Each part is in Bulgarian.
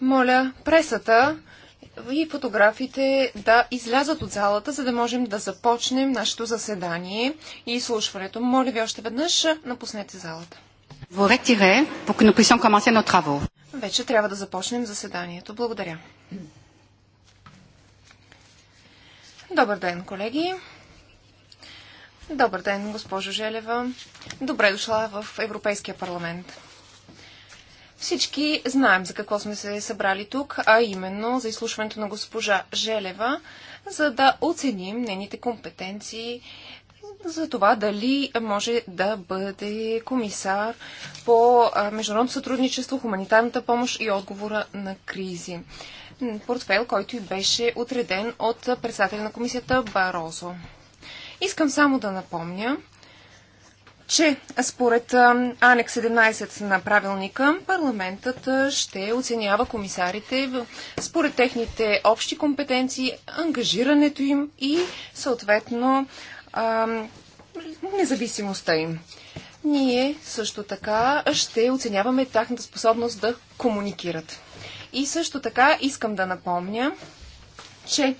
Моля пресата и фотографите да излязат от залата, за да можем да започнем нашето заседание и изслушването. Моля ви още веднъж, напуснете залата. Вече трябва да започнем заседанието. Благодаря. Добър ден, колеги. Добър ден, госпожо Желева. Добре дошла в Европейския парламент. Всички знаем за какво сме се събрали тук, а именно за изслушването на госпожа Желева, за да оценим нейните компетенции за това дали може да бъде комисар по международно сътрудничество, хуманитарната помощ и отговора на кризи. Портфел, който и беше отреден от председателя на комисията Барозо. Искам само да напомня, че според Анекс 17 на правилника парламентът ще оценява комисарите според техните общи компетенции, ангажирането им и съответно независимостта им. Ние също така ще оценяваме тяхната способност да комуникират. И също така искам да напомня, че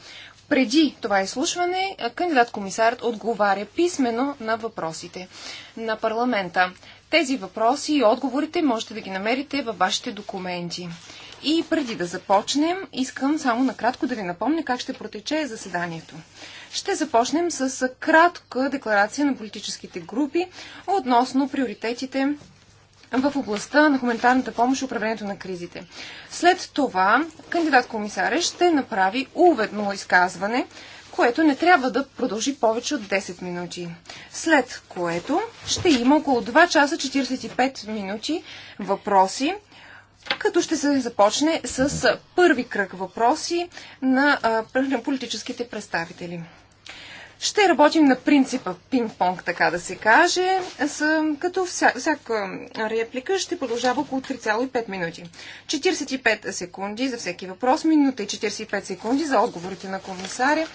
преди това изслушване кандидат-комисарът отговаря писменно на въпросите на парламента. Тези въпроси и отговорите можете да ги намерите във вашите документи. И преди да започнем, искам само накратко да ви напомня как ще протече заседанието. Ще започнем с кратка декларация на политическите групи относно приоритетите в областта на хуманитарната помощ и управлението на кризите. След това кандидат-комисаря ще направи уведно изказване, което не трябва да продължи повече от 10 минути. След което ще има около 2 часа 45 минути въпроси, като ще се започне с първи кръг въпроси на, на политическите представители. Ще работим на принципа пинг-понг, така да се каже, като вся, всяка реплика ще продължава около 3,5 минути. 45 секунди за всеки въпрос, минута и 45 секунди за отговорите на комисаря,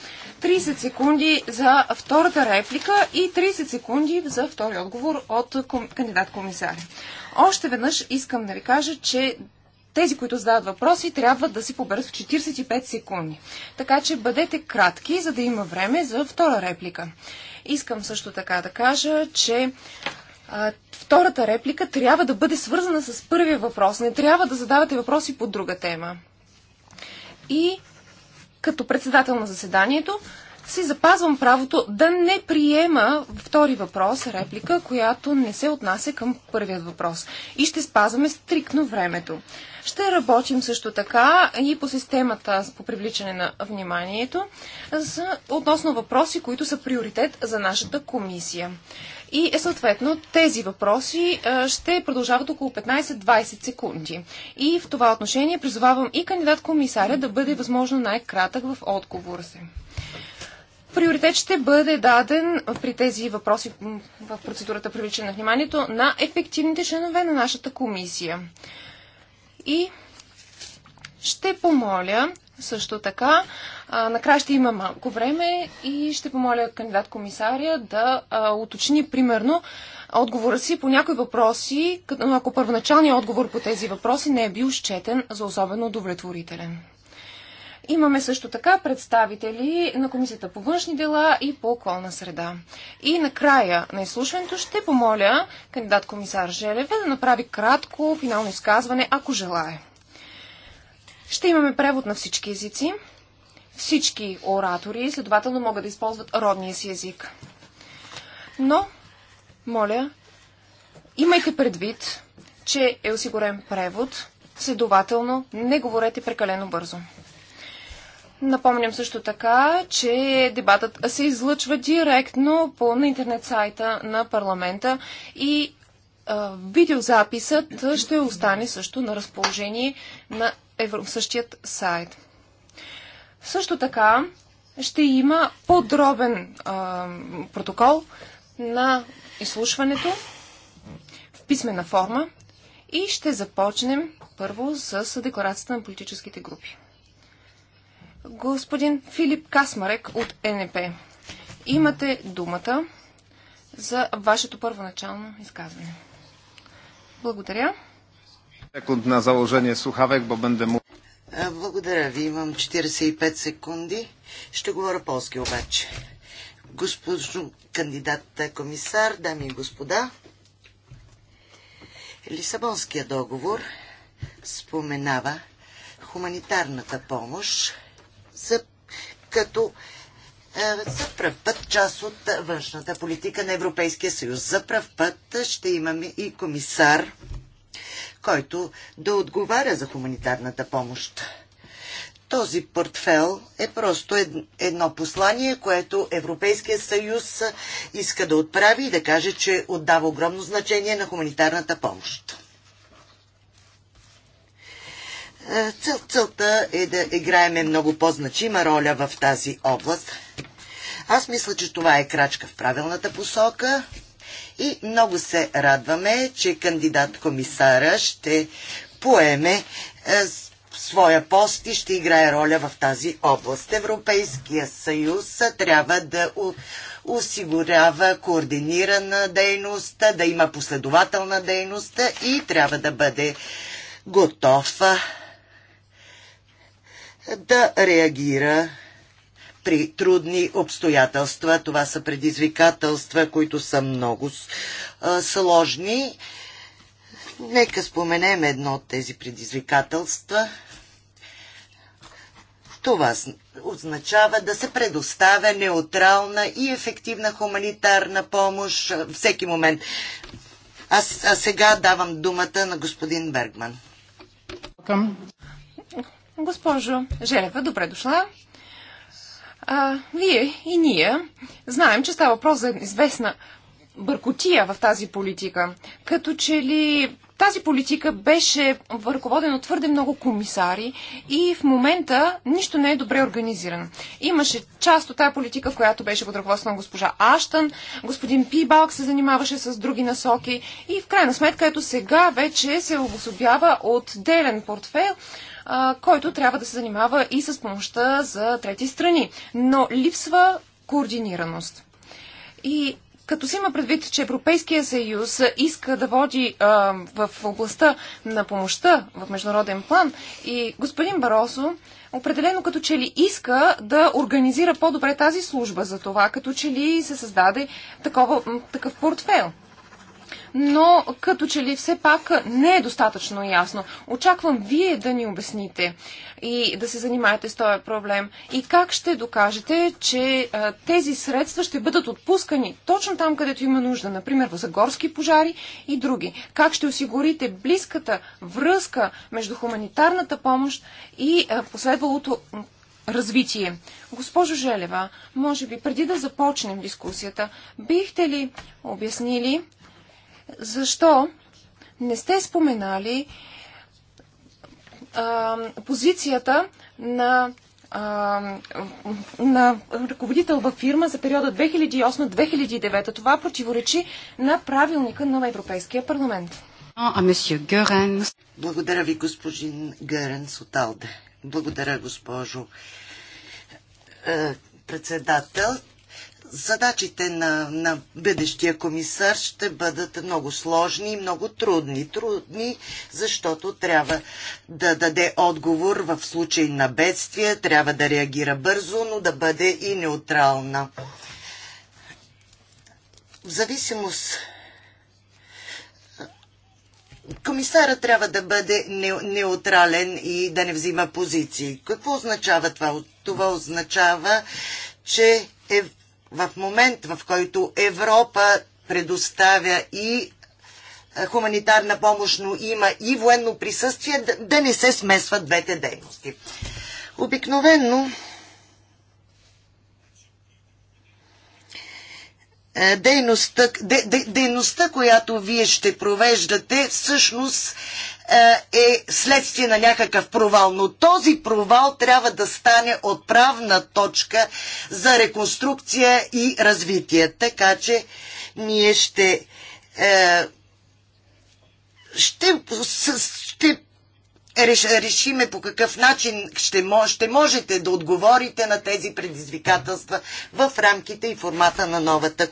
30 секунди за втората реплика и 30 секунди за втори отговор от кандидат комисаря. Още веднъж искам да ви кажа, че тези, които задават въпроси, трябва да си поберат в 45 секунди. Така че бъдете кратки, за да има време за втора реплика. Искам също така да кажа, че а, втората реплика трябва да бъде свързана с първия въпрос. Не трябва да задавате въпроси по друга тема. И като председател на заседанието, си запазвам правото да не приема втори въпрос, реплика, която не се отнася към първият въпрос. И ще спазваме стрикно времето. Ще работим също така и по системата по привличане на вниманието за, относно въпроси, които са приоритет за нашата комисия. И е, съответно тези въпроси е, ще продължават около 15-20 секунди. И в това отношение призовавам и кандидат комисаря да бъде възможно най-кратък в отговор се. Приоритет ще бъде даден при тези въпроси в процедурата привличане на вниманието на ефективните членове на нашата комисия. И ще помоля също така, а, накрая ще има малко време и ще помоля кандидат комисария да а, уточни примерно отговора си по някои въпроси, ако първоначалният отговор по тези въпроси не е бил счетен за особено удовлетворителен. Имаме също така представители на Комисията по външни дела и по околна среда. И накрая на изслушването ще помоля кандидат комисар Желеве да направи кратко финално изказване, ако желая. Ще имаме превод на всички езици. Всички оратори, следователно, могат да използват родния си език. Но, моля, имайте предвид, че е осигурен превод, следователно, не говорете прекалено бързо. Напомням също така, че дебатът се излъчва директно по на интернет сайта на парламента и а, видеозаписът ще остане също на разположение на евро... същият сайт. Също така ще има подробен а, протокол на изслушването в писмена форма и ще започнем първо с декларацията на политическите групи. Господин Филип Касмарек от НП. Имате думата за вашето първоначално изказване. Благодаря. Секунд на заложение Сухавек бо му... Благодаря ви. Имам 45 секунди. Ще говоря полски обаче. Госпожо кандидат комисар, дами и господа, Лисабонския договор споменава хуманитарната помощ са като е, за пръв път част от външната политика на Европейския съюз. За пръв път ще имаме и комисар, който да отговаря за хуманитарната помощ. Този портфел е просто едно послание, което Европейския съюз иска да отправи и да каже, че отдава огромно значение на хуманитарната помощ. Цел, целта е да играеме много по-значима роля в тази област. Аз мисля, че това е крачка в правилната посока и много се радваме, че кандидат комисара ще поеме е, своя пост и ще играе роля в тази област. Европейския съюз трябва да осигурява координирана дейност, да има последователна дейност и трябва да бъде готов е, да реагира при трудни обстоятелства. Това са предизвикателства, които са много сложни. Нека споменем едно от тези предизвикателства. Това означава да се предоставя неутрална и ефективна хуманитарна помощ всеки момент. Аз а сега давам думата на господин Бергман. Госпожо Желева, добре дошла. А, вие и ние знаем, че става въпрос за известна бъркотия в тази политика. Като че ли тази политика беше ръководена от твърде много комисари и в момента нищо не е добре организирано. Имаше част от тази политика, в която беше под ръководство на госпожа Аштън, господин Пибалк се занимаваше с други насоки и в крайна сметка ето сега вече се обособява отделен портфел, който трябва да се занимава и с помощта за трети страни. Но липсва координираност. И като си има предвид, че Европейския съюз иска да води а, в областта на помощта в международен план и господин Баросо определено като че ли иска да организира по-добре тази служба за това, като че ли се създаде такова, такъв портфел но като че ли все пак не е достатъчно ясно. Очаквам вие да ни обясните и да се занимаете с този проблем. И как ще докажете, че а, тези средства ще бъдат отпускани точно там, където има нужда, например в загорски пожари и други? Как ще осигурите близката връзка между хуманитарната помощ и а, последвалото развитие. Госпожо Желева, може би преди да започнем дискусията, бихте ли обяснили защо не сте споменали а, позицията на, а, на ръководител във фирма за периода 2008-2009. Това противоречи на правилника на Европейския парламент. Благодаря ви, господин Геренс от Алде. Благодаря, госпожо е, председател задачите на, на бъдещия комисар ще бъдат много сложни и много трудни. Трудни, защото трябва да даде отговор в случай на бедствия, трябва да реагира бързо, но да бъде и неутрална. В зависимост комисара трябва да бъде неутрален и да не взима позиции. Какво означава това? Това означава, че е в момент, в който Европа предоставя и е, хуманитарна помощ, но има и военно присъствие, да, не се смесват двете дейности. Обикновенно е, дейността, де, де, дейността, която вие ще провеждате, всъщност е, е следствие на някакъв провал. Но този провал трябва да стане отправна точка за реконструкция и развитие. Така че ние ще. Е, ще, ще решиме по какъв начин ще, ще можете да отговорите на тези предизвикателства в рамките и формата на новата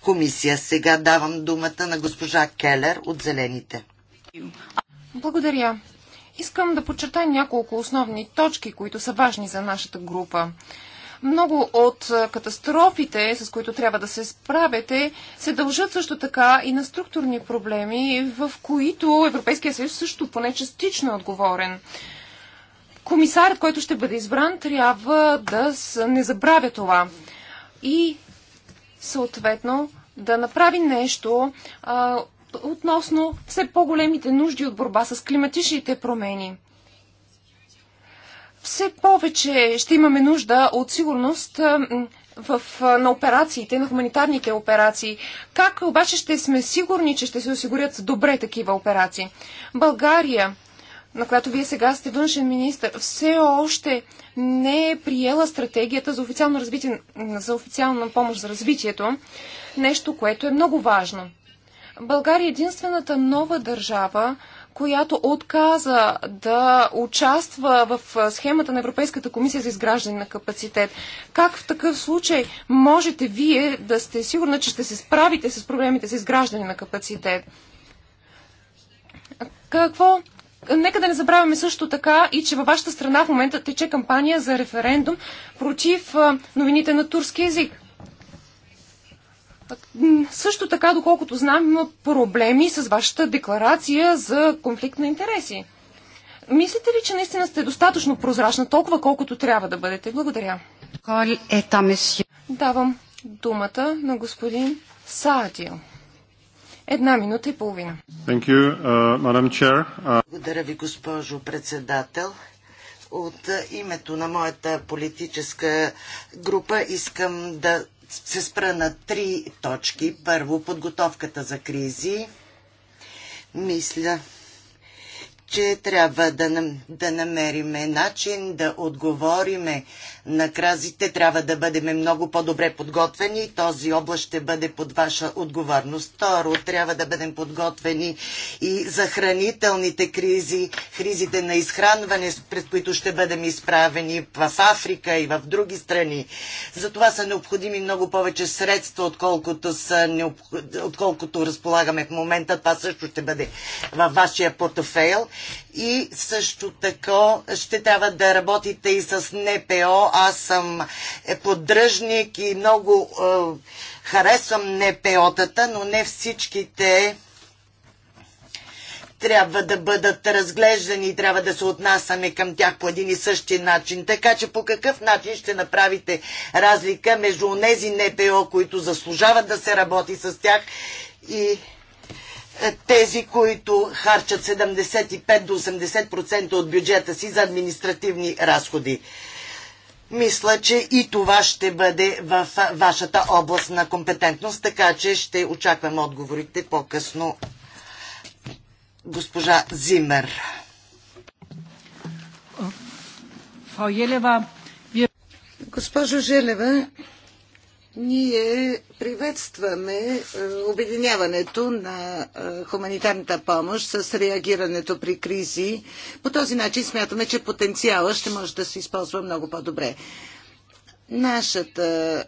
комисия. Сега давам думата на госпожа Келер от Зелените. Благодаря. Искам да подчертая няколко основни точки, които са важни за нашата група. Много от катастрофите, с които трябва да се справяте, се дължат също така и на структурни проблеми, в които Европейския съюз също поне частично е отговорен. Комисарът, който ще бъде избран, трябва да не забравя това. И съответно да направи нещо, относно все по-големите нужди от борба с климатичните промени. Все повече ще имаме нужда от сигурност в, на операциите, на хуманитарните операции. Как обаче ще сме сигурни, че ще се осигурят добре такива операции? България, на която вие сега сте външен министр, все още не е приела стратегията за, официална, развитие, за официална помощ за развитието. Нещо, което е много важно. България е единствената нова държава, която отказа да участва в схемата на Европейската комисия за изграждане на капацитет. Как в такъв случай можете вие да сте сигурна, че ще се справите с проблемите за изграждане на капацитет? Какво? Нека да не забравяме също така и че във вашата страна в момента тече кампания за референдум против новините на турски язик. Също така, доколкото знам, има проблеми с вашата декларация за конфликт на интереси. Мислите ли, че наистина сте достатъчно прозрачна, толкова колкото трябва да бъдете? Благодаря. Е Давам думата на господин Саадил. Една минута и половина. You, uh, uh... Благодаря ви, госпожо председател. От името на моята политическа група искам да се спра на три точки. Първо, подготовката за кризи. Мисля, че трябва да, да намериме начин да отговориме на кразите. Трябва да бъдем много по-добре подготвени и този област ще бъде под ваша отговорност. Второ, трябва да бъдем подготвени и за хранителните кризи, кризите на изхранване, пред които ще бъдем изправени в Африка и в други страни. За това са необходими много повече средства, отколкото, са необх... отколкото разполагаме в момента. Това също ще бъде във вашия портфейл и също така ще трябва да работите и с НПО. Аз съм е, поддръжник и много е, харесвам НПО-тата, но не всичките трябва да бъдат разглеждани и трябва да се отнасяме към тях по един и същи начин. Така че по какъв начин ще направите разлика между тези НПО, които заслужават да се работи с тях и тези, които харчат 75 до 80% от бюджета си за административни разходи. Мисля, че и това ще бъде в вашата област на компетентност, така че ще очаквам отговорите по-късно. Госпожа Зимер. Госпожо Желева, ние приветстваме е, обединяването на е, хуманитарната помощ с реагирането при кризи. По този начин смятаме, че потенциала ще може да се използва много по-добре. Нашата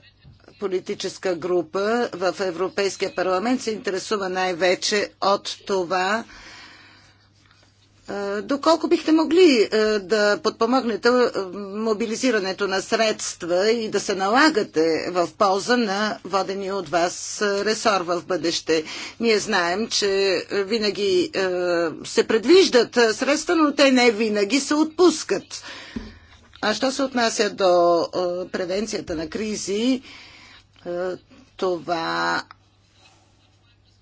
политическа група в Европейския парламент се интересува най-вече от това Доколко бихте могли да подпомогнете мобилизирането на средства и да се налагате в полза на водени от вас ресор в бъдеще? Ние знаем, че винаги се предвиждат средства, но те не винаги се отпускат. А що се отнася до превенцията на кризи, това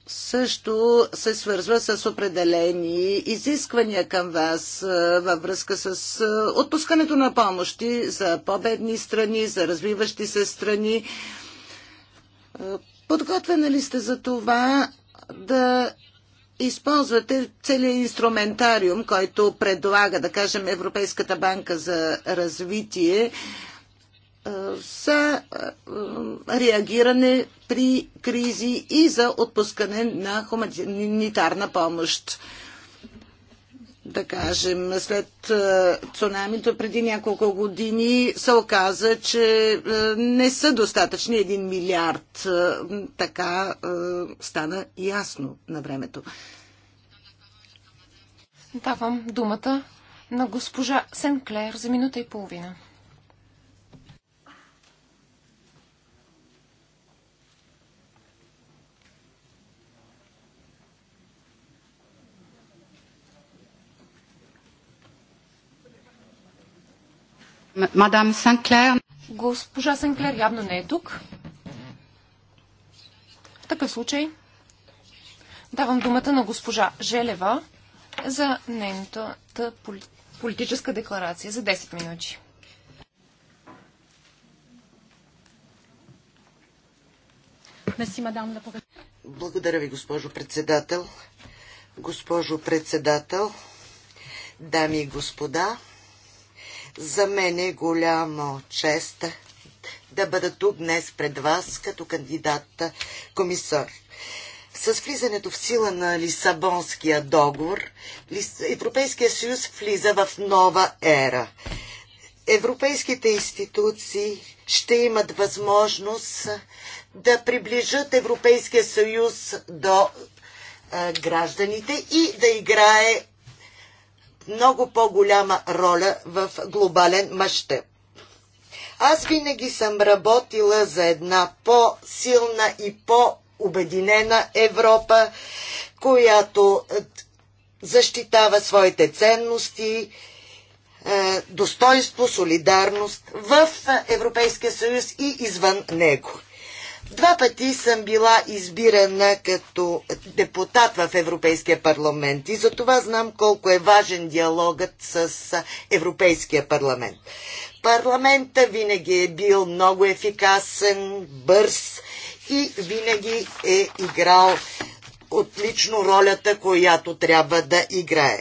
също се свързва с определени изисквания към вас във връзка с отпускането на помощи за победни страни, за развиващи се страни. Подготвена ли сте за това да използвате целият инструментариум, който предлага, да кажем, Европейската банка за развитие, е, за е, реагиране при кризи и за отпускане на хуманитарна помощ. Да кажем, след е, цунамито преди няколко години се оказа, че не са достатъчни 1 милиард. Така стана ясно на времето. Давам думата на госпожа Сенклер за минута и половина. Мадам Санклер. Госпожа Санклер явно не е тук. В такъв случай давам думата на госпожа Желева за нейната политическа декларация за 10 минути. Благодаря ви, госпожо председател. Госпожо председател, дами и господа, за мен е голяма чест да бъда тук днес пред вас като кандидат комисар. С влизането в сила на Лисабонския договор, Европейския съюз влиза в нова ера. Европейските институции ще имат възможност да приближат Европейския съюз до гражданите и да играе много по-голяма роля в глобален мащаб. Аз винаги съм работила за една по-силна и по-обединена Европа, която защитава своите ценности, е, достоинство, солидарност в Европейския съюз и извън него. Два пъти съм била избирана като депутат в Европейския парламент и за това знам колко е важен диалогът с Европейския парламент. Парламента винаги е бил много ефикасен, бърз и винаги е играл отлично ролята, която трябва да играе.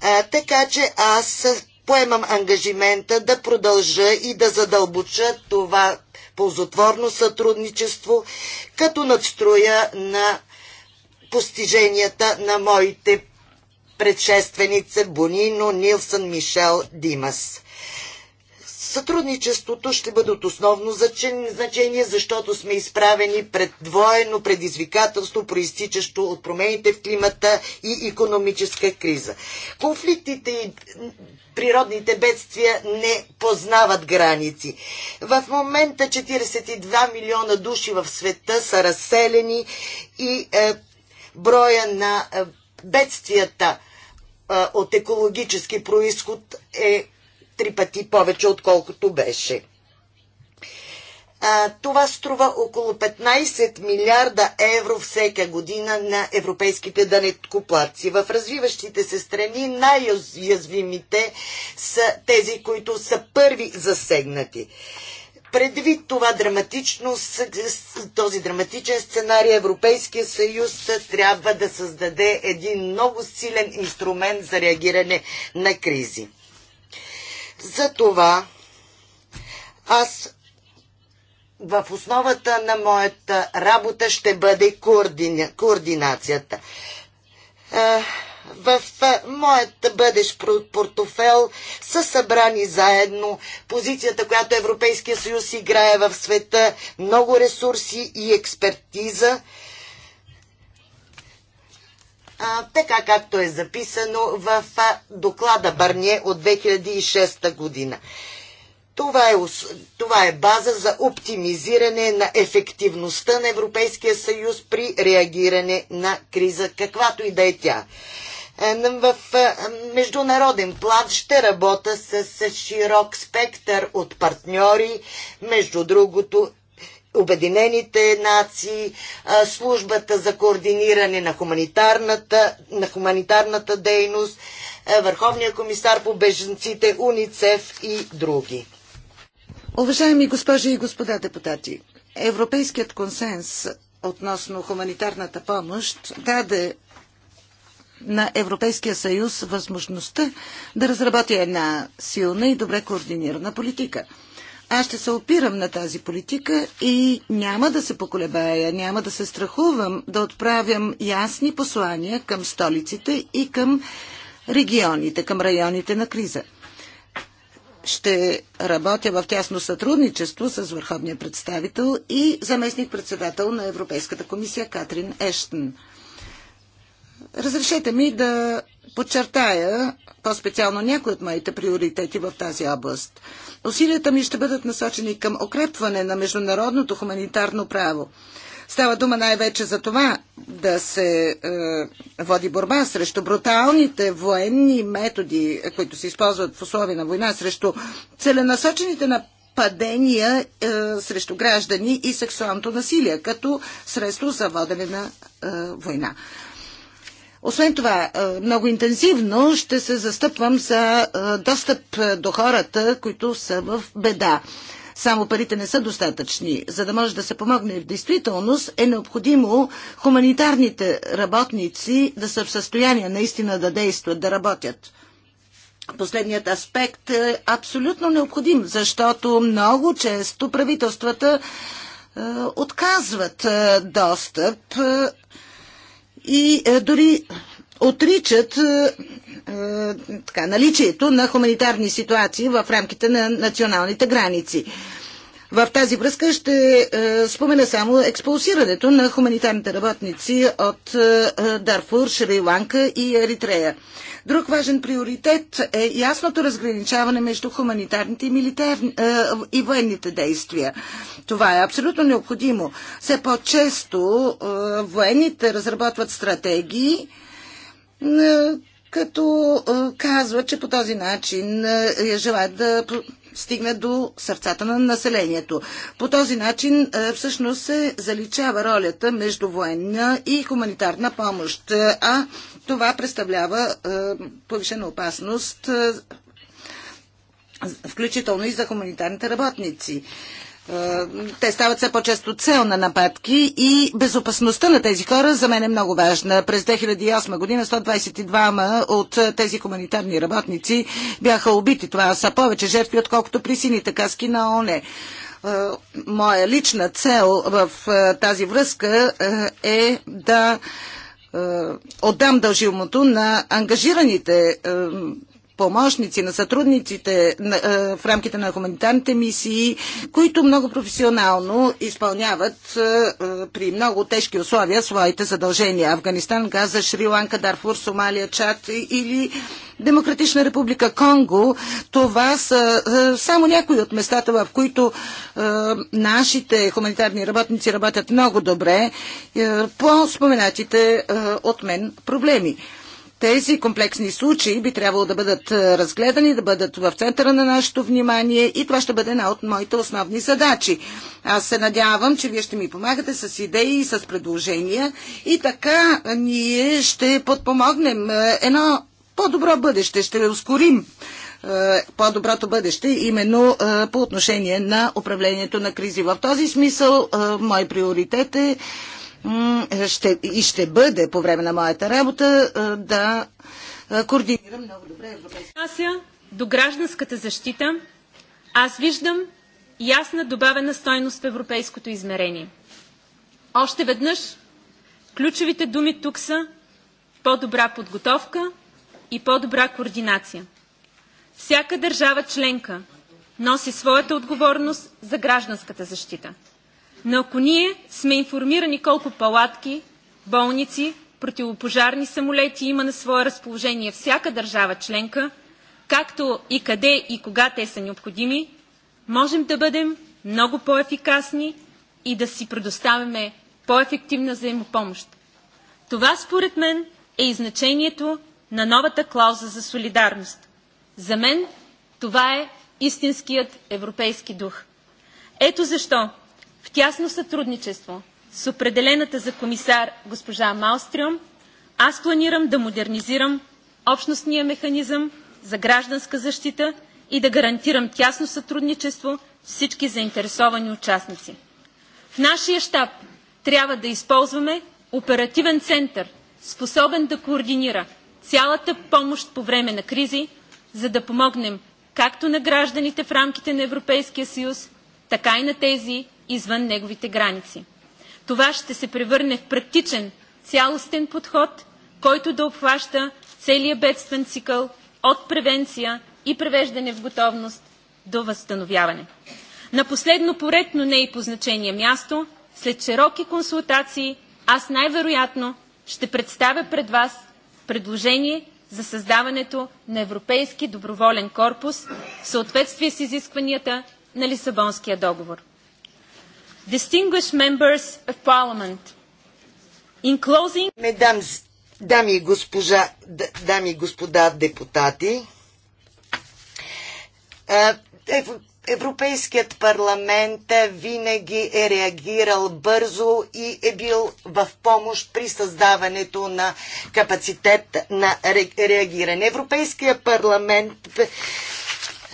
А, така че аз поемам ангажимента да продължа и да задълбоча това ползотворно сътрудничество, като надстроя на постиженията на моите предшественици Бонино, Нилсън, Мишел, Димас. Сътрудничеството ще бъде от основно значение, защото сме изправени пред двойно предизвикателство, проистичащо от промените в климата и економическа криза. Конфликтите и природните бедствия не познават граници. В момента 42 милиона души в света са разселени и е, броя на е, бедствията е, от екологически происход е три пъти повече, отколкото беше. А, това струва около 15 милиарда евро всяка година на европейските данеткоплатци. В развиващите се страни най-язвимите са тези, които са първи засегнати. Предвид това драматично, този драматичен сценарий Европейския съюз трябва да създаде един много силен инструмент за реагиране на кризи. За това аз в основата на моята работа ще бъде координа, координацията. Е, в е, моят бъдещ портофел са събрани заедно позицията, която Европейския съюз играе в света, много ресурси и експертиза така както е записано в доклада Барние от 2006 година. Това е, това е база за оптимизиране на ефективността на Европейския съюз при реагиране на криза, каквато и да е тя. Е, в международен план ще работя с широк спектър от партньори, между другото Обединените нации, службата за координиране на хуманитарната, на хуманитарната дейност, Върховния комисар по беженците, УНИЦЕФ и други. Уважаеми госпожи и господа депутати, Европейският консенс относно хуманитарната помощ даде на Европейския съюз възможността да разработи една силна и добре координирана политика – аз ще се опирам на тази политика и няма да се поколебая, няма да се страхувам да отправям ясни послания към столиците и към регионите, към районите на криза. Ще работя в тясно сътрудничество с върховния представител и заместник-председател на Европейската комисия Катрин Ештън. Разрешете ми да подчертая по-специално някои от моите приоритети в тази област. Усилията ми ще бъдат насочени към укрепване на международното хуманитарно право. Става дума най-вече за това да се е, води борба срещу бруталните военни методи, които се използват в условия на война, срещу целенасочените на падения е, срещу граждани и сексуалното насилие като средство за водене на е, война. Освен това, много интензивно ще се застъпвам за достъп до хората, които са в беда. Само парите не са достатъчни. За да може да се помогне в действителност, е необходимо хуманитарните работници да са в състояние наистина да действат, да работят. Последният аспект е абсолютно необходим, защото много често правителствата е, отказват е, достъп е, и е, дори отричат е, е, така, наличието на хуманитарни ситуации в рамките на националните граници. В тази връзка ще е, спомена само експулсирането на хуманитарните работници от е, е, Дарфур, Шри-Ланка и Еритрея. Друг важен приоритет е ясното разграничаване между хуманитарните и, е, и военните действия. Това е абсолютно необходимо. Все по-често военните разработват стратегии, като казват, че по този начин желаят да стигне до сърцата на населението. По този начин е, всъщност се заличава ролята между военна и хуманитарна помощ, е, а това представлява е, повишена опасност включително и за хуманитарните работници. Е, те стават все по-често цел на нападки и безопасността на тези хора за мен е много важна. През 2008 година 122 от тези хуманитарни работници бяха убити. Това са повече жертви, отколкото при сините каски на ОНЕ. Моя лична цел в е, тази връзка е, е да отдам дължимото на ангажираните помощници, на сътрудниците на, а, в рамките на хуманитарните мисии, които много професионално изпълняват а, при много тежки условия своите задължения. Афганистан, Газа, Шри-Ланка, Дарфур, Сомалия, Чад или Демократична република Конго. Това са а, само някои от местата, в които а, нашите хуманитарни работници работят много добре а, по споменатите а, от мен проблеми. Тези комплексни случаи би трябвало да бъдат е, разгледани, да бъдат в центъра на нашето внимание и това ще бъде една от моите основни задачи. Аз се надявам, че вие ще ми помагате с идеи и с предложения и така ние ще подпомогнем е, едно по-добро бъдеще, ще ускорим е, по-доброто бъдеще, именно по отношение на управлението на кризи. В този смисъл, мой приоритет е ще, и ще бъде по време на моята работа да координирам много добре европейската. Аз до гражданската защита аз виждам ясна добавена стойност в европейското измерение. Още веднъж, ключовите думи тук са по-добра подготовка и по-добра координация. Всяка държава членка носи своята отговорност за гражданската защита – но ако ние сме информирани колко палатки, болници, противопожарни самолети има на свое разположение всяка държава членка, както и къде и кога те са необходими, можем да бъдем много по-ефикасни и да си предоставяме по-ефективна взаимопомощ. Това според мен е и значението на новата клауза за солидарност. За мен това е истинският европейски дух. Ето защо в тясно сътрудничество с определената за комисар госпожа Малстрюм, аз планирам да модернизирам общностния механизъм за гражданска защита и да гарантирам тясно сътрудничество с всички заинтересовани участници. В нашия щаб трябва да използваме оперативен център, способен да координира цялата помощ по време на кризи, за да помогнем както на гражданите в рамките на Европейския съюз, така и на тези, извън неговите граници. Това ще се превърне в практичен, цялостен подход, който да обхваща целият бедствен цикъл от превенция и превеждане в готовност до възстановяване. На последно поред, но не и по значение място, след широки консултации, аз най-вероятно ще представя пред вас предложение за създаването на Европейски доброволен корпус в съответствие с изискванията на Лисабонския договор distinguished members of parliament. In closing... дами, и госпожа, дами и господа депутати, Европейският парламент винаги е реагирал бързо и е бил в помощ при създаването на капацитет на реагиране. Европейският парламент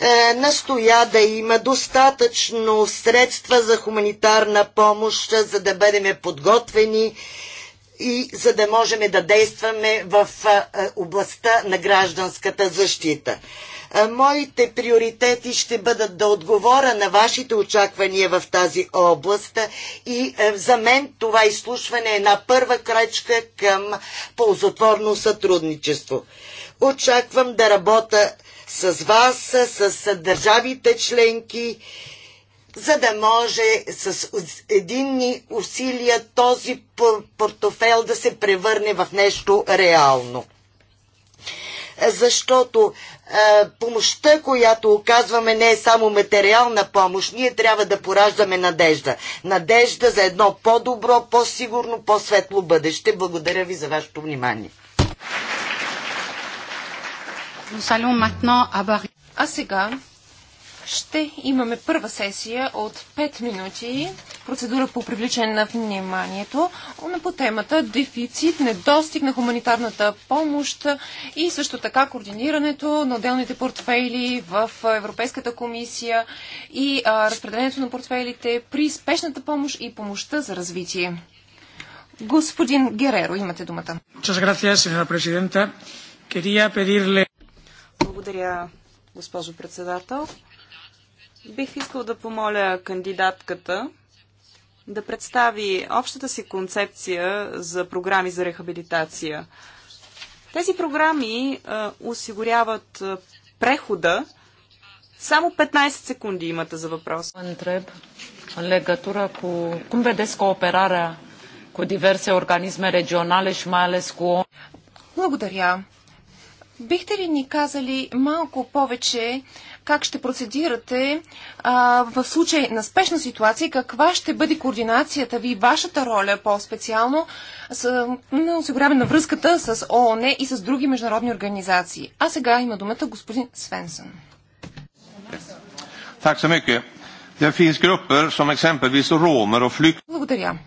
е, настоя да има достатъчно средства за хуманитарна помощ, за да бъдем подготвени и за да можем да действаме в е, е, областта на гражданската защита. Моите приоритети ще бъдат да отговоря на вашите очаквания в тази област и за мен това изслушване е на първа крачка към ползотворно сътрудничество. Очаквам да работя с вас, с държавите членки, за да може с единни усилия този портофел да се превърне в нещо реално. Защото е, помощта, която оказваме, не е само материална помощ. Ние трябва да пораждаме надежда. Надежда за едно по-добро, по-сигурно, по-светло бъдеще. Благодаря ви за вашето внимание. А сега ще имаме първа сесия от 5 минути, процедура по привличане на вниманието по темата дефицит, недостиг на хуманитарната помощ и също така координирането на отделните портфейли в Европейската комисия и а, разпределението на портфейлите при спешната помощ и помощта за развитие. Господин Гереро, имате думата. Muchas gracias, señora presidenta. Quería pedirle... Благодаря, госпожо председател. Бих искал да помоля кандидатката да представи общата си концепция за програми за рехабилитация. Тези програми а, осигуряват а, прехода. Само 15 секунди имате за въпрос. Întreb cu cum vedeți cooperarea cu diverse organisme regionale și mai ales cu Благодаря. Бихте ли ни казали малко повече как ще процедирате а, в случай на спешна ситуация, каква ще бъде координацията ви, вашата роля по-специално на осигуряване на връзката с ООН и с други международни организации? А сега има думата господин Свенсън. Благодаря.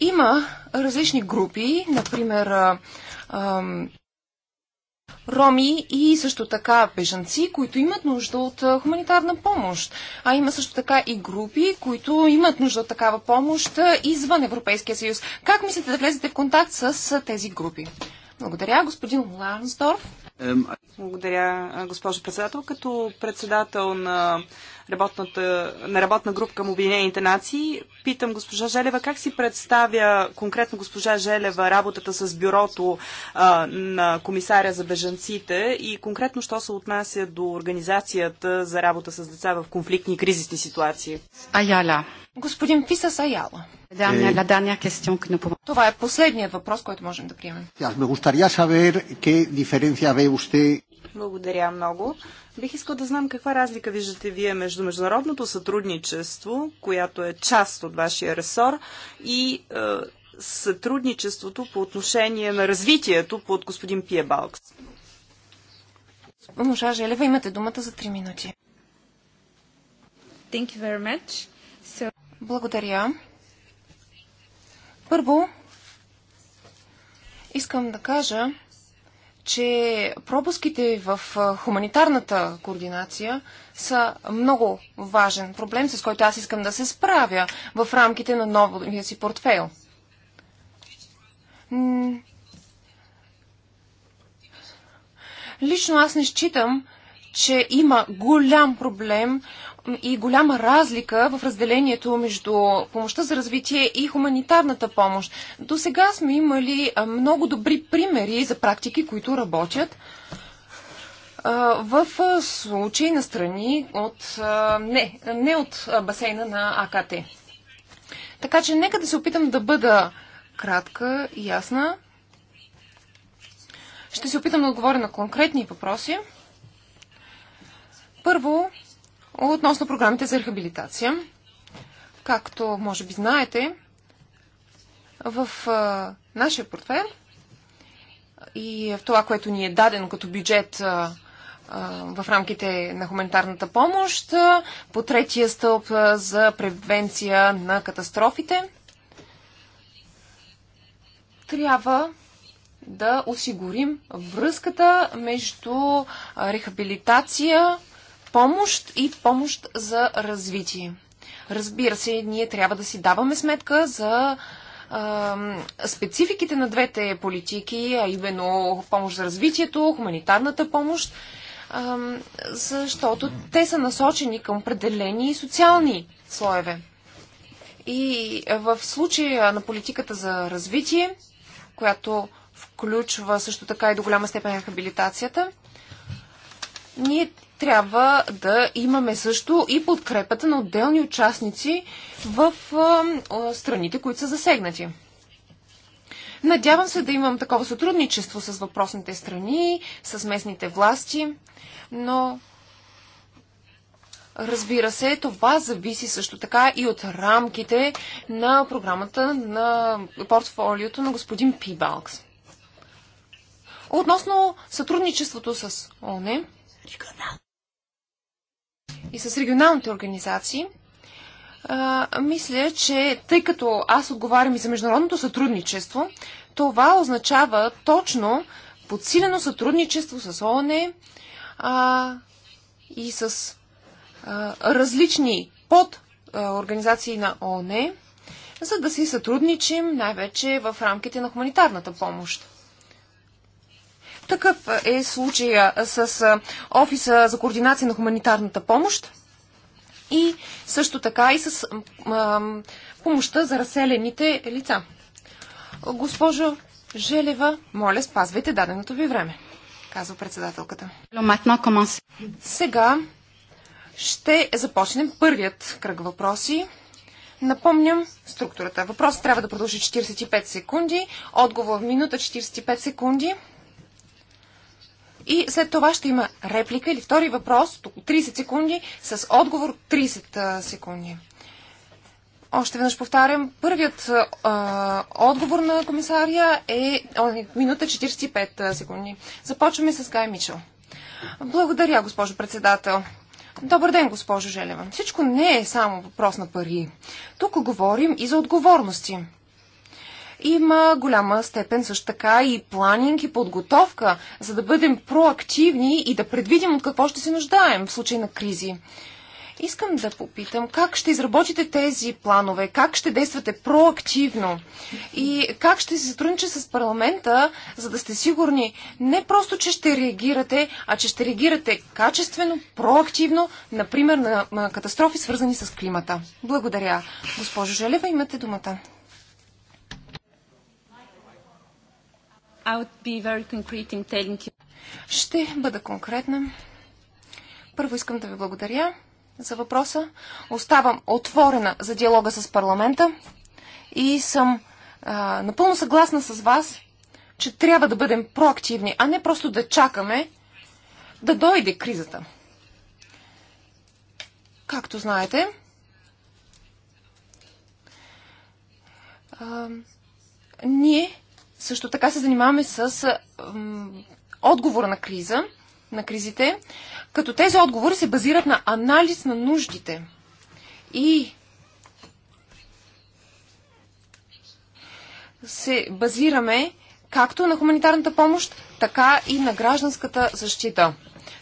Има различни групи, например роми и също така бежанци, които имат нужда от хуманитарна помощ. А има също така и групи, които имат нужда от такава помощ извън Европейския съюз. Как мислите да влезете в контакт с тези групи? Благодаря. Господин Ларнсдорф. Благодаря, госпожо председател. Като председател на работната, на работна група към Обединените нации. Питам госпожа Желева, как си представя конкретно госпожа Желева работата с бюрото а, на комисаря за бежанците и конкретно, що се отнася до организацията за работа с деца в конфликтни и кризисни ситуации? Аяля. Господин Писа Саяла. Е. Това е последният въпрос, който можем да приемем. Благодаря много. Бих искал да знам каква разлика виждате вие между международното сътрудничество, която е част от вашия ресор, и е, сътрудничеството по отношение на развитието под господин Пиебалкс. Мужа Желева, имате думата за 3 минути. Thank you very much. So... Благодаря. Първо, искам да кажа, че пропуските в хуманитарната координация са много важен проблем, с който аз искам да се справя в рамките на новия си портфейл. Лично аз не считам, че има голям проблем и голяма разлика в разделението между помощта за развитие и хуманитарната помощ. До сега сме имали много добри примери за практики, които работят в случай на страни от, не, не от басейна на АКТ. Така че нека да се опитам да бъда кратка и ясна. Ще се опитам да отговоря на конкретни въпроси. Първо, относно програмите за рехабилитация. Както може би знаете, в а, нашия портфел и в това, което ни е дадено като бюджет а, в рамките на хуманитарната помощ, по третия стълб за превенция на катастрофите, трябва да осигурим връзката между рехабилитация помощ и помощ за развитие. Разбира се, ние трябва да си даваме сметка за спецификите на двете политики, а именно помощ за развитието, хуманитарната помощ, защото те са насочени към определени социални слоеве. И в случая на политиката за развитие, която включва също така и до голяма степен рехабилитацията, ние трябва да имаме също и подкрепата на отделни участници в страните, които са засегнати. Надявам се да имам такова сътрудничество с въпросните страни, с местните власти, но разбира се, това зависи също така и от рамките на програмата на портфолиото на господин Пибалкс. Относно сътрудничеството с ОНЕ, и с регионалните организации, а, мисля, че тъй като аз отговарям и за международното сътрудничество, това означава точно подсилено сътрудничество с ООН а, и с а, различни под а, организации на ООН, за да си сътрудничим най-вече в рамките на хуманитарната помощ. Такъв е случая с Офиса за координация на хуманитарната помощ и също така и с а, помощта за разселените лица. Госпожо Желева, моля, спазвайте даденото ви време, казва председателката. Сега ще започнем първият кръг въпроси. Напомням структурата. Въпрос трябва да продължи 45 секунди, отговор в минута 45 секунди, и след това ще има реплика или втори въпрос, 30 секунди, с отговор 30 секунди. Още веднъж повтарям, първият а, отговор на комисария е о, минута 45 секунди. Започваме с Гай Мичел. Благодаря, госпожо председател. Добър ден, госпожо Желева. Всичко не е само въпрос на пари. Тук говорим и за отговорности. Има голяма степен също така и планинг и подготовка, за да бъдем проактивни и да предвидим от какво ще се нуждаем в случай на кризи. Искам да попитам как ще изработите тези планове, как ще действате проактивно и как ще се сътрудничи с парламента, за да сте сигурни не просто, че ще реагирате, а че ще реагирате качествено, проактивно, например на, на катастрофи, свързани с климата. Благодаря. Госпожо Желева, имате думата. Ще бъда конкретна. Първо искам да ви благодаря за въпроса. Оставам отворена за диалога с парламента и съм а, напълно съгласна с вас, че трябва да бъдем проактивни, а не просто да чакаме да дойде кризата. Както знаете, а, ние също така се занимаваме с отговора на криза, на кризите, като тези отговори се базират на анализ на нуждите. И се базираме както на хуманитарната помощ, така и на гражданската защита.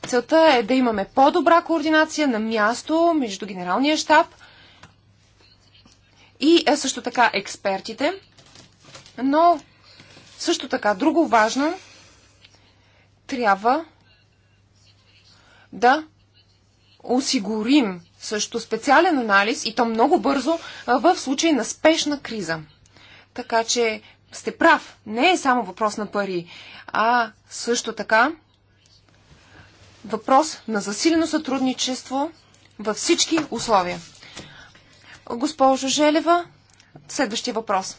Целта е да имаме по-добра координация на място между генералния щаб и е, също така експертите, но също така, друго важно, трябва да осигурим също специален анализ и то много бързо в случай на спешна криза. Така че сте прав, не е само въпрос на пари, а също така въпрос на засилено сътрудничество във всички условия. Госпожо Желева, следващия въпрос.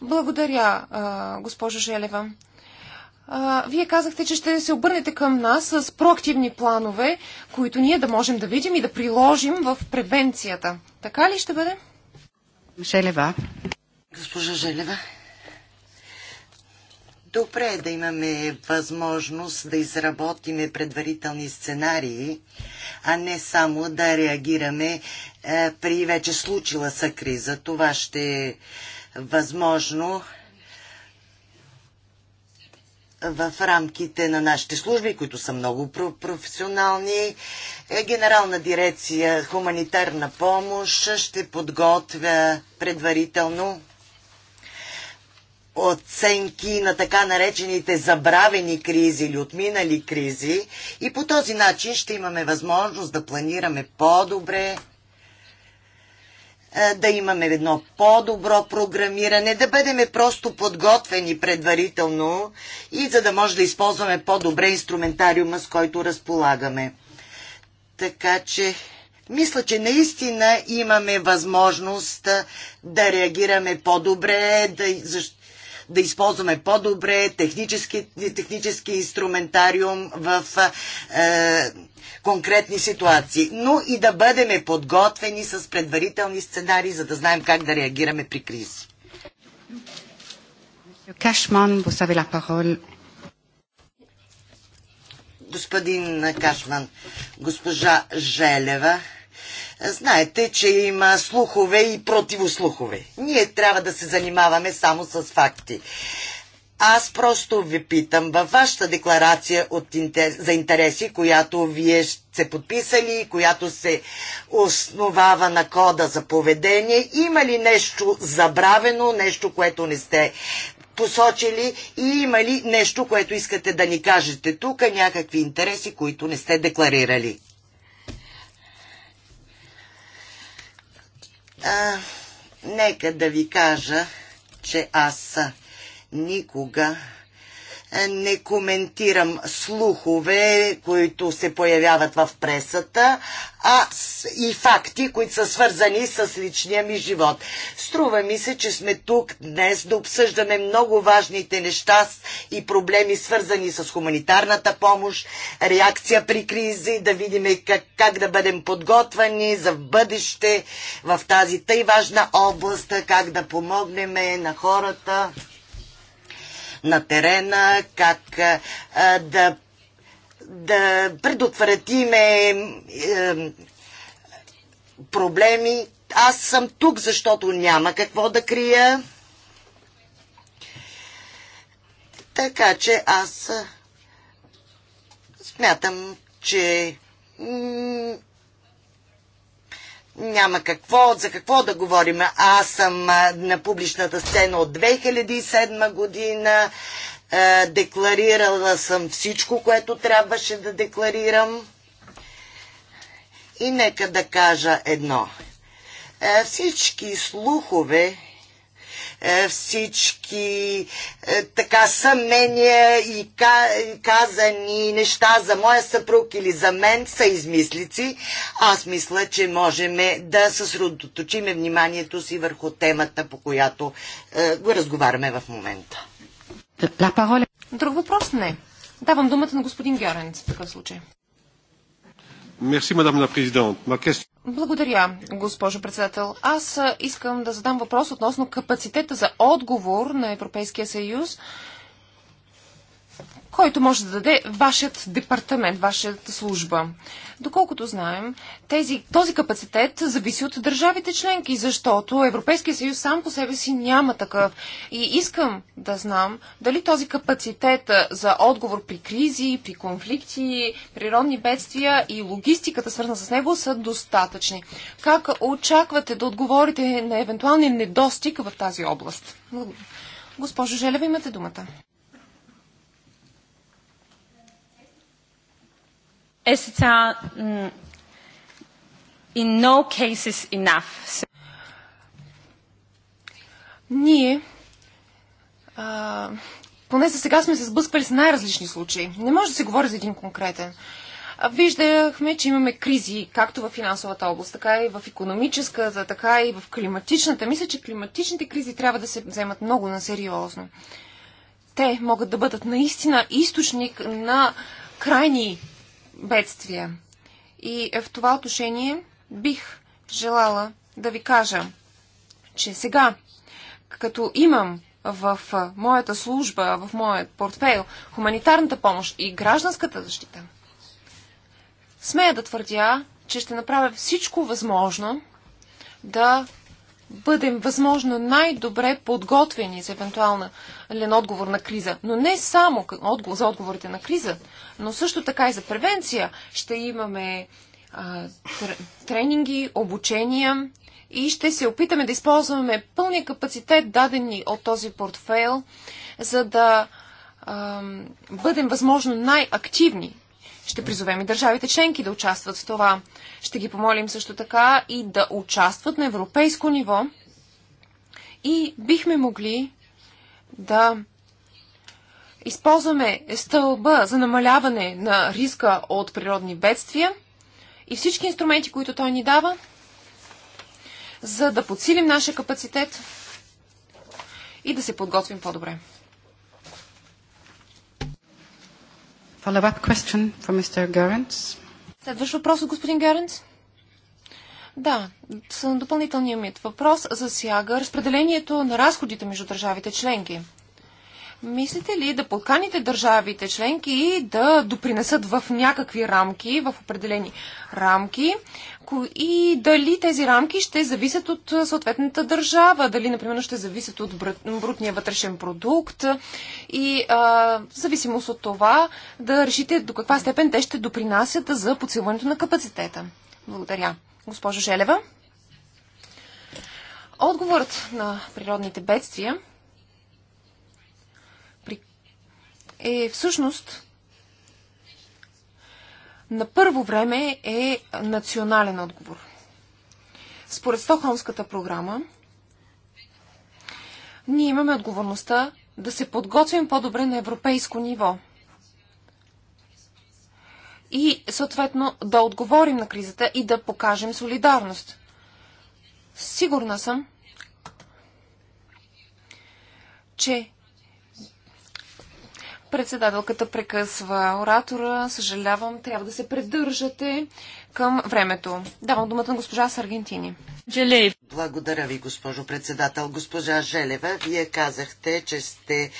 Благодаря, госпожо Желева. Вие казахте, че ще се обърнете към нас с проактивни планове, които ние да можем да видим и да приложим в превенцията. Така ли ще бъде? Желева. Госпожа Желева. Добре е да имаме възможност да изработиме предварителни сценарии, а не само да реагираме е, при вече случила са криза. Това ще възможно в рамките на нашите служби, които са много професионални. Е, Генерална дирекция хуманитарна помощ ще подготвя предварително оценки на така наречените забравени кризи или отминали кризи и по този начин ще имаме възможност да планираме по-добре е, да имаме едно по-добро програмиране, да бъдеме просто подготвени предварително и за да може да използваме по-добре инструментариума, с който разполагаме. Така че, мисля, че наистина имаме възможност да реагираме по-добре, да, да използваме по-добре технически, технически инструментариум в е, конкретни ситуации, но и да бъдеме подготвени с предварителни сценарии, за да знаем как да реагираме при кризи. Кашман, la parole. Господин Кашман, госпожа Желева Знаете, че има слухове и противослухове. Ние трябва да се занимаваме само с факти. Аз просто ви питам във вашата декларация от интер... за интереси, която вие сте подписали и която се основава на кода за поведение, има ли нещо забравено, нещо, което не сте посочили и има ли нещо, което искате да ни кажете тук, някакви интереси, които не сте декларирали? А, нека да ви кажа, че аз никога не коментирам слухове, които се появяват в пресата, а и факти, които са свързани с личния ми живот. Струва ми се, че сме тук днес да обсъждаме много важните неща и проблеми, свързани с хуманитарната помощ, реакция при кризи, да видим как, как да бъдем подготвени за в бъдеще в тази тъй важна област, как да помогнем на хората на терена, как а, да, да предотвратиме проблеми. Аз съм тук, защото няма какво да крия. Така че аз смятам, че няма какво, за какво да говорим. Аз съм на публичната сцена от 2007 година. Декларирала съм всичко, което трябваше да декларирам. И нека да кажа едно. Всички слухове, е, всички е, така съмнения и казани неща за моя съпруг или за мен са измислици. Аз мисля, че можем да съсредоточиме вниманието си върху темата, по която е, го разговаряме в момента. Друг въпрос не. Давам думата на господин Георенц в такъв случай. Благодаря, госпожо председател. Аз искам да задам въпрос относно капацитета за отговор на Европейския съюз който може да даде вашият департамент, вашата служба. Доколкото знаем, тези, този капацитет зависи от държавите членки, защото Европейския съюз сам по себе си няма такъв. И искам да знам дали този капацитет за отговор при кризи, при конфликти, природни бедствия и логистиката свързана с него са достатъчни. Как очаквате да отговорите на евентуалния недостиг в тази област? Госпожо Желева, имате думата. is in no cases enough. Ние а, поне за сега сме се сблъсквали с най-различни случаи. Не може да се говори за един конкретен. Виждахме, че имаме кризи, както в финансовата област, така и в економическата, така и в климатичната. Мисля, че климатичните кризи трябва да се вземат много на сериозно. Те могат да бъдат наистина източник на крайни бедствия. И е, в това отношение бих желала да ви кажа, че сега, като имам в е, моята служба, в моят портфейл, хуманитарната помощ и гражданската защита, смея да твърдя, че ще направя всичко възможно да бъдем възможно най-добре подготвени за евентуален отговор на криза. Но не само за отговорите на криза, но също така и за превенция. Ще имаме тренинги, обучения и ще се опитаме да използваме пълния капацитет, дадени от този портфейл, за да а, бъдем възможно най-активни ще призовем и държавите членки да участват в това. Ще ги помолим също така и да участват на европейско ниво. И бихме могли да използваме стълба за намаляване на риска от природни бедствия и всички инструменти, които той ни дава, за да подсилим нашия капацитет и да се подготвим по-добре. Follow-up question from Mr. Görens. Следващ въпрос от господин Геренц. Да, с допълнителния мит. Въпрос засяга разпределението на разходите между държавите членки. Мислите ли да подканите държавите членки и да допринесат в някакви рамки, в определени рамки, и дали тези рамки ще зависят от съответната държава, дали, например, ще зависят от брутния вътрешен продукт и а, в зависимост от това да решите до каква степен те ще допринасят за подсилването на капацитета. Благодаря. Госпожо Желева. Отговорът на природните бедствия е всъщност на първо време е национален отговор. Според Стохолмската програма, ние имаме отговорността да се подготвим по-добре на европейско ниво и съответно да отговорим на кризата и да покажем солидарност. Сигурна съм, че Председателката прекъсва оратора. Съжалявам, трябва да се придържате към времето. Давам думата на госпожа Саргентини. Желев. Благодаря ви, госпожо председател. Госпожа Желева, вие казахте, че сте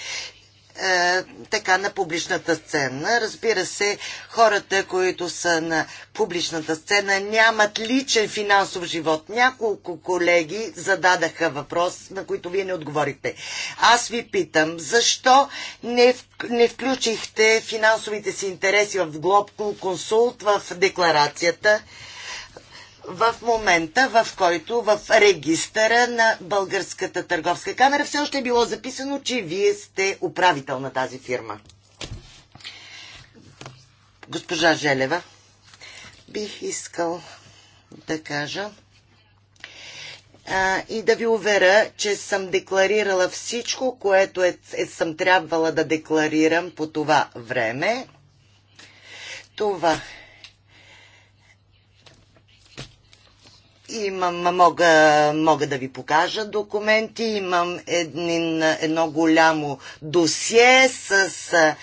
е, така на публичната сцена. Разбира се, хората, които са на публичната сцена, нямат личен финансов живот. Няколко колеги зададаха въпрос, на които вие не отговорихте. Аз ви питам, защо не, не включихте финансовите си интереси в Глобко консулт в декларацията? в момента, в който в регистъра на Българската търговска камера все още е било записано, че вие сте управител на тази фирма. Госпожа Желева, бих искал да кажа а, и да ви уверя, че съм декларирала всичко, което е, е, съм трябвала да декларирам по това време. Това е. Имам, мога, мога да ви покажа документи. Имам един, едно голямо досие с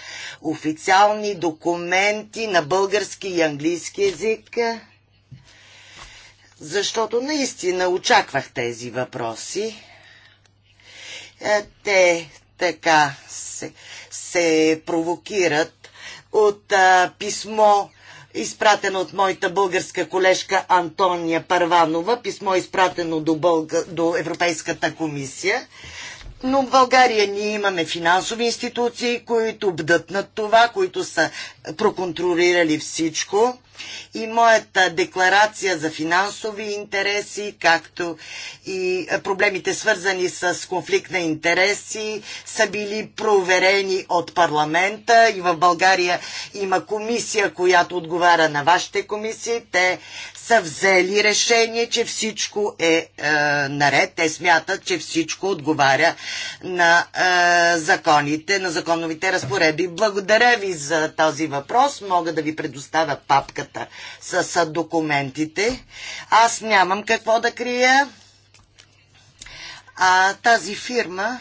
официални документи на български и английски язик, защото наистина очаквах тези въпроси. Е, те така се, се провокират от а, писмо изпратено от моята българска колежка Антония Парванова, писмо е изпратено до, Бълга, до Европейската комисия но в България ние имаме финансови институции, които бдат над това, които са проконтролирали всичко. И моята декларация за финансови интереси, както и проблемите свързани с конфликт на интереси, са били проверени от парламента и в България има комисия, която отговаря на вашите комисии. Те са взели решение, че всичко е, е наред. Те смятат, че всичко отговаря на е, законите, на законовите разпореди. Благодаря ви за този въпрос. Мога да ви предоставя папката с, с документите. Аз нямам какво да крия. А тази фирма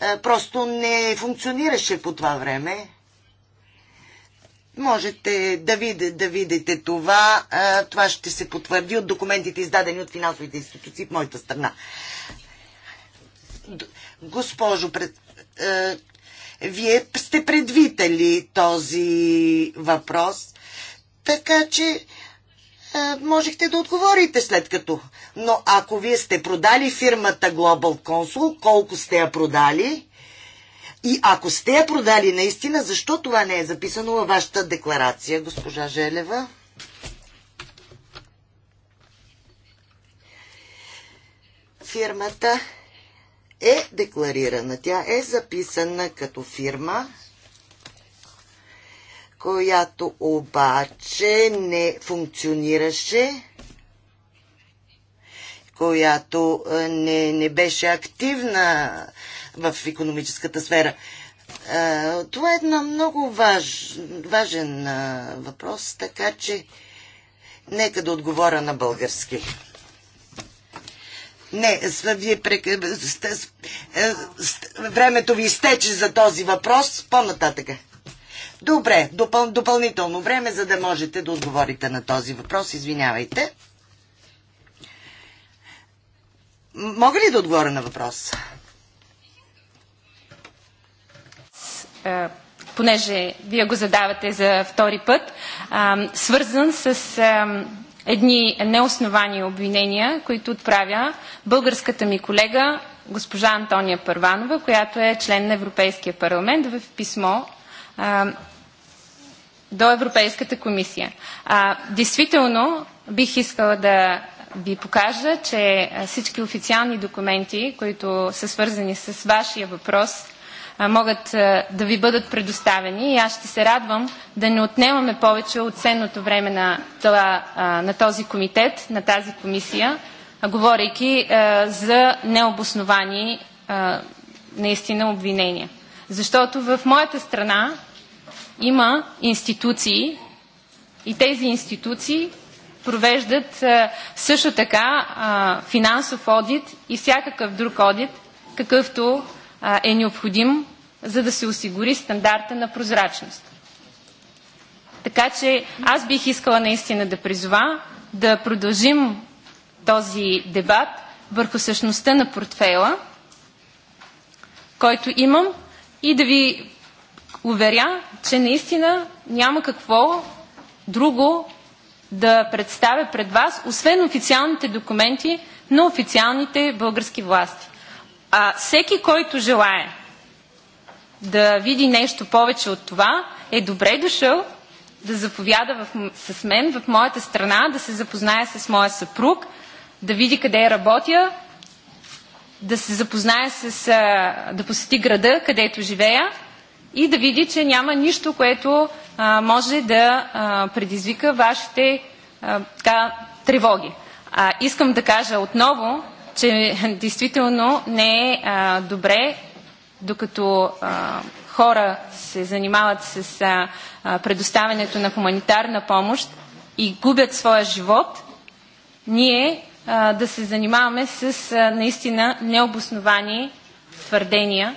е, просто не функционираше по това време Можете да, види, да видите това. Това ще се потвърди от документите, издадени от финансовите институции в моята страна. Госпожо, пред, е, вие сте предвидели този въпрос, така че е, можехте да отговорите след като. Но ако вие сте продали фирмата Global Consul, колко сте я продали? И ако сте я продали наистина, защо това не е записано във вашата декларация, госпожа Желева? Фирмата е декларирана. Тя е записана като фирма, която обаче не функционираше, която е, не, не беше активна в економическата сфера. Това е една много важ, важен въпрос, така че нека да отговоря на български. Не, вие прек... времето ви изтече за този въпрос по нататък Добре, допъл... допълнително време, за да можете да отговорите на този въпрос. Извинявайте. Мога ли да отговоря на въпроса? Е, понеже вие го задавате за втори път, е, свързан с е, едни неосновани обвинения, които отправя българската ми колега госпожа Антония Първанова, която е член на Европейския парламент в писмо до Европейската комисия. А, действително, бих искала да ви покажа, че всички официални документи, които са свързани с вашия въпрос, могат да ви бъдат предоставени и аз ще се радвам да не отнемаме повече от ценното време на, това, на този комитет, на тази комисия, говорейки за необосновани наистина обвинения. Защото в моята страна има институции и тези институции провеждат също така финансов одит и всякакъв друг одит, какъвто е необходим, за да се осигури стандарта на прозрачност. Така че аз бих искала наистина да призова да продължим този дебат върху същността на портфела, който имам и да ви уверя, че наистина няма какво друго да представя пред вас, освен официалните документи на официалните български власти. А, всеки, който желая да види нещо повече от това, е добре дошъл да заповяда в, с мен в моята страна, да се запознае с моя съпруг, да види къде е работя, да се запознае с. да посети града, където живея и да види, че няма нищо, което а, може да а, предизвика вашите а, така, тревоги. А, искам да кажа отново, че действително не е а, добре, докато а, хора се занимават с а, а, предоставянето на хуманитарна помощ и губят своя живот, ние а, да се занимаваме с а, наистина необосновани твърдения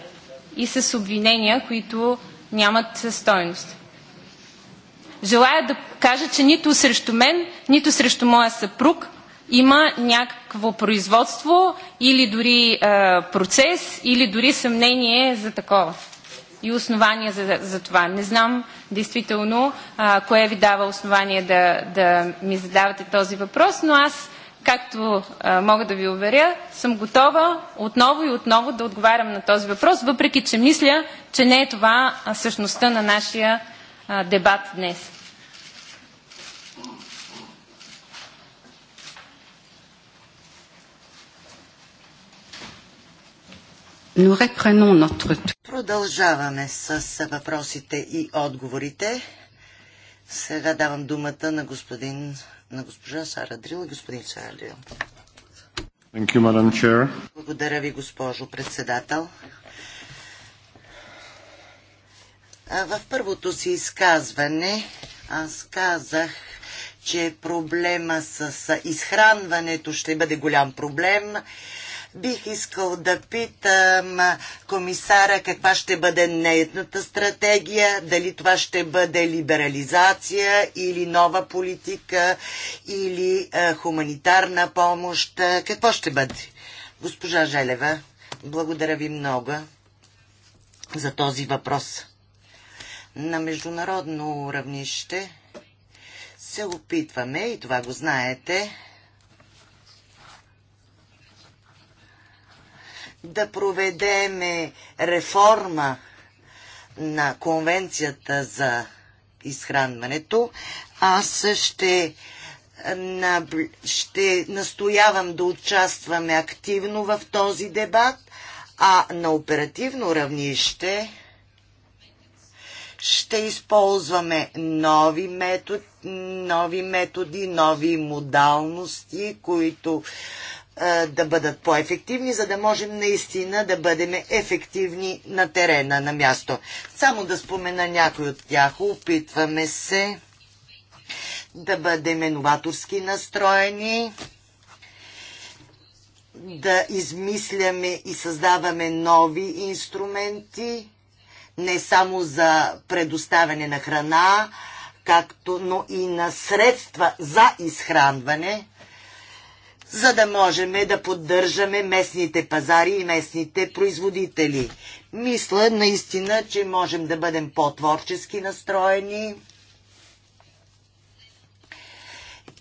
и с обвинения, които нямат стойност. Желая да кажа, че нито срещу мен, нито срещу моя съпруг има някакъв някакво производство или дори а, процес, или дори съмнение за такова. И основания за, за това. Не знам действително а, кое ви дава основание да, да ми задавате този въпрос, но аз, както а, мога да ви уверя, съм готова отново и отново да отговарям на този въпрос, въпреки че мисля, че не е това същността на нашия а, дебат днес. Продължаваме с въпросите и отговорите. Сега давам думата на господин, на госпожа Сара Дрил и господин Сара Дрил. You, Благодаря ви, госпожо председател. В първото си изказване аз казах, че проблема с изхранването ще бъде голям проблем Бих искал да питам комисара каква ще бъде нейната стратегия, дали това ще бъде либерализация или нова политика или а, е, хуманитарна помощ. Какво ще бъде? Госпожа Желева, благодаря ви много за този въпрос. На международно равнище се опитваме, и това го знаете, да проведеме реформа на конвенцията за изхранването, аз ще, ще настоявам да участваме активно в този дебат, а на оперативно равнище ще използваме нови метод, нови методи, нови модалности, които да бъдат по-ефективни, за да можем наистина да бъдем ефективни на терена, на място. Само да спомена някой от тях. Опитваме се да бъдем новаторски настроени, да измисляме и създаваме нови инструменти, не само за предоставяне на храна, както, но и на средства за изхранване, за да можем да поддържаме местните пазари и местните производители. Мисля наистина, че можем да бъдем по-творчески настроени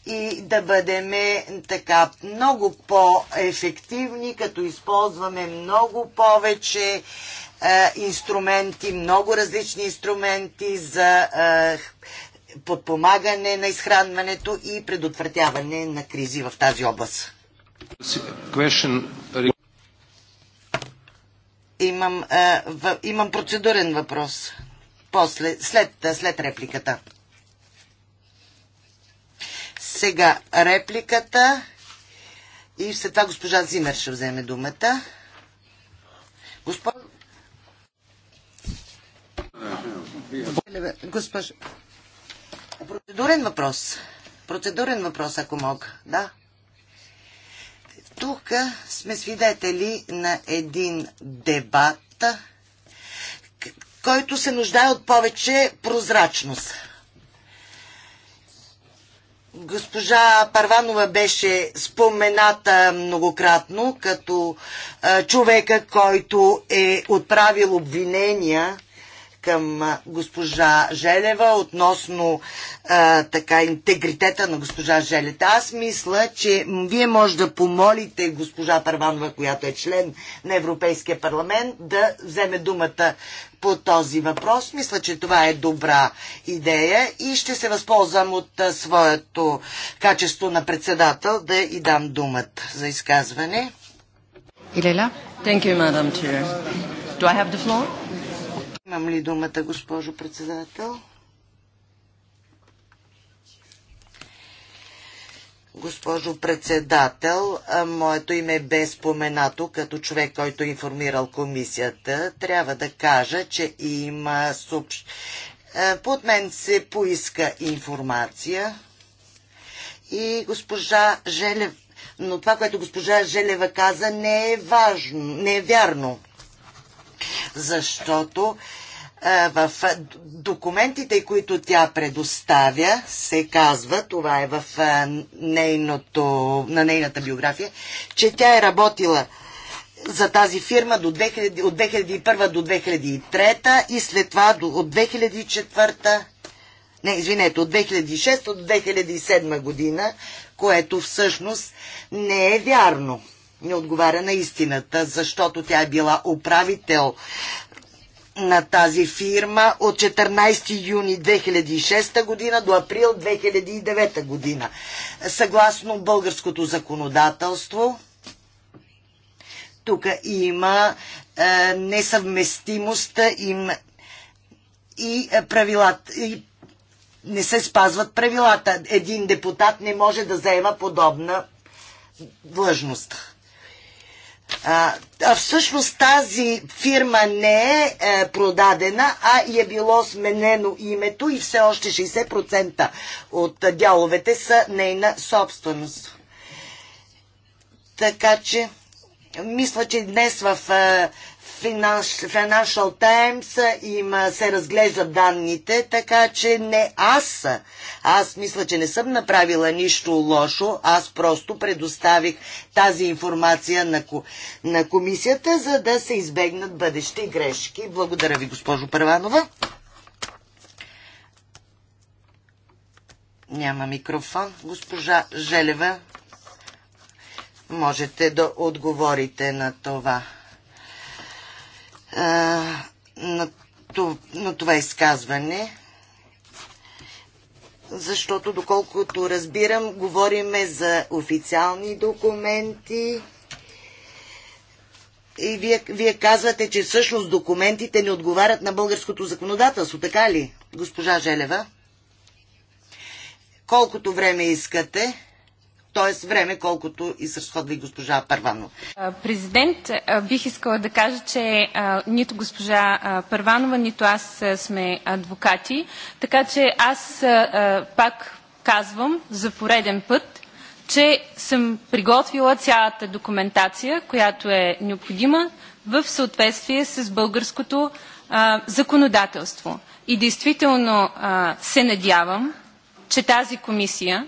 и да бъдем е, така много по-ефективни, като използваме много повече е, инструменти, много различни инструменти за е, подпомагане на изхранването и предотвратяване на кризи в тази област. Имам, а, в, имам процедурен въпрос. После, след, след репликата. Сега репликата и след това госпожа Зимер ще вземе думата. Госпожа. Госпожо... Процедурен въпрос. Процедурен въпрос, ако мога. Да. Тук сме свидетели на един дебат, който се нуждае от повече прозрачност. Госпожа Парванова беше спомената многократно като човека, който е отправил обвинения към госпожа Желева относно а, така интегритета на госпожа Желета. Аз мисля, че вие може да помолите госпожа Парванова, която е член на Европейския парламент, да вземе думата по този въпрос. Мисля, че това е добра идея и ще се възползвам от а, своето качество на председател да и дам думата за изказване. Илеля? Thank you, Madam Chair. Do I have the floor? Имам ли думата, госпожо председател? Госпожо председател, моето име бе споменато като човек, който е информирал комисията. Трябва да кажа, че има субш... Под мен се поиска информация и госпожа Желев, но това, което госпожа Желева каза, не е важно, не е вярно защото е, в документите, които тя предоставя, се казва, това е в е, нейното, на нейната биография, че тя е работила за тази фирма до 2000, от 2001 до 2003 и след това от 2004 не, извинете, от 2006 до 2007 година, което всъщност не е вярно не отговаря на истината, защото тя е била управител на тази фирма от 14 юни 2006 година до април 2009 година. Съгласно българското законодателство, тук има е, несъвместимост им и правилата. И не се спазват правилата. Един депутат не може да заема подобна длъжност. А, а всъщност тази фирма не е, е продадена, а е било сменено името и все още 60% от дяловете са нейна собственост. Така че, мисля, че днес в е, Financial Times им се разглеждат данните, така че не аз. Аз мисля, че не съм направила нищо лошо. Аз просто предоставих тази информация на, на комисията, за да се избегнат бъдещи грешки. Благодаря ви, госпожо Първанова. Няма микрофон. Госпожа Желева, можете да отговорите на това на, на това изказване, защото доколкото разбирам, говориме за официални документи. И вие, вие казвате, че всъщност документите не отговарят на българското законодателство, така ли, госпожа Желева? Колкото време искате т.е. време, колкото изразходва и госпожа Първанова. Президент, бих искала да кажа, че нито госпожа Първанова, нито аз сме адвокати, така че аз пак казвам за пореден път, че съм приготвила цялата документация, която е необходима в съответствие с българското а, законодателство. И действително а, се надявам, че тази комисия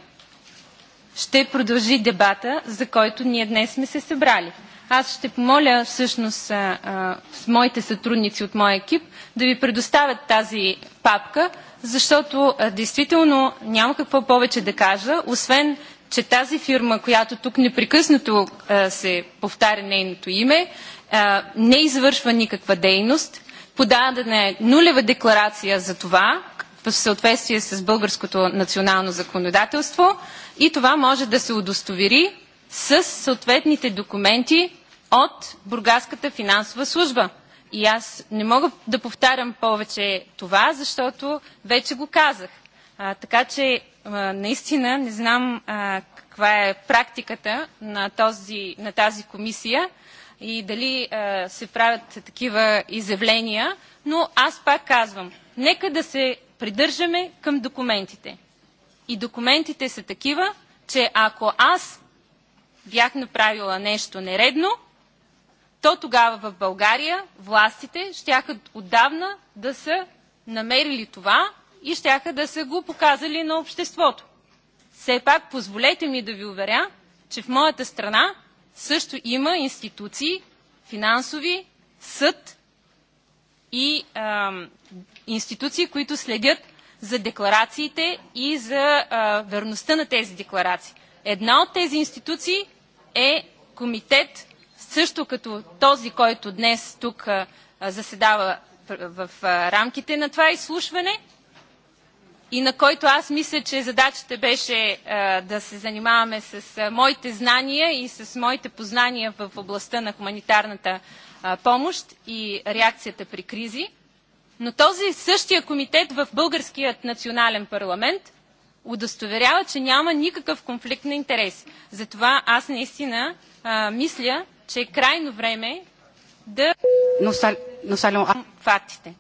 ще продължи дебата, за който ние днес сме се събрали. Аз ще помоля всъщност а, с моите сътрудници от моя екип да ви предоставят тази папка, защото а, действително няма какво повече да кажа, освен че тази фирма, която тук непрекъснато а, се повтаря нейното име, а, не извършва никаква дейност, подадена е нулева декларация за това в съответствие с българското национално законодателство и това може да се удостовери с съответните документи от Бургаската финансова служба. И аз не мога да повтарям повече това, защото вече го казах. А, така че а, наистина не знам а, каква е практиката на, този, на тази комисия и дали а, се правят такива изявления, но аз пак казвам, нека да се придържаме към документите. И документите са такива, че ако аз бях направила нещо нередно, то тогава в България властите щяха отдавна да са намерили това и щяха да са го показали на обществото. Все пак позволете ми да ви уверя, че в моята страна също има институции, финансови, съд и а, институции, които следят за декларациите и за а, верността на тези декларации. Една от тези институции е комитет, също като този, който днес тук а, заседава в а, рамките на това изслушване и на който аз мисля, че задачата беше а, да се занимаваме с а, моите знания и с моите познания в областта на хуманитарната а, помощ и реакцията при кризи. Но този същия комитет в българският национален парламент удостоверява, че няма никакъв конфликт на интереси. Затова аз наистина а, мисля, че е крайно време да но, но, фактите.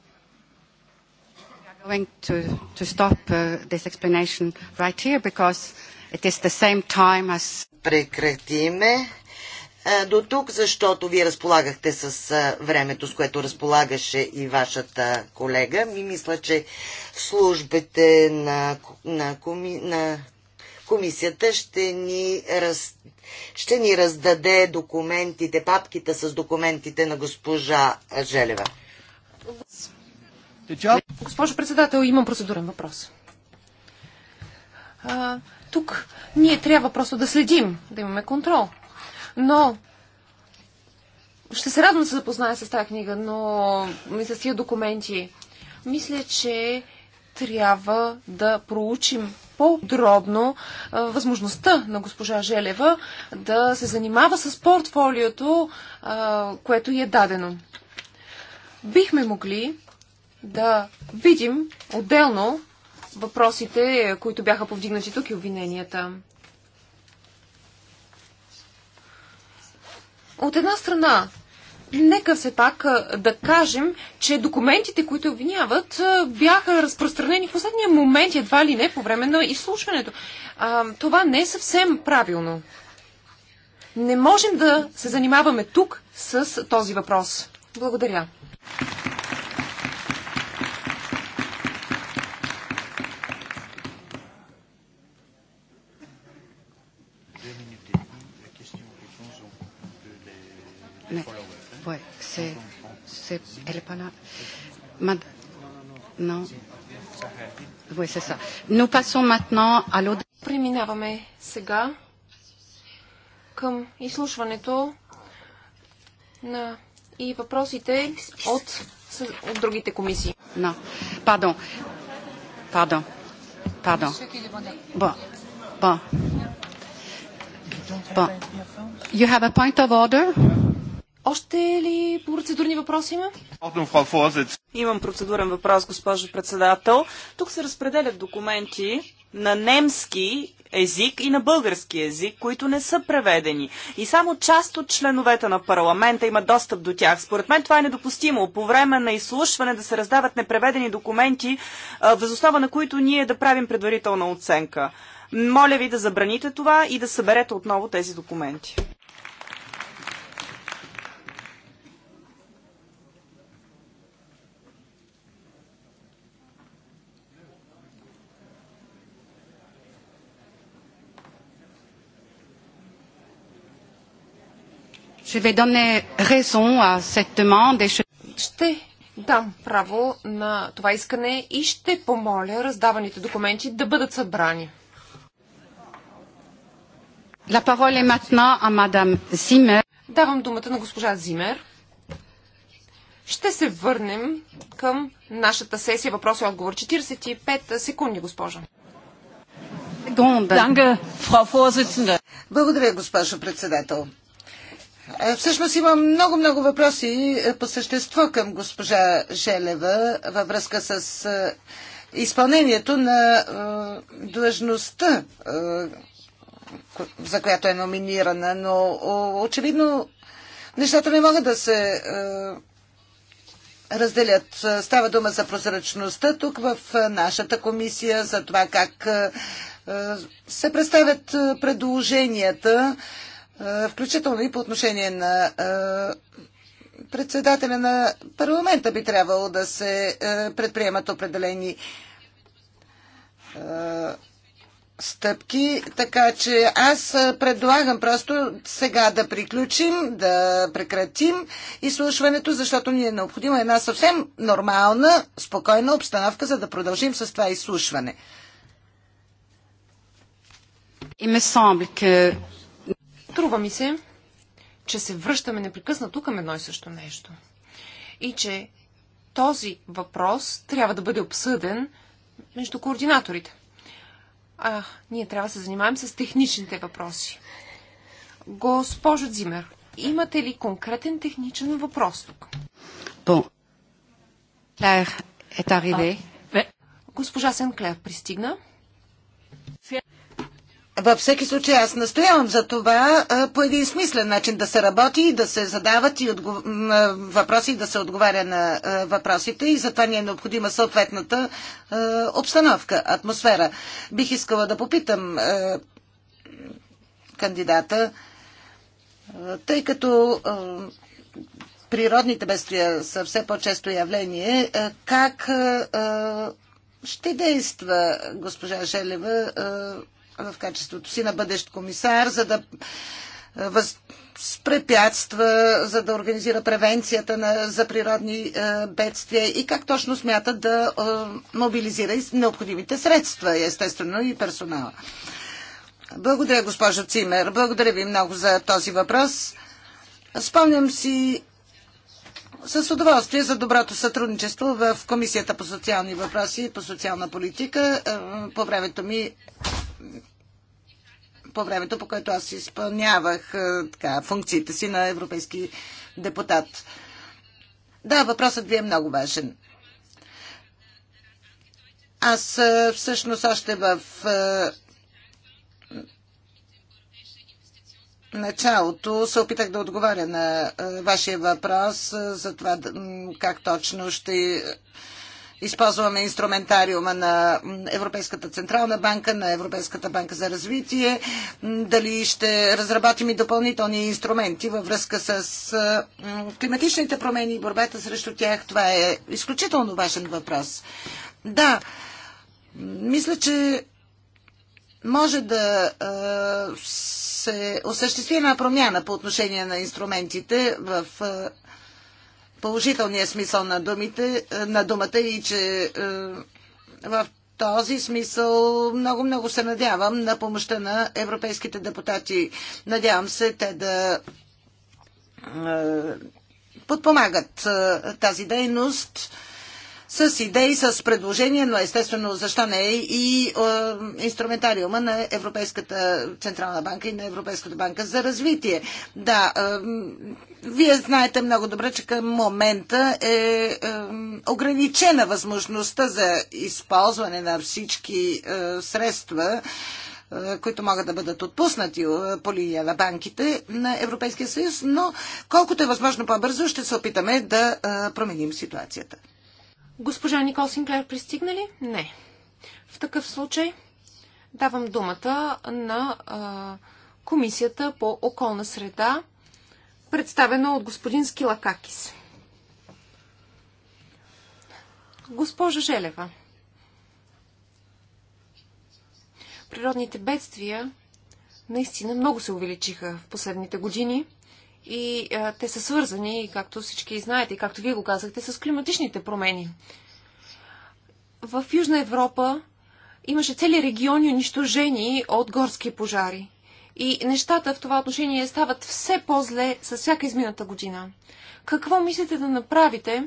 going to, to stop uh, this explanation right here because it is the same time as... Прекратиме до тук, защото вие разполагахте с времето, с което разполагаше и вашата колега. И мисля, че службите на, на, коми, на комисията ще ни, раз, ще ни раздаде документите, папките с документите на госпожа Желева. Госпожо председател, имам процедурен въпрос. А, тук ние трябва просто да следим, да имаме контрол. Но ще се радвам да се запозная с тази книга, но и с тия документи. Мисля, че трябва да проучим по а, възможността на госпожа Желева да се занимава с портфолиото, а, което й е дадено. Бихме могли да видим отделно въпросите, които бяха повдигнати тук и обвиненията. От една страна, нека все пак да кажем, че документите, които обвиняват, бяха разпространени в последния момент, едва ли не, по време на изслушването. А, това не е съвсем правилно. Не можем да се занимаваме тук с този въпрос. Благодаря. Elle est pas là. Mad... Non. Oui, c'est ça. Nous passons maintenant à l'autre. Преминаваме сега към изслушването на и въпросите от, от другите комисии. No. Pardon. Pardon. Pardon. Bon. Bon. Bon. You have a point of order? Още ли процедурни въпроси има? Имам процедурен въпрос, госпожо председател. Тук се разпределят документи на немски език и на български език, които не са преведени. И само част от членовете на парламента има достъп до тях. Според мен това е недопустимо. По време на изслушване да се раздават непреведени документи, възоснова на които ние да правим предварителна оценка. Моля ви да забраните това и да съберете отново тези документи. je vais donner raison à cette demande Ще дам право на това искане и ще помоля раздаваните документи да бъдат събрани. La parole est maintenant à Madame Zimmer. Давам думата на госпожа Зимер. Ще се върнем към нашата сесия въпрос и отговор. 45 секунди, госпожа. Благодаря, госпожо председател. Е, всъщност имам много-много въпроси е, по същество към госпожа Желева във връзка с е, изпълнението на длъжността, за която е номинирана, но очевидно нещата не могат да се разделят. Става дума за прозрачността тук в нашата комисия, за това как се представят предложенията включително и по отношение на председателя на парламента би трябвало да се предприемат определени стъпки, така че аз предлагам просто сега да приключим, да прекратим изслушването, защото ни е необходима една съвсем нормална, спокойна обстановка, за да продължим с това изслушване. И ме съмбли, че Струва ми се, че се връщаме непрекъснато към едно и също нещо. И че този въпрос трябва да бъде обсъден между координаторите. А, ние трябва да се занимаем с техничните въпроси. Госпожо Дзимер, имате ли конкретен техничен въпрос тук? е Госпожа Сенклер пристигна. Във всеки случай аз настоявам за това по един смислен начин да се работи и да се задават и отгов... въпроси и да се отговаря на въпросите и затова ни е необходима съответната обстановка, атмосфера. Бих искала да попитам кандидата, тъй като природните бедствия са все по-често явление, как ще действа госпожа Желева в качеството си на бъдещ комисар, за да е, възпрепятства, за да организира превенцията на, за природни е, бедствия и как точно смята да е, мобилизира и необходимите средства, естествено и персонала. Благодаря, госпожо Цимер. Благодаря ви много за този въпрос. Спомням си с удоволствие за доброто сътрудничество в Комисията по социални въпроси и по социална политика е, по времето ми по времето, по което аз изпълнявах е, така, функциите си на европейски депутат. Да, въпросът ви е много важен. Аз е, всъщност още в е, началото се опитах да отговаря на вашия въпрос за това как точно ще използваме инструментариума на Европейската Централна банка, на Европейската банка за развитие, дали ще разработим и допълнителни инструменти във връзка с климатичните промени и борбата срещу тях. Това е изключително важен въпрос. Да, мисля, че може да се осъществи една промяна по отношение на инструментите в положителния смисъл на, думите, е, на думата и че е, в този смисъл много-много се надявам на помощта на европейските депутати. Надявам се те да е, подпомагат тази дейност с идеи, с предложения, но естествено защо не е и е, инструментариума на Европейската Централна банка и на Европейската банка за развитие. Да, е, вие знаете много добре, че към момента е, е ограничена възможността за използване на всички е, средства е, които могат да бъдат отпуснати е, по линия на банките на Европейския съюз, но колкото е възможно по-бързо ще се опитаме да е, променим ситуацията. Госпожа Никол Синклер пристигна ли? Не. В такъв случай давам думата на а, Комисията по околна среда, представена от господин Скилакакис. Госпожа Желева, природните бедствия наистина много се увеличиха в последните години и а, те са свързани, както всички знаете и както вие го казахте, с климатичните промени. В Южна Европа имаше цели региони унищожени от горски пожари. И нещата в това отношение стават все по-зле с всяка измината година. Какво мислите да направите,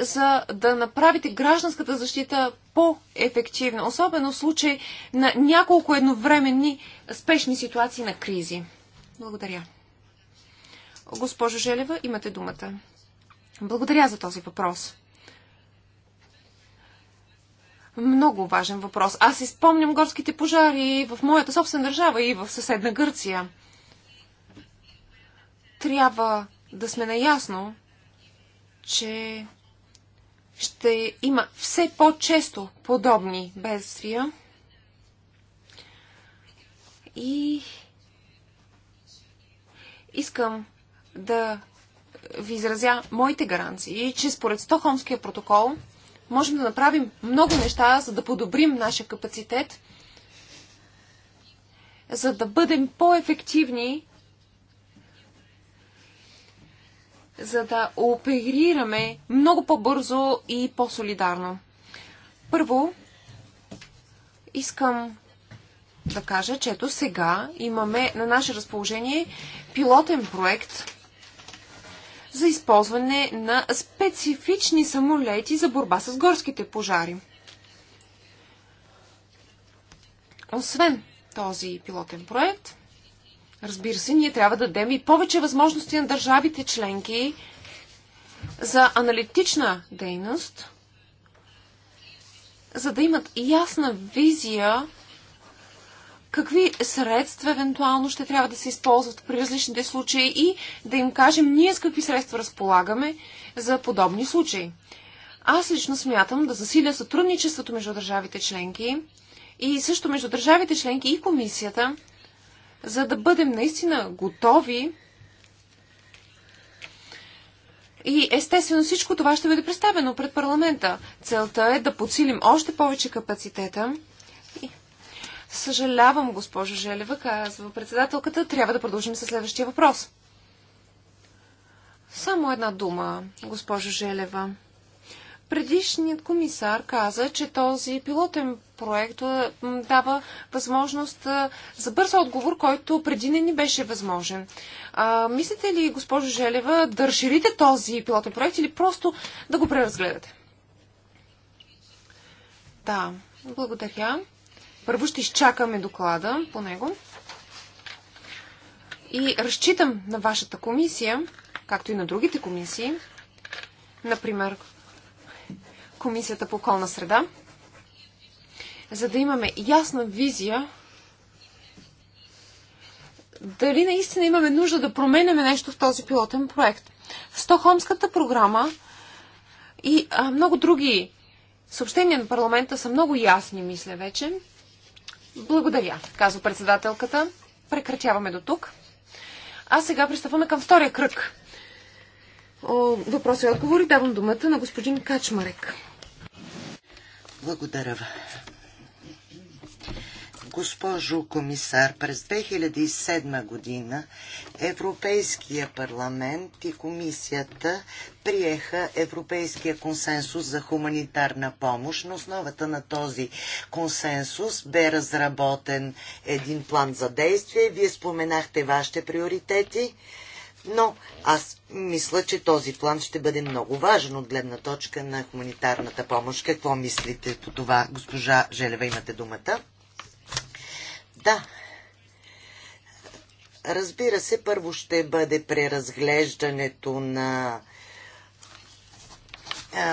за да направите гражданската защита по-ефективна, особено в случай на няколко едновременни спешни ситуации на кризи? Благодаря. Госпожо Желева, имате думата. Благодаря за този въпрос. Много важен въпрос. Аз изпомням горските пожари в моята собствена държава и в съседна Гърция. Трябва да сме наясно, че ще има все по-често подобни бедствия. И искам да ви изразя моите гаранции, че според Стохолмския протокол можем да направим много неща, за да подобрим нашия капацитет, за да бъдем по-ефективни, за да оперираме много по-бързо и по-солидарно. Първо, искам да кажа, че ето сега имаме на наше разположение пилотен проект – за използване на специфични самолети за борба с горските пожари. Освен този пилотен проект, разбира се, ние трябва да дадем и повече възможности на държавите членки за аналитична дейност, за да имат ясна визия какви средства евентуално ще трябва да се използват при различните случаи и да им кажем ние с какви средства разполагаме за подобни случаи. Аз лично смятам да засиля сътрудничеството между държавите членки и също между държавите членки и комисията, за да бъдем наистина готови и естествено всичко това ще бъде представено пред парламента. Целта е да подсилим още повече капацитета Съжалявам, госпожо Желева, казва председателката. Трябва да продължим със следващия въпрос. Само една дума, госпожо Желева. Предишният комисар каза, че този пилотен проект дава възможност за бърз отговор, който преди не ни беше възможен. А, мислите ли, госпожо Желева, да разширите този пилотен проект или просто да го преразгледате? Да, благодаря. Първо ще изчакаме доклада по него. И разчитам на вашата комисия, както и на другите комисии, например Комисията по околна среда, за да имаме ясна визия дали наистина имаме нужда да променяме нещо в този пилотен проект. Стохомската програма и а, много други съобщения на парламента са много ясни, мисля вече. Благодаря, казва председателката. Прекратяваме до тук. А сега пристъпваме към втория кръг. Въпроси и отговори давам думата на господин Качмарек. Благодаря Госпожо комисар, през 2007 година Европейския парламент и комисията приеха Европейския консенсус за хуманитарна помощ. На основата на този консенсус бе разработен един план за действие. Вие споменахте вашите приоритети. Но аз мисля, че този план ще бъде много важен от гледна точка на хуманитарната помощ. Какво мислите по това, госпожа Желева? Имате думата. Да. Разбира се, първо ще бъде преразглеждането на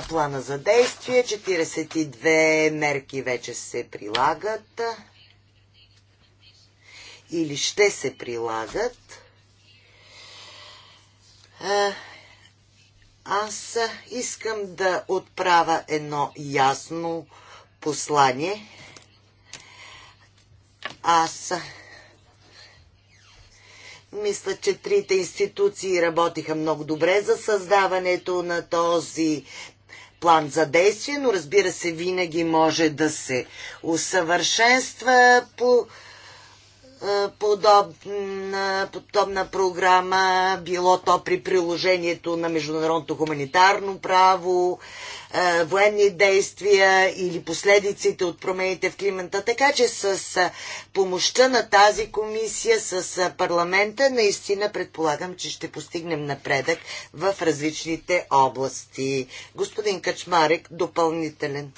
плана за действие. 42 мерки вече се прилагат или ще се прилагат. Аз искам да отправя едно ясно послание аз мисля, че трите институции работиха много добре за създаването на този план за действие, но разбира се, винаги може да се усъвършенства по е, подобна, подобна програма, било то при приложението на международното хуманитарно право, военни действия или последиците от промените в климата. Така че с помощта на тази комисия, с парламента, наистина предполагам, че ще постигнем напредък в различните области. Господин Качмарик, допълнителен.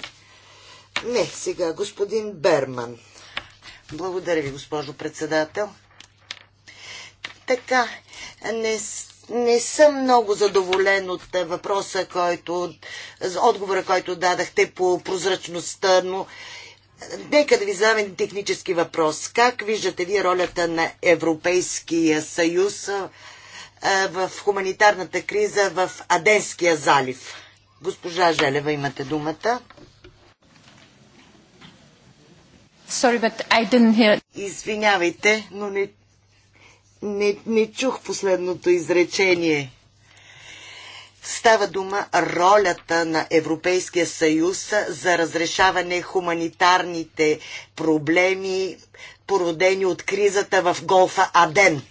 Не, сега господин Берман. Благодаря ви, госпожо председател. Така, не, не съм много задоволен от въпроса, който, отговора, който дадахте по прозрачността, но Нека да ви задам един технически въпрос. Как виждате вие ролята на Европейския съюз в хуманитарната криза в Аденския залив? Госпожа Желева, имате думата. Sorry, but I didn't hear... Извинявайте, но не, не, не чух последното изречение. Става дума ролята на Европейския съюз за разрешаване хуманитарните проблеми, породени от кризата в Голфа Аден.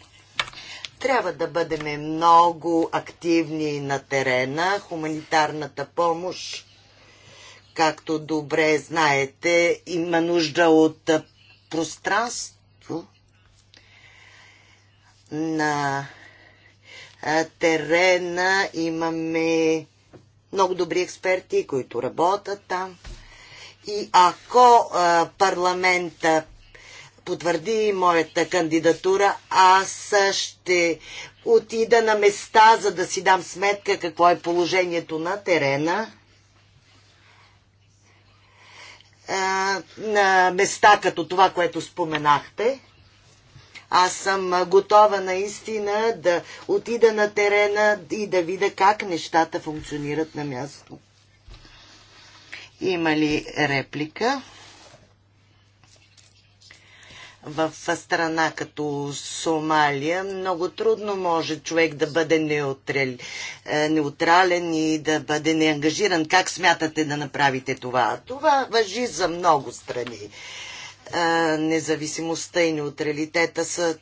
Трябва да бъдем много активни на терена. Хуманитарната помощ, както добре знаете, има нужда от пространство, на терена имаме много добри експерти, които работят там. И ако парламента потвърди моята кандидатура, аз ще отида на места, за да си дам сметка какво е положението на терена. На места като това, което споменахте. Аз съм готова наистина да отида на терена и да видя как нещата функционират на място. Има ли реплика? в страна като Сомалия, много трудно може човек да бъде неутрален, неутрален и да бъде неангажиран. Как смятате да направите това? Това въжи за много страни независимостта и неутралитета са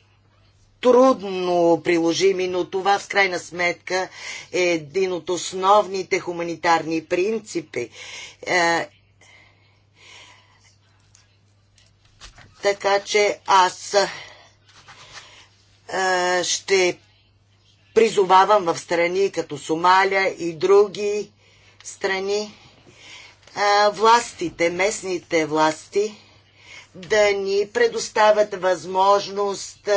трудно приложими, но това в крайна сметка е един от основните хуманитарни принципи. така че аз ще призовавам в страни като Сомаля и други страни властите, местните власти да ни предоставят възможност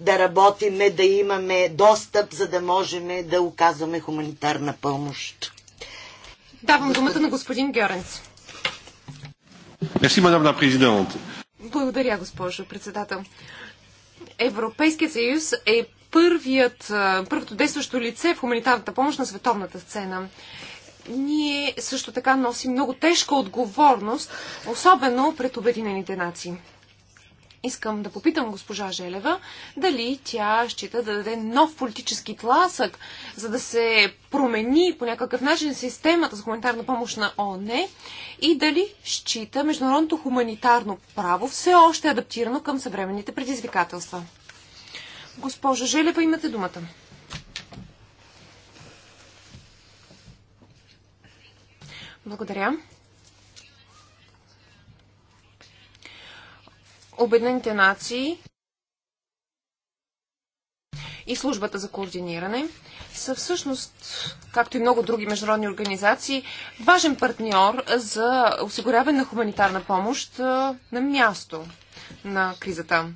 да работиме, да имаме достъп, за да можем да оказваме хуманитарна помощ. Давам думата на господин Геренц. Мерси, мадам президент. Благодаря, госпожо председател. Европейският съюз е първият, първото действащо лице в хуманитарната помощ на световната сцена ние също така носим много тежка отговорност, особено пред Обединените нации. Искам да попитам госпожа Желева дали тя счита да даде нов политически тласък, за да се промени по някакъв начин системата за хуманитарна помощ на ООН и дали счита международното хуманитарно право все още адаптирано към съвременните предизвикателства. Госпожа Желева, имате думата. Благодаря. Обединените нации и службата за координиране са всъщност, както и много други международни организации, важен партньор за осигуряване на хуманитарна помощ на място на кризата.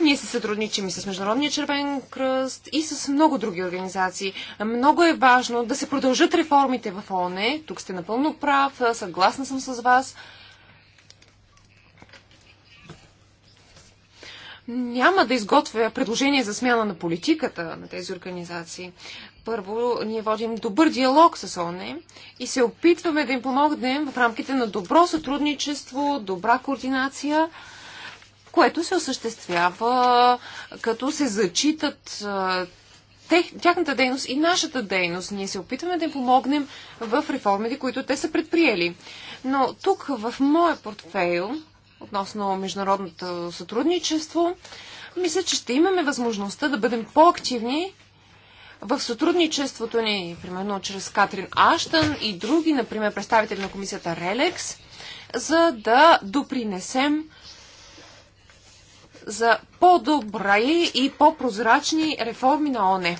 Ние се сътрудничим и с Международния червен кръст и с много други организации. Много е важно да се продължат реформите в ООН. Тук сте напълно прав, съгласна съм с вас. няма да изготвя предложение за смяна на политиката на тези организации. Първо, ние водим добър диалог с ОНЕ и се опитваме да им помогнем в рамките на добро сътрудничество, добра координация което се осъществява като се зачитат тяхната дейност и нашата дейност. Ние се опитваме да им помогнем в реформите, които те са предприели. Но тук в моя портфейл, относно международното сътрудничество, мисля, че ще имаме възможността да бъдем по-активни в сътрудничеството ни, примерно чрез Катрин Аштън и други, например представители на комисията Релекс, за да допринесем за по-добри и по-прозрачни реформи на ОНЕ.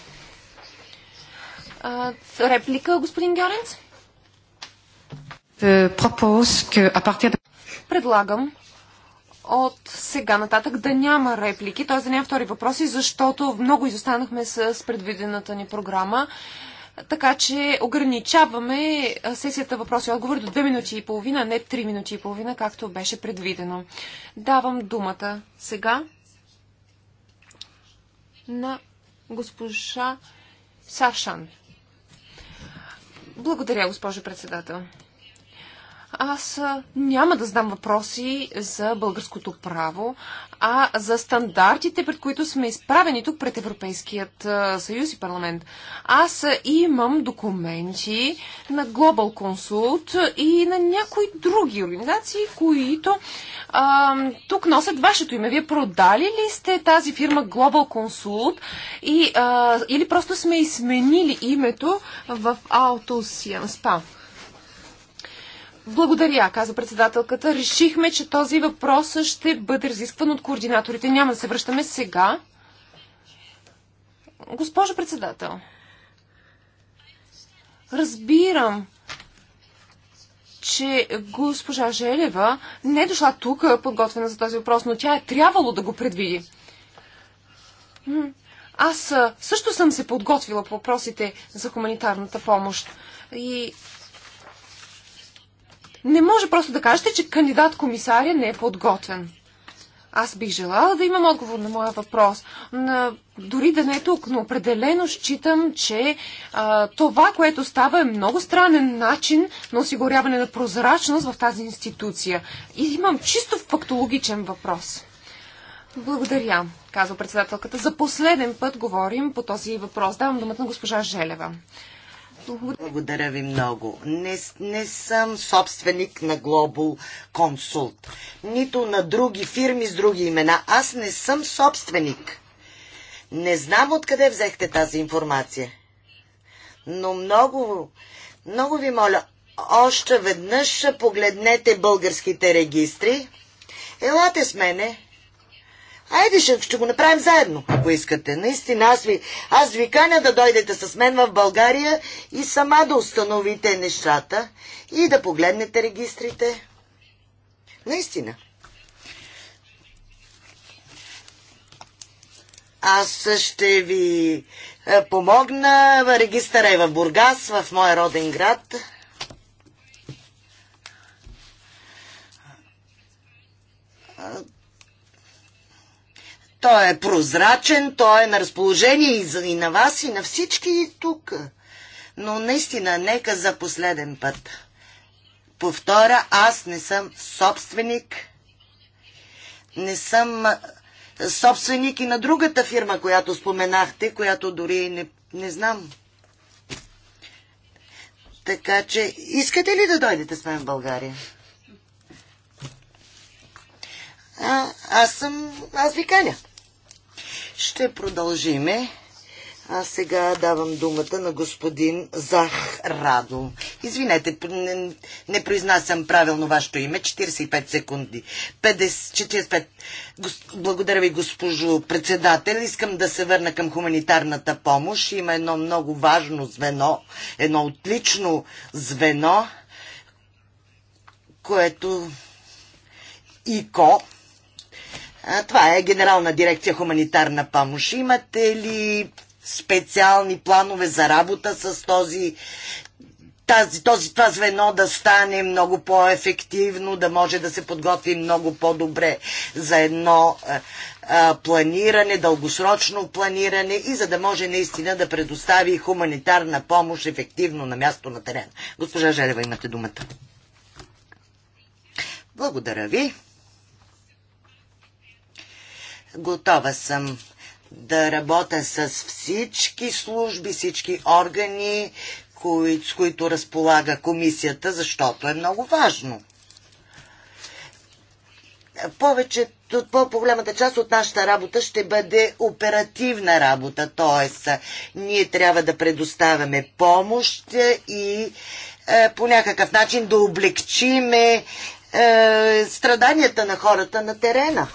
Реплика, господин Гьоренц? Е, Предлагам от сега нататък да няма реплики, т.е. да няма втори въпроси, защото много изостанахме с предвидената ни програма. Така че ограничаваме сесията въпроси и отговори до 2 минути и половина, не 3 минути и половина, както беше предвидено. Давам думата сега на госпожа Сашан. Благодаря, госпожо председател аз няма да знам въпроси за българското право, а за стандартите, пред които сме изправени тук пред Европейският съюз и парламент. Аз имам документи на Global Consult и на някои други организации, които а, тук носят вашето име. Вие продали ли сте тази фирма Global Consult и, а, или просто сме изменили името в Auto Spa? Благодаря, каза председателката. Решихме, че този въпрос ще бъде разискван от координаторите. Няма да се връщаме сега. Госпожо председател, разбирам, че госпожа Желева не е дошла тук подготвена за този въпрос, но тя е трябвало да го предвиди. Аз също съм се подготвила по въпросите за хуманитарната помощ. И не може просто да кажете, че кандидат комисаря не е подготвен. Аз бих желала да имам отговор на моя въпрос. На, дори да не е тук, но определено считам, че а, това, което става е много странен начин на осигуряване на прозрачност в тази институция. И имам чисто фактологичен въпрос. Благодаря, казва председателката. За последен път говорим по този въпрос. Давам думата на госпожа Желева. Благодаря ви много. Не, не съм собственик на Global Consult, нито на други фирми с други имена. Аз не съм собственик. Не знам откъде взехте тази информация. Но много, много ви моля, още веднъж погледнете българските регистри. Елате с мене Айде, ще, ще го направим заедно, ако искате. Наистина, аз ви, аз ви каня да дойдете с мен в България и сама да установите нещата и да погледнете регистрите. Наистина. Аз ще ви е, помогна. Регистъра е в Бургас, в моя роден град. Той е прозрачен, той е на разположение и, за, и на вас, и на всички, и тук. Но наистина, нека за последен път. Повтора, аз не съм собственик. Не съм собственик и на другата фирма, която споменахте, която дори не, не знам. Така че, искате ли да дойдете с мен в България? А, аз съм... Аз ви каня. Ще продължиме. А сега давам думата на господин Зах Радо. Извинете, не, не произнасям правилно вашето име. 45 секунди. 50, 45. благодаря ви, госпожо председател. Искам да се върна към хуманитарната помощ. Има едно много важно звено, едно отлично звено, което ИКО а, това е Генерална дирекция хуманитарна помощ. Имате ли специални планове за работа с този тази, този, това звено да стане много по-ефективно, да може да се подготви много по-добре за едно а, а, планиране, дългосрочно планиране и за да може наистина да предостави хуманитарна помощ ефективно на място на терена. Госпожа Желева, имате думата. Благодаря ви. Готова съм да работя с всички служби, всички органи, кои, с които разполага комисията, защото е много важно. Повечето, по-голямата част от нашата работа ще бъде оперативна работа, т.е. ние трябва да предоставяме помощ и е, по някакъв начин да облегчиме е, страданията на хората на терена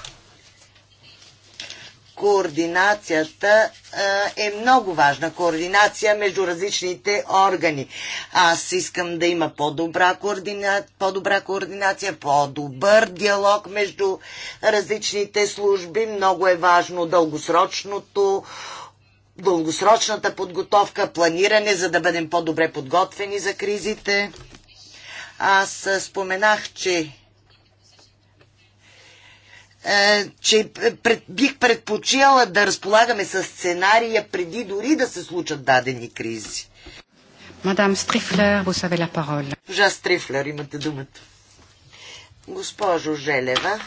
координацията е много важна. Координация между различните органи. Аз искам да има по-добра координа... по-добра координация, по-добър диалог между различните служби. Много е важно дългосрочното дългосрочната подготовка, планиране, за да бъдем по-добре подготвени за кризите. Аз споменах, че е, че пред, бих предпочела да разполагаме с сценария преди дори да се случат дадени кризи. Мадам Стрифлер, vous avez la parole. Жа Стрифлер, имате думата. Госпожо Желева,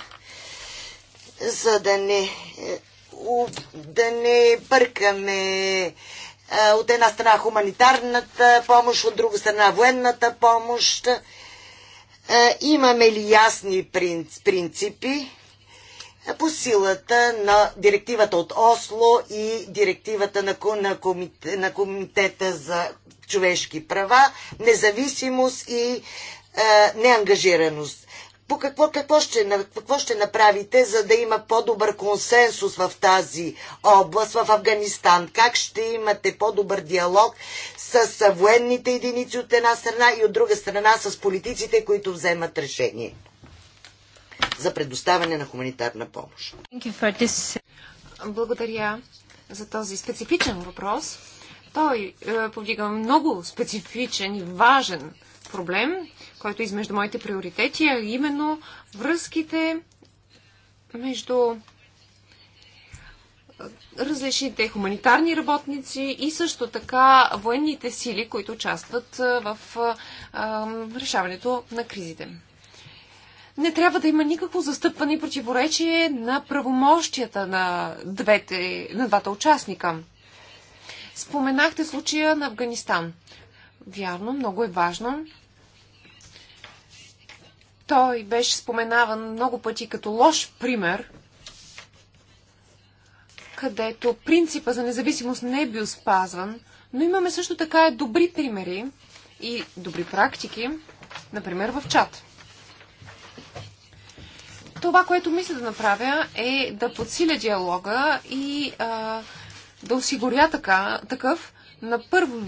за да не, е, да не бъркаме е, от една страна хуманитарната помощ, от друга страна военната помощ, имаме ли ясни принципи? Е по силата на директивата от Осло и директивата на, на, на Комитета за човешки права, независимост и е, неангажираност. По какво, какво, ще, какво ще направите, за да има по-добър консенсус в тази област, в Афганистан? Как ще имате по-добър диалог с военните единици от една страна и от друга страна с политиците, които вземат решение? за предоставяне на хуманитарна помощ. Благодаря за този специфичен въпрос. Той е, повдига много специфичен и важен проблем, който е измежду моите приоритети, а именно връзките между е, различните хуманитарни работници и също така военните сили, които участват е, в е, решаването на кризите не трябва да има никакво застъпване и противоречие на правомощията на, двете, на двата участника. Споменахте случая на Афганистан. Вярно, много е важно. Той беше споменаван много пъти като лош пример, където принципа за независимост не е бил спазван, но имаме също така добри примери и добри практики, например в чат това, което мисля да направя е да подсиля диалога и а, да осигуря така, такъв на първо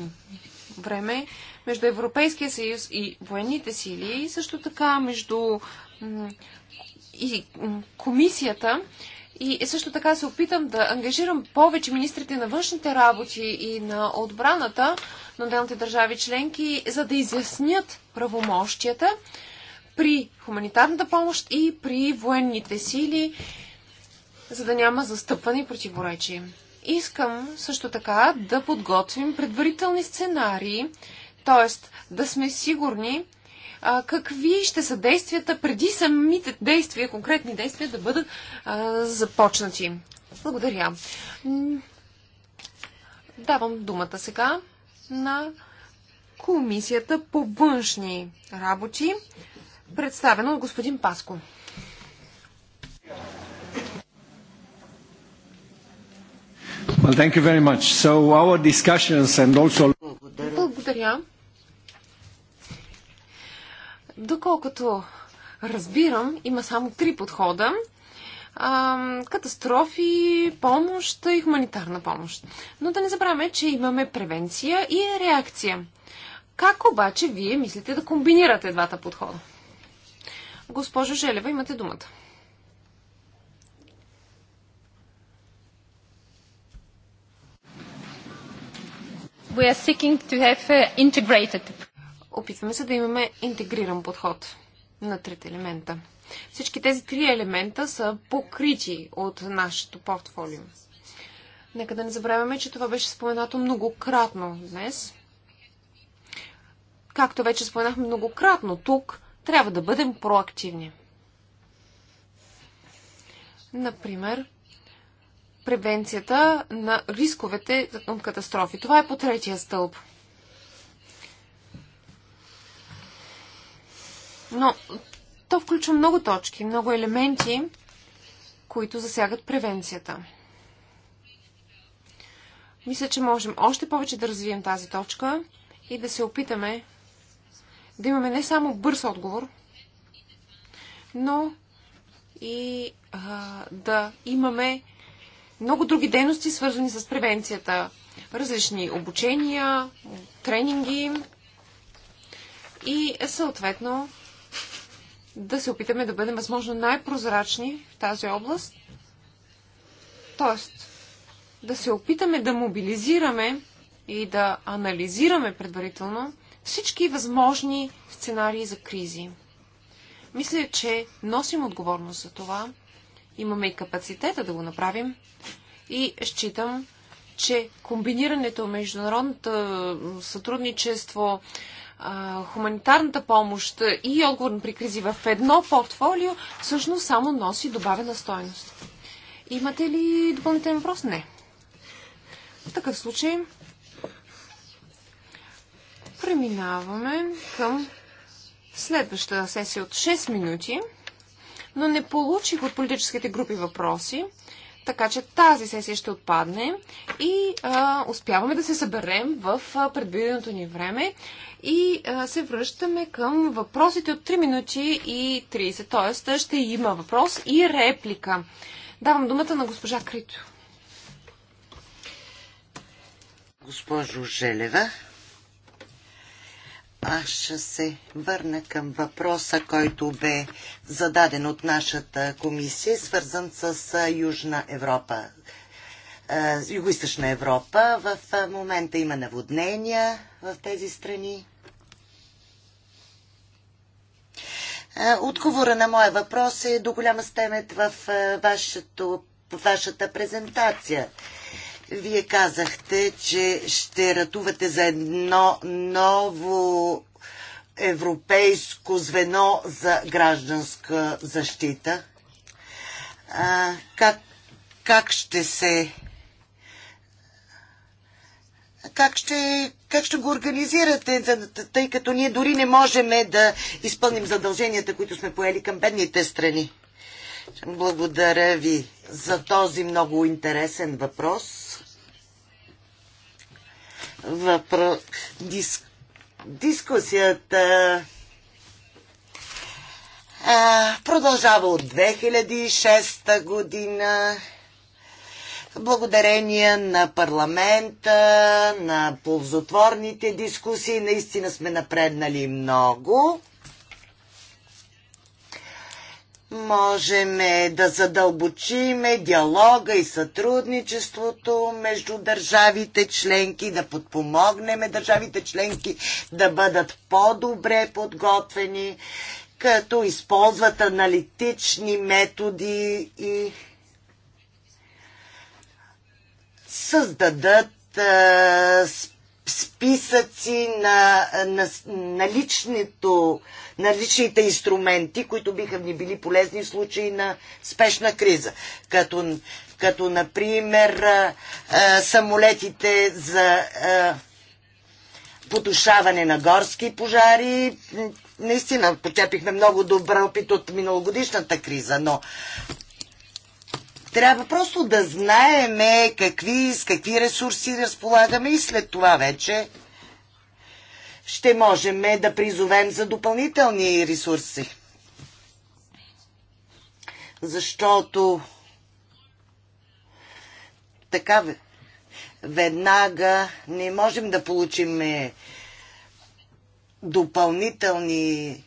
време между Европейския съюз и военните сили и също така между и комисията. И също така се опитам да ангажирам повече министрите на външните работи и на отбраната на отделните държави членки, за да изяснят правомощията при хуманитарната помощ и при военните сили, за да няма застъпване и противоречие. Искам също така да подготвим предварителни сценарии, т.е. да сме сигурни а, какви ще са действията преди самите действия, конкретни действия да бъдат а, започнати. Благодаря. Давам думата сега на Комисията по външни работи представено от господин Паско. Well, thank you very much. So our discussions and also... Благодаря. Доколкото разбирам, има само три подхода. А, катастрофи, помощ и хуманитарна помощ. Но да не забравяме, че имаме превенция и реакция. Как обаче вие мислите да комбинирате двата подхода? Госпожо Желева, имате думата. We are seeking to have uh, integrated. Опитваме се да имаме интегриран подход на трите елемента. Всички тези три елемента са покрити от нашето портфолио. Нека да не забравяме, че това беше споменато многократно днес. Както вече споменахме многократно тук, трябва да бъдем проактивни. Например, превенцията на рисковете от катастрофи. Това е по третия стълб. Но то включва много точки, много елементи, които засягат превенцията. Мисля, че можем още повече да развием тази точка и да се опитаме да имаме не само бърз отговор, но и а, да имаме много други дейности, свързани с превенцията. Различни обучения, тренинги и съответно да се опитаме да бъдем възможно най-прозрачни в тази област. Тоест, да се опитаме да мобилизираме и да анализираме предварително всички възможни сценарии за кризи. Мисля, че носим отговорност за това. Имаме и капацитета да го направим. И считам, че комбинирането международното сътрудничество, хуманитарната помощ и отговор при кризи в едно портфолио всъщност само носи добавена стойност. Имате ли допълнителен въпрос? Не. В такъв случай Преминаваме към следващата сесия от 6 минути, но не получих от политическите групи въпроси, така че тази сесия ще отпадне и а, успяваме да се съберем в предвиденото ни време и а, се връщаме към въпросите от 3 минути и 30, т.е. ще има въпрос и реплика. Давам думата на госпожа Крито. Госпожо Желева, аз ще се върна към въпроса, който бе зададен от нашата комисия, свързан с Южна Европа. юго Европа. В момента има наводнения в тези страни. Отговора на моя въпрос е до голяма степен в, вашето, в вашата презентация. Вие казахте, че ще ратувате за едно ново европейско звено за гражданска защита. А, как, как ще се. Как ще, как ще го организирате, тъй като ние дори не можем да изпълним задълженията, които сме поели към бедните страни? Благодаря ви за този много интересен въпрос въпрос, дис, дискусията а, продължава от 2006 година благодарение на парламента, на ползотворните дискусии, наистина сме напреднали много можем е да задълбочиме диалога и сътрудничеството между държавите членки, да подпомогнем държавите членки да бъдат по-добре подготвени, като използват аналитични методи и създадат е, списъци на, на, на, личнито, на личните инструменти, които биха ни били полезни в случай на спешна криза. Като, като например, а, а, самолетите за а, потушаване на горски пожари. Наистина, почепихме много добър опит от миналогодишната криза, но трябва просто да знаеме какви, с какви ресурси разполагаме и след това вече ще можем да призовем за допълнителни ресурси. Защото така веднага не можем да получим е, допълнителни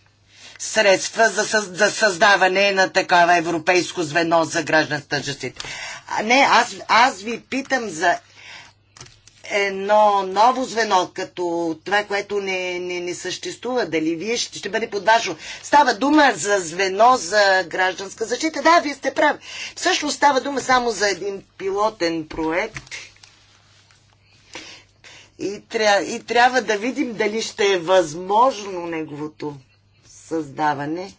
средства за, за създаване на такава европейско звено за гражданска защита. Не, аз, аз ви питам за едно ново звено, като това, което не, не, не съществува, дали вие ще, ще бъде под вашо. Става дума за звено за гражданска защита. Да, вие сте прави. Всъщност става дума само за един пилотен проект. И, тря, и трябва да видим дали ще е възможно неговото създаване.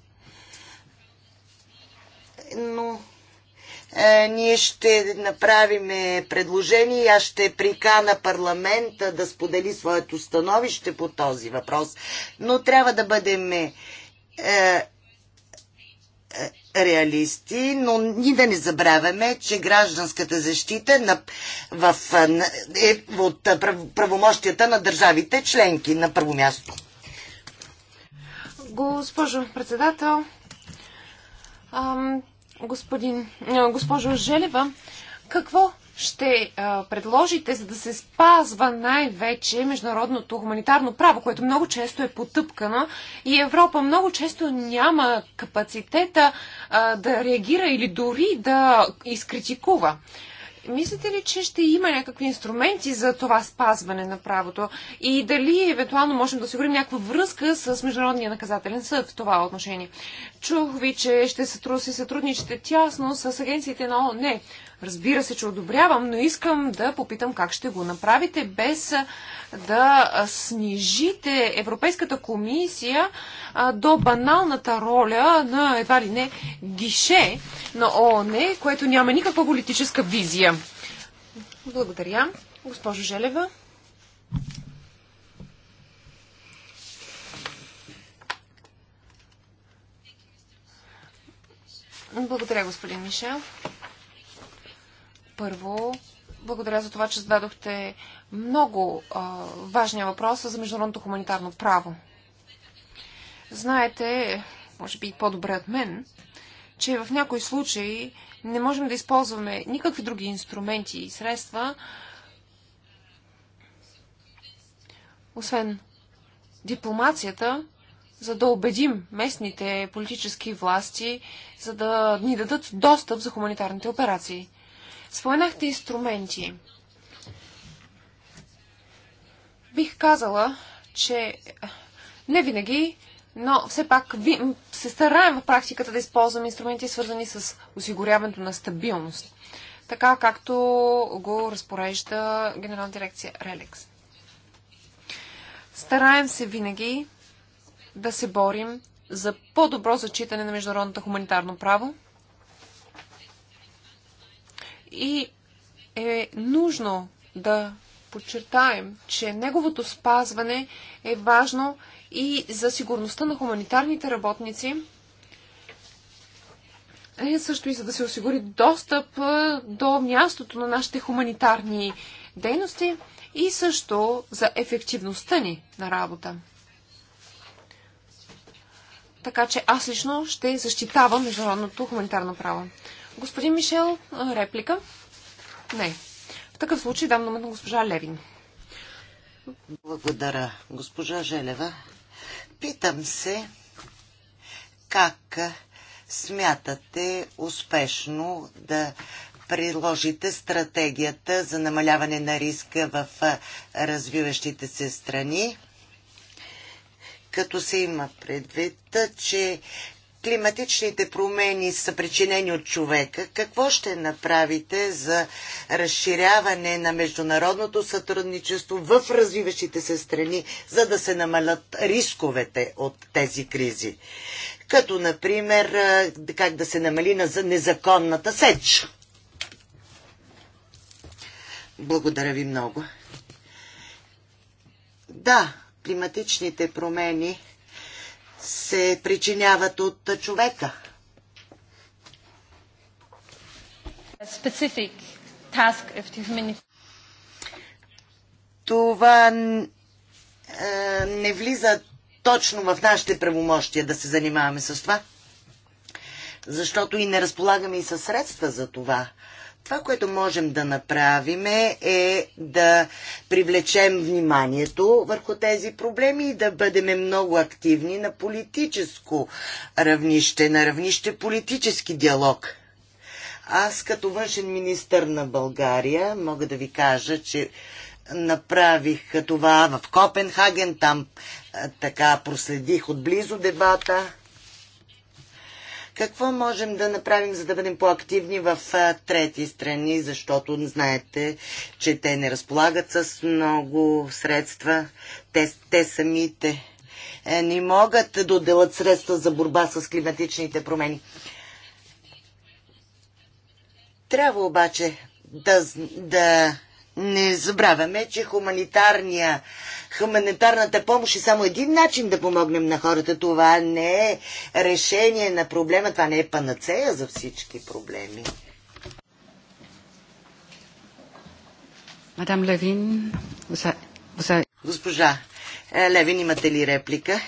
Но е, ние ще направим предложение и аз ще прикана парламента да сподели своето становище по този въпрос. Но трябва да бъдем е, е, реалисти, но ни да не забравяме, че гражданската защита на, в, на, е от е, правомощията на държавите членки на първо място. Госпожо председател, господин, госпожо Желева, какво ще а, предложите, за да се спазва най-вече международното хуманитарно право, което много често е потъпкано и Европа много често няма капацитета а, да реагира или дори да изкритикува мислите ли, че ще има някакви инструменти за това спазване на правото и дали евентуално можем да осигурим някаква връзка с Международния наказателен съд в това отношение? Чух ви, че ще се сътрудничите тясно с агенциите на ООН. Разбира се, че одобрявам, но искам да попитам как ще го направите без да снижите Европейската комисия до баналната роля на едва ли не гише на ООН, което няма никаква политическа визия. Благодаря. Госпожо Желева. Благодаря, господин Мишел. Първо, благодаря за това, че зададохте много а, важния въпрос за международното хуманитарно право. Знаете, може би и по-добре от мен, че в някои случаи не можем да използваме никакви други инструменти и средства, освен дипломацията, за да убедим местните политически власти, за да ни дадат достъп за хуманитарните операции. Споменахте инструменти. Бих казала, че не винаги, но все пак ви, се стараем в практиката да използваме инструменти, свързани с осигуряването на стабилност, така както го разпорежда Генерална дирекция Релекс. Стараем се винаги да се борим за по-добро зачитане на международното хуманитарно право, и е нужно да подчертаем, че неговото спазване е важно и за сигурността на хуманитарните работници, е също и за да се осигури достъп до мястото на нашите хуманитарни дейности и също за ефективността ни на работа. Така че аз лично ще защитавам международното хуманитарно право. Господин Мишел, реплика? Не. В такъв случай дам думата на госпожа Левин. Благодаря, госпожа Желева. Питам се как смятате успешно да приложите стратегията за намаляване на риска в развиващите се страни, като се има предвид, че климатичните промени са причинени от човека, какво ще направите за разширяване на международното сътрудничество в развиващите се страни, за да се намалят рисковете от тези кризи? Като, например, как да се намали на незаконната сеч. Благодаря ви много. Да, климатичните промени се причиняват от човека. Това е, не влиза точно в нашите правомощия да се занимаваме с това, защото и не разполагаме и със средства за това. Това, което можем да направим е да привлечем вниманието върху тези проблеми и да бъдем много активни на политическо равнище, на равнище политически диалог. Аз като външен министр на България мога да ви кажа, че направих това в Копенхаген, там така проследих отблизо дебата какво можем да направим, за да бъдем по-активни в трети страни, защото знаете, че те не разполагат с много средства. Те, те самите е, не могат да отделят средства за борба с климатичните промени. Трябва обаче да, да не забравяме, че хуманитарния хуманитарната помощ е само един начин да помогнем на хората. Това не е решение на проблема, това не е панацея за всички проблеми. Мадам Левин, госпожа е, Левин, имате ли реплика?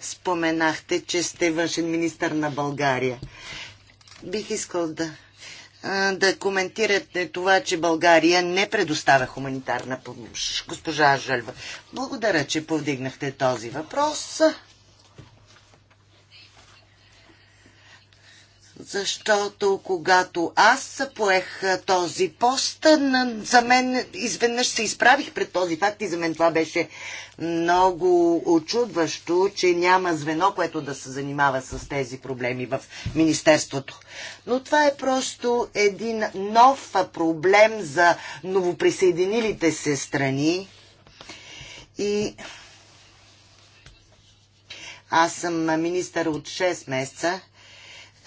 Споменахте, че сте външен министр на България. Бих искал да да коментирате това, че България не предоставя хуманитарна помощ. Госпожа Жальва, благодаря, че повдигнахте този въпрос. Защото когато аз поех този пост, за мен изведнъж се изправих пред този факт и за мен това беше много очудващо, че няма звено, което да се занимава с тези проблеми в Министерството. Но това е просто един нов проблем за новоприсъединилите се страни. И аз съм министър от 6 месеца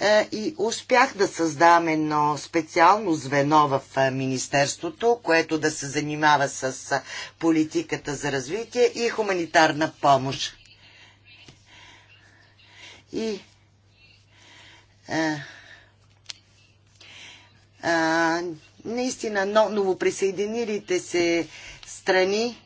е, и успях да създам едно специално звено в е, Министерството, което да се занимава с е, политиката за развитие и хуманитарна помощ. И а, а, наистина новоприсъединилите се страни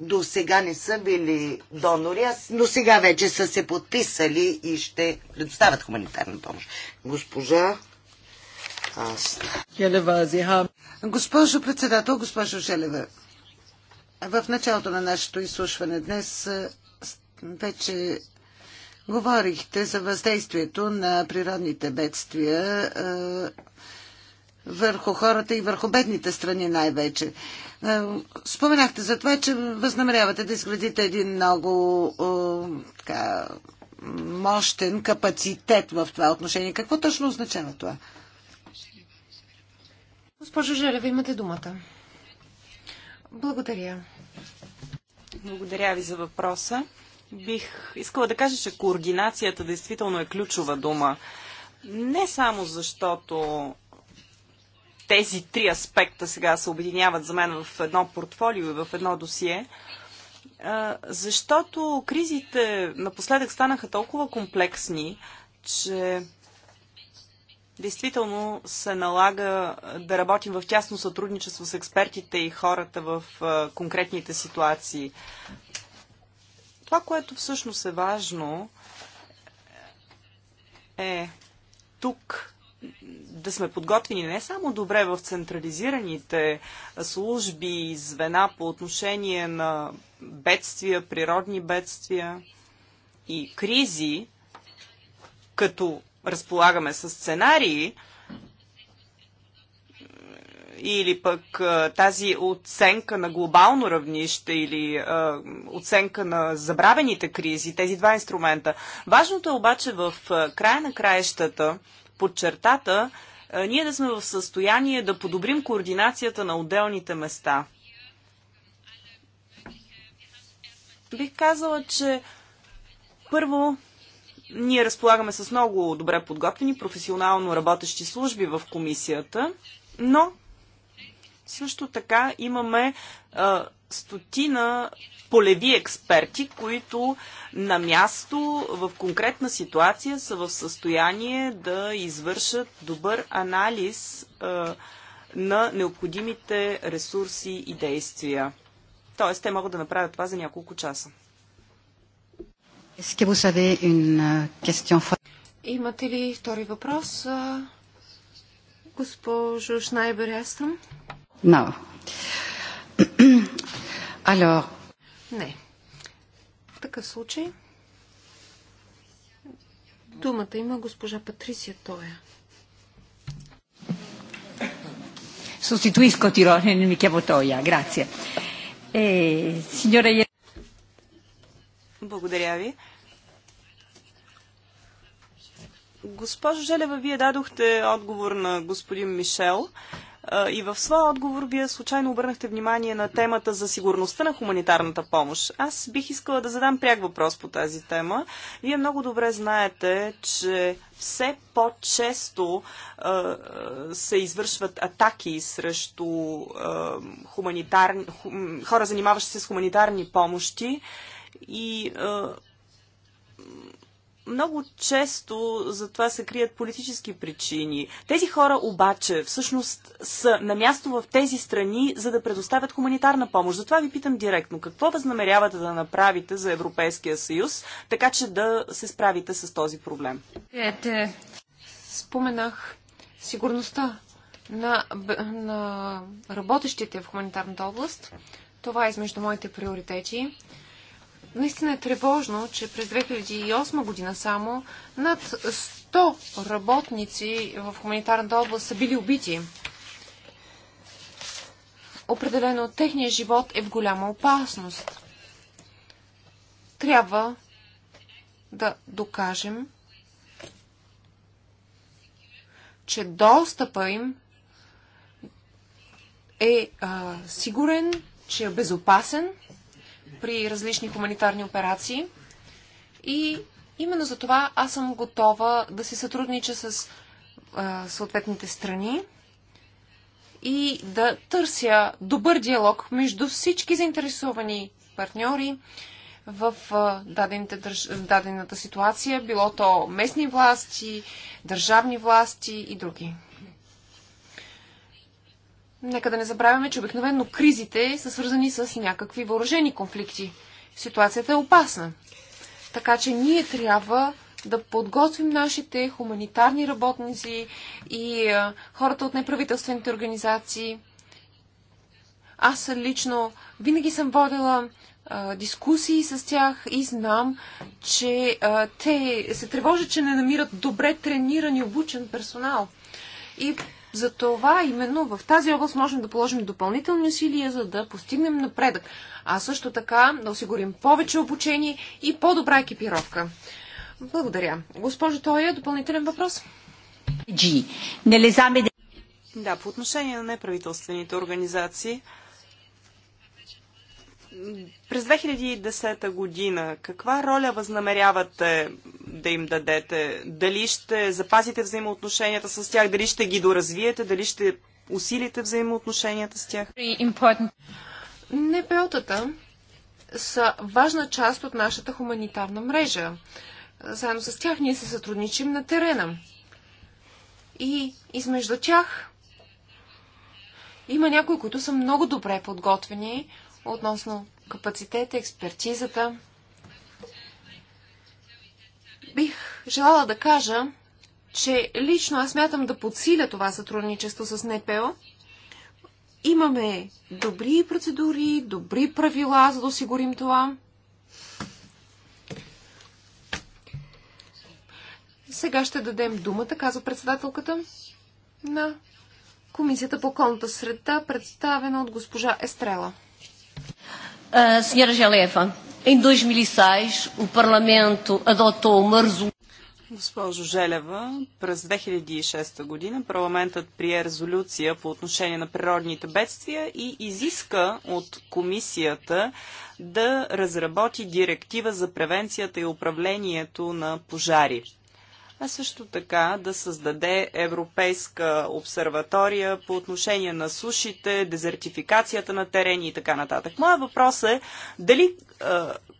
до сега не са били донори, а до сега вече са се подписали и ще предоставят хуманитарна помощ. Госпожа Желева, Госпожо председател, госпожо Желева, в началото на нашето изслушване днес вече говорихте за въздействието на природните бедствия върху хората и върху бедните страни най-вече. Е, споменахте за това, че възнамерявате да изградите един много е, така, мощен капацитет в това отношение. Какво точно означава това? Госпожо Желева, имате думата. Благодаря. Благодаря ви за въпроса. Бих искала да кажа, че координацията действително е ключова дума. Не само защото тези три аспекта сега се объединяват за мен в едно портфолио и в едно досие, защото кризите напоследък станаха толкова комплексни, че действително се налага да работим в тясно сътрудничество с експертите и хората в конкретните ситуации. Това, което всъщност е важно, е тук да сме подготвени не само добре в централизираните служби и звена по отношение на бедствия, природни бедствия и кризи, като разполагаме с сценарии, или пък тази оценка на глобално равнище или а, оценка на забравените кризи, тези два инструмента. Важното е обаче в края на краищата Подчертата, е, ние да сме в състояние да подобрим координацията на отделните места. Бих казала, че първо ние разполагаме с много добре подготвени, професионално работещи служби в комисията, но също така имаме а, е, стотина полеви експерти, които на място в конкретна ситуация са в състояние да извършат добър анализ а, на необходимите ресурси и действия. Тоест, те могат да направят това за няколко часа. Euh, Имате ли втори въпрос? Госпожо Шнайбер съм. No. Alors. Не. В такъв случай думата има госпожа Патрисия Тоя. Sostituisco Tirone, mi chiamo Toia, grazie. E, signora... Благодаря ви. Госпожо Желева, вие дадохте отговор на господин Мишел. И в своя отговор вие случайно обърнахте внимание на темата за сигурността на хуманитарната помощ. Аз бих искала да задам пряк въпрос по тази тема. Вие много добре знаете, че все по-често се извършват атаки срещу а, хуманитарни, хора, занимаващи се с хуманитарни помощи. И а, много често за това се крият политически причини. Тези хора обаче всъщност са на място в тези страни, за да предоставят хуманитарна помощ. Затова ви питам директно, какво възнамерявате да направите за Европейския съюз, така че да се справите с този проблем? Ете, споменах сигурността на, на работещите в хуманитарната област. Това е измежду моите приоритети наистина е тревожно, че през 2008 година само над 100 работници в хуманитарната област са били убити. Определено техният живот е в голяма опасност. Трябва да докажем, че достъпа им е а, сигурен, че е безопасен – при различни хуманитарни операции. И именно за това аз съм готова да си сътруднича с а, съответните страни и да търся добър диалог между всички заинтересовани партньори в държ... дадената ситуация, било то местни власти, държавни власти и други. Нека да не забравяме, че обикновено кризите са свързани с някакви въоръжени конфликти. Ситуацията е опасна. Така че ние трябва да подготвим нашите хуманитарни работници и хората от неправителствените организации. Аз лично винаги съм водила дискусии с тях и знам, че те се тревожат, че не намират добре трениран и обучен персонал. И затова именно в тази област можем да положим допълнителни усилия, за да постигнем напредък, а също така да осигурим повече обучение и по-добра екипировка. Благодаря. Госпожо Тоя, допълнителен въпрос? Да, по отношение на неправителствените организации, през 2010 година каква роля възнамерявате да им дадете? Дали ще запазите взаимоотношенията с тях? Дали ще ги доразвиете? Дали ще усилите взаимоотношенията с тях? НПО-тата са важна част от нашата хуманитарна мрежа. Заедно с тях ние се сътрудничим на терена. И измежду тях има някои, които са много добре подготвени, относно капацитета, експертизата. Бих желала да кажа, че лично аз мятам да подсиля това сътрудничество с НПО. Имаме добри процедури, добри правила, за да осигурим това. Сега ще дадем думата, казва председателката, на Комисията по околната среда, представена от госпожа Естрела. Ah, senhora Geleva, em 2006 e o Parlamento adotou uma resolução. Госпожо Желева, през 2006 година парламентът прие резолюция по отношение на природните бедствия и изиска от комисията да разработи директива за превенцията и управлението на пожари а също така да създаде европейска обсерватория по отношение на сушите, дезертификацията на терени и така нататък. Моя въпрос е дали е,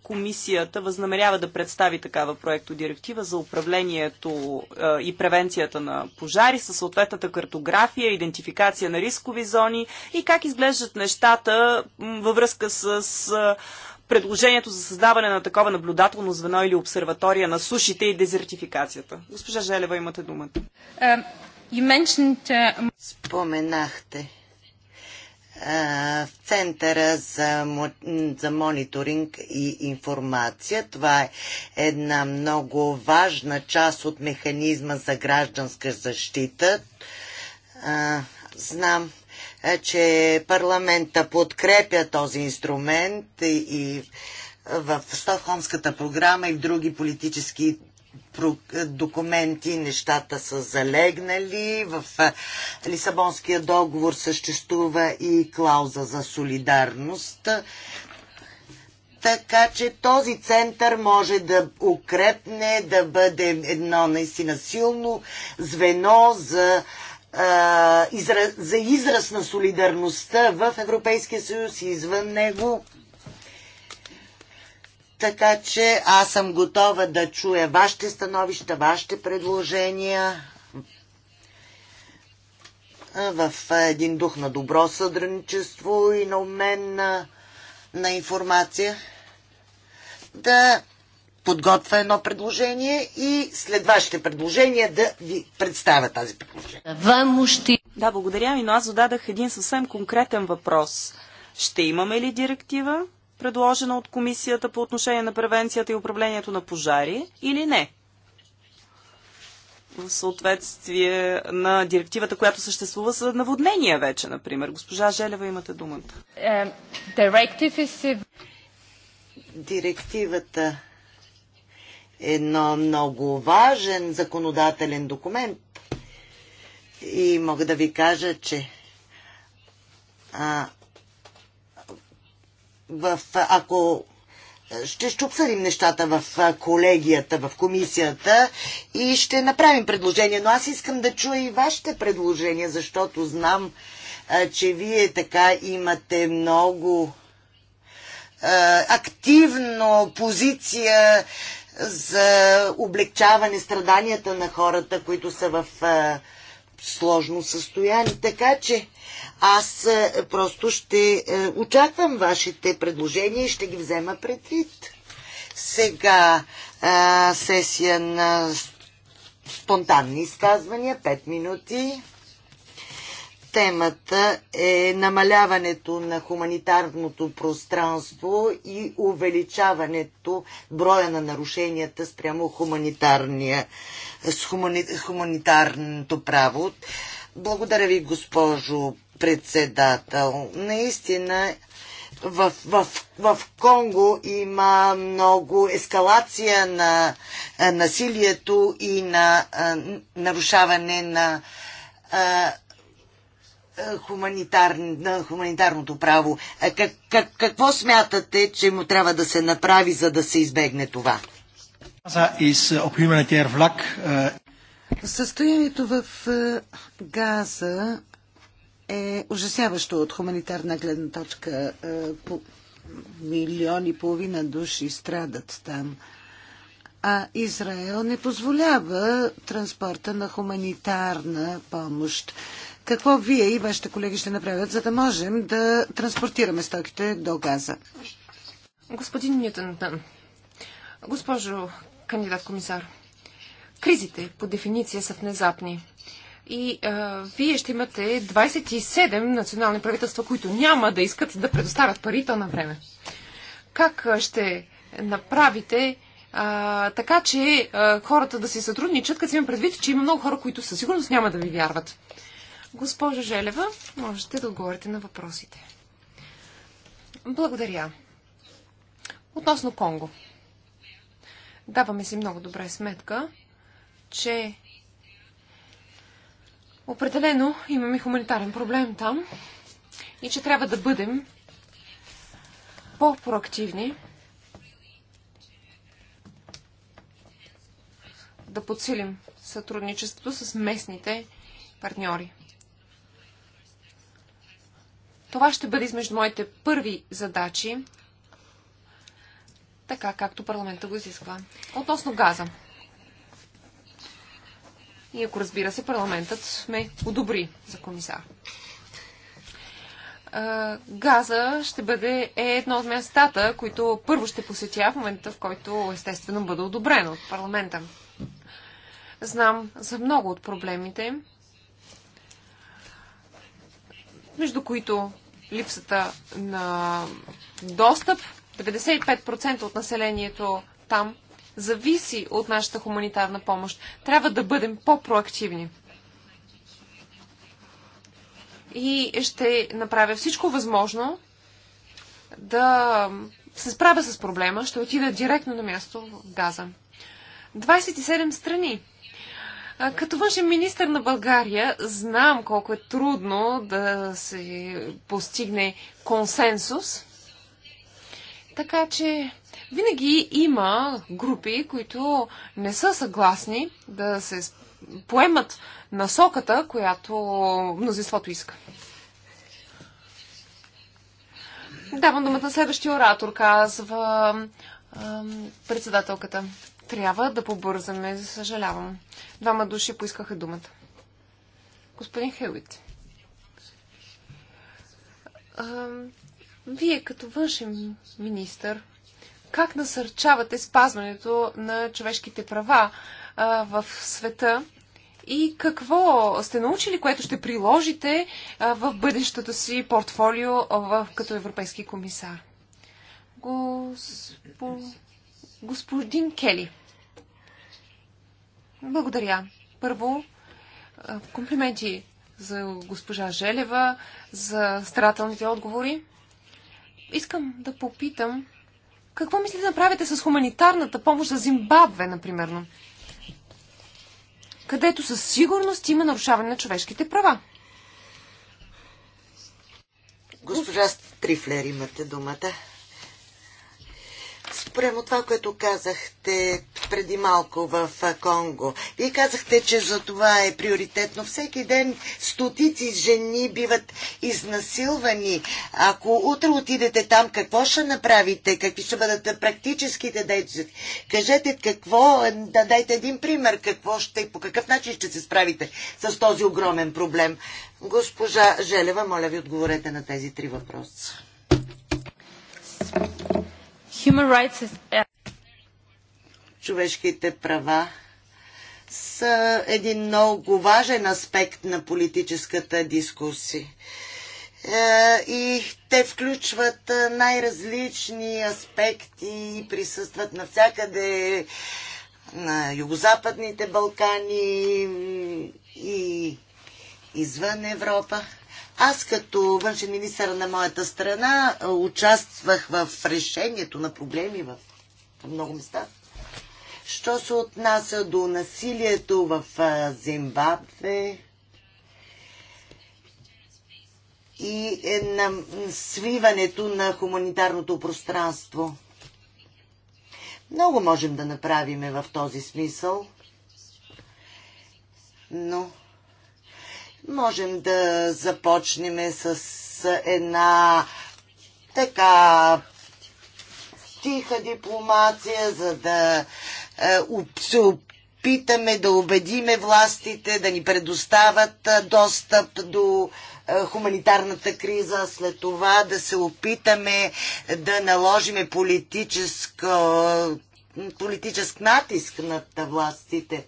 комисията възнамерява да представи такава проектодиректива за управлението е, и превенцията на пожари със съответната картография, идентификация на рискови зони и как изглеждат нещата във връзка с е, предложението за създаване на такова наблюдателно звено или обсерватория на сушите и дезертификацията. Госпожа Желева, имате думата. Е, Споменахте в Центъра за, за мониторинг и информация. Това е една много важна част от механизма за гражданска защита. А, знам, е, че парламента подкрепя този инструмент и в Стокхолмската програма и в други политически е, документи нещата са залегнали. В е, Лисабонския договор съществува и клауза за солидарност. Така че този център може да укрепне, да бъде едно наистина силно звено за за израз на солидарността в Европейския съюз и извън него. Така че аз съм готова да чуя вашите становища, вашите предложения в един дух на добро съдръничество и на обмен на, на информация. Да подготвя едно предложение и след вашите предложения да ви представя тази предложение. Да, благодаря ви, но аз зададах един съвсем конкретен въпрос. Ще имаме ли директива, предложена от комисията по отношение на превенцията и управлението на пожари или не? в съответствие на директивата, която съществува за наводнения вече, например. Госпожа Желева, имате думата. Е, директивата едно много важен законодателен документ. И мога да ви кажа, че а, в, ако ще щупсарим нещата в колегията, в комисията и ще направим предложение. Но аз искам да чуя и вашите предложения, защото знам, а, че вие така имате много а, активно позиция за облегчаване страданията на хората, които са в а, сложно състояние. Така че аз а, просто ще а, очаквам вашите предложения и ще ги взема предвид. Сега а, сесия на спонтанни изказвания, 5 минути темата е намаляването на хуманитарното пространство и увеличаването броя на нарушенията спрямо хуманитарния, с хумани, хуманитарното право. Благодаря ви, госпожо председател. Наистина в, в, в Конго има много ескалация на насилието и на а, нарушаване на а, е, хуманитар, на хуманитарното право. Как, как, какво смятате, че му трябва да се направи, за да се избегне това? Е, е Състоянието в Газа е ужасяващо от хуманитарна гледна точка. милиони и половина души страдат там. А Израел не позволява транспорта на хуманитарна помощ. Какво вие и вашите колеги ще направят, за да можем да транспортираме стоките до газа? Господин Нютон, госпожо кандидат-комисар, кризите по дефиниция са внезапни. И а, вие ще имате 27 национални правителства, които няма да искат да предоставят парите на време. Как ще направите а, така, че а, хората да си сътрудничат, като си има предвид, че има много хора, които със сигурност няма да ви вярват? Госпожа Желева, можете да отговорите на въпросите. Благодаря. Относно Конго. Даваме си много добре сметка, че определено имаме хуманитарен проблем там и че трябва да бъдем по-проактивни, да подсилим сътрудничеството с местните партньори. Това ще бъде измежду моите първи задачи, така както парламента го изисква. Относно газа. И ако разбира се, парламентът ме одобри за комисар. Газа ще бъде е едно от местата, които първо ще посетя в момента, в който естествено бъде одобрено от парламента. Знам за много от проблемите, между които липсата на достъп. 95% от населението там зависи от нашата хуманитарна помощ. Трябва да бъдем по-проактивни. И ще направя всичко възможно да се справя с проблема. Ще отида директно на място в Газа. 27 страни като външен министр на България знам колко е трудно да се постигне консенсус. Така че винаги има групи, които не са съгласни да се поемат насоката, която мнозинството иска. Давам думата на следващия оратор, казва председателката. Трябва да побързаме, за съжалявам. Двама души поискаха думата. Господин Хелвит. Вие като външен министр, как насърчавате спазването на човешките права в света и какво сте научили, което ще приложите в бъдещото си портфолио като европейски комисар? Господин Кели. Благодаря. Първо, комплименти за госпожа Желева, за старателните отговори. Искам да попитам, какво мислите да направите с хуманитарната помощ за Зимбабве, например? Където със сигурност има нарушаване на човешките права. Госпожа Трифлер, имате думата спрямо това, което казахте преди малко в Конго. Вие казахте, че за това е приоритетно. Всеки ден стотици жени биват изнасилвани. Ако утре отидете там, какво ще направите? Какви ще бъдат практическите действия? Кажете какво, е, да дайте един пример, какво ще, по какъв начин ще се справите с този огромен проблем. Госпожа Желева, моля ви отговорете на тези три въпроса. Uh, Човешките права са един много важен аспект на политическата дискусия. Е, и те включват е, най-различни аспекти и присъстват навсякъде на Югозападните Балкани и извън Европа. Аз като външен министър на моята страна участвах в решението на проблеми в много места. Що се отнася до насилието в Зимбабве и е, на свиването на хуманитарното пространство. Много можем да направим в този смисъл, но можем да започнем с една така тиха дипломация, за да е, се опитаме да убедиме властите да ни предоставят е, достъп до е, хуманитарната криза, след това да се опитаме да наложиме политическа, политическ натиск над властите.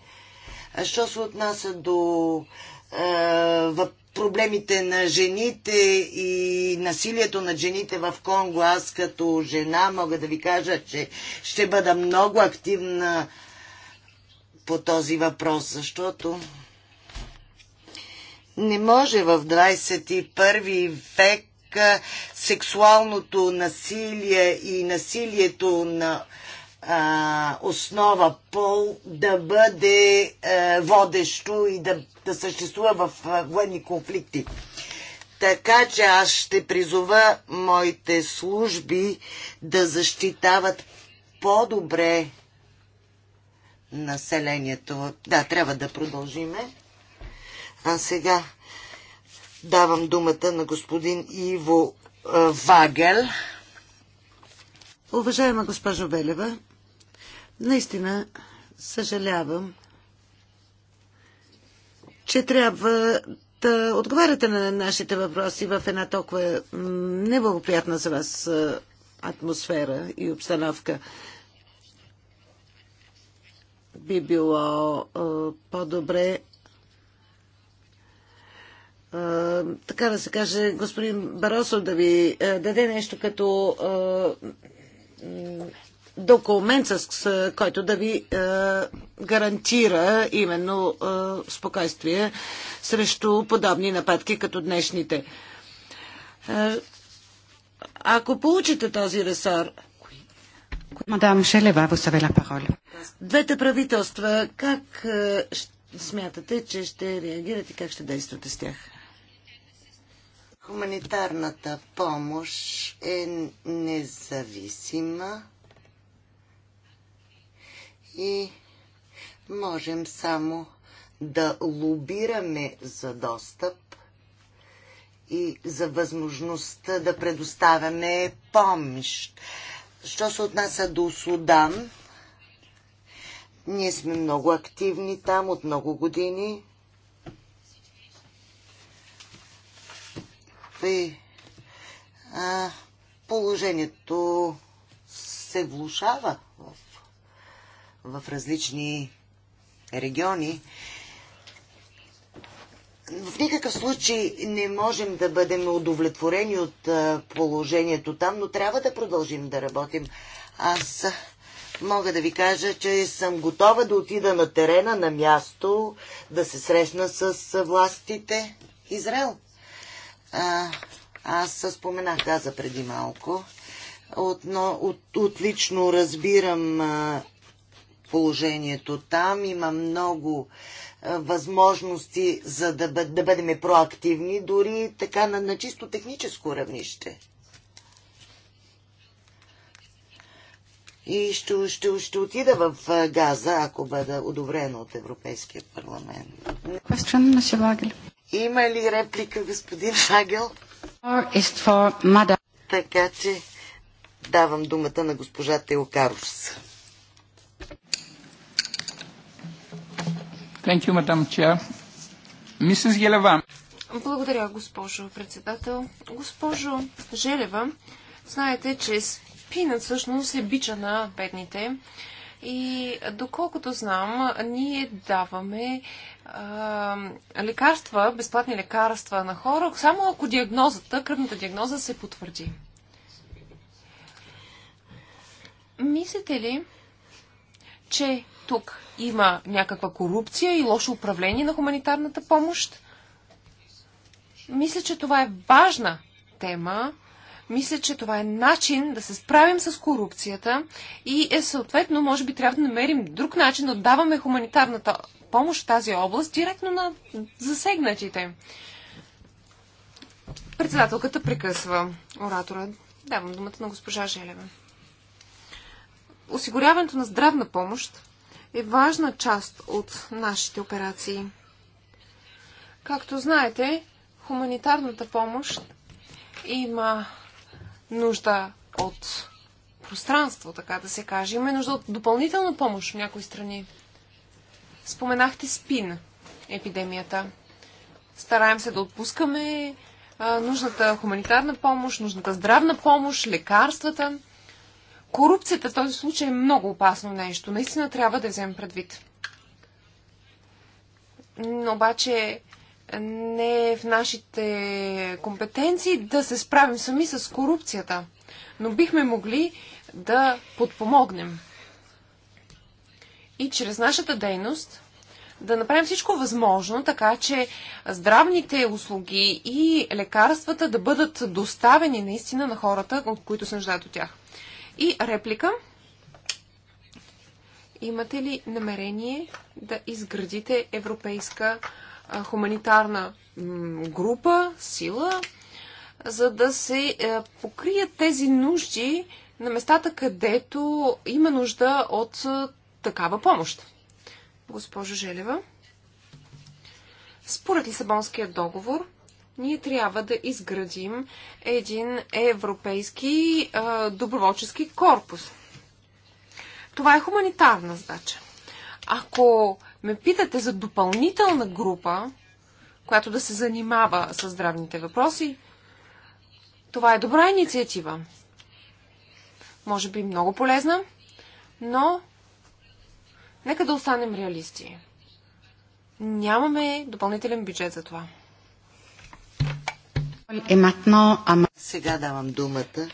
Що се отнася до проблемите на жените и насилието на жените в Конго. Аз като жена мога да ви кажа, че ще бъда много активна по този въпрос, защото не може в 21 век сексуалното насилие и насилието на а, основа пол да бъде а, водещо и да, да съществува в а, военни конфликти. Така че аз ще призова моите служби да защитават по-добре населението. Да, трябва да продължиме. А сега давам думата на господин Иво Вагел. Уважаема госпожо Велева, Наистина съжалявам, че трябва да отговаряте на нашите въпроси в една толкова неблагоприятна за вас атмосфера и обстановка. Би било по-добре така да се каже, господин Баросо да ви даде нещо като документ, с който да ви е, гарантира именно е, спокойствие срещу подобни нападки като днешните. Е, ако получите този ресор, Мадам Шелева, la parole. Двете правителства, как е, смятате, че ще реагирате, и как ще действате с тях? Хуманитарната помощ е независима и можем само да лобираме за достъп и за възможността да предоставяме помощ. Що се отнася до Судан, ние сме много активни там от много години. И, а, положението се влушава в различни региони, в никакъв случай не можем да бъдем удовлетворени от положението там, но трябва да продължим да работим. Аз мога да ви кажа, че съм готова да отида на терена, на място, да се срещна с властите Израел. А, аз споменах каза преди малко. но от, отлично разбирам а, положението там. Има много е, възможности за да, бъ, да бъдем проактивни, дори така на, на чисто техническо равнище. И ще, ще, ще отида в е, Газа, ако бъда одобрена от Европейския парламент. Има ли реплика, господин Шагел? Така че давам думата на госпожа Теокарус. Thank you, Madam Chair. Mrs. Елева. Благодаря, госпожо председател. Госпожо Желева, знаете, че спинът всъщност е бича на бедните. И доколкото знам, ние даваме а, лекарства, безплатни лекарства на хора, само ако диагнозата, кръвната диагноза се потвърди. Мислите ли, че тук има някаква корупция и лошо управление на хуманитарната помощ. Мисля, че това е важна тема. Мисля, че това е начин да се справим с корупцията и е съответно, може би трябва да намерим друг начин да отдаваме хуманитарната помощ в тази област директно на засегнатите. Председателката прекъсва оратора. Давам думата на госпожа Желева. Осигуряването на здравна помощ е важна част от нашите операции. Както знаете, хуманитарната помощ има нужда от пространство, така да се каже. Има нужда от допълнителна помощ в някои страни. Споменахте спин епидемията. Стараем се да отпускаме а, нужната хуманитарна помощ, нужната здравна помощ, лекарствата. Корупцията в този случай е много опасно нещо. Наистина трябва да вземем предвид. Но обаче не е в нашите компетенции да се справим сами с корупцията. Но бихме могли да подпомогнем. И чрез нашата дейност да направим всичко възможно, така че здравните услуги и лекарствата да бъдат доставени наистина на хората, от които се нуждаят от тях. И реплика. Имате ли намерение да изградите европейска хуманитарна група, сила, за да се покрият тези нужди на местата, където има нужда от такава помощ? Госпожо Желева, според Лисабонския договор, ние трябва да изградим един европейски а, доброволчески корпус. Това е хуманитарна задача. Ако ме питате за допълнителна група, която да се занимава с здравните въпроси, това е добра инициатива. Може би много полезна, но нека да останем реалисти. Нямаме допълнителен бюджет за това. Сега давам думата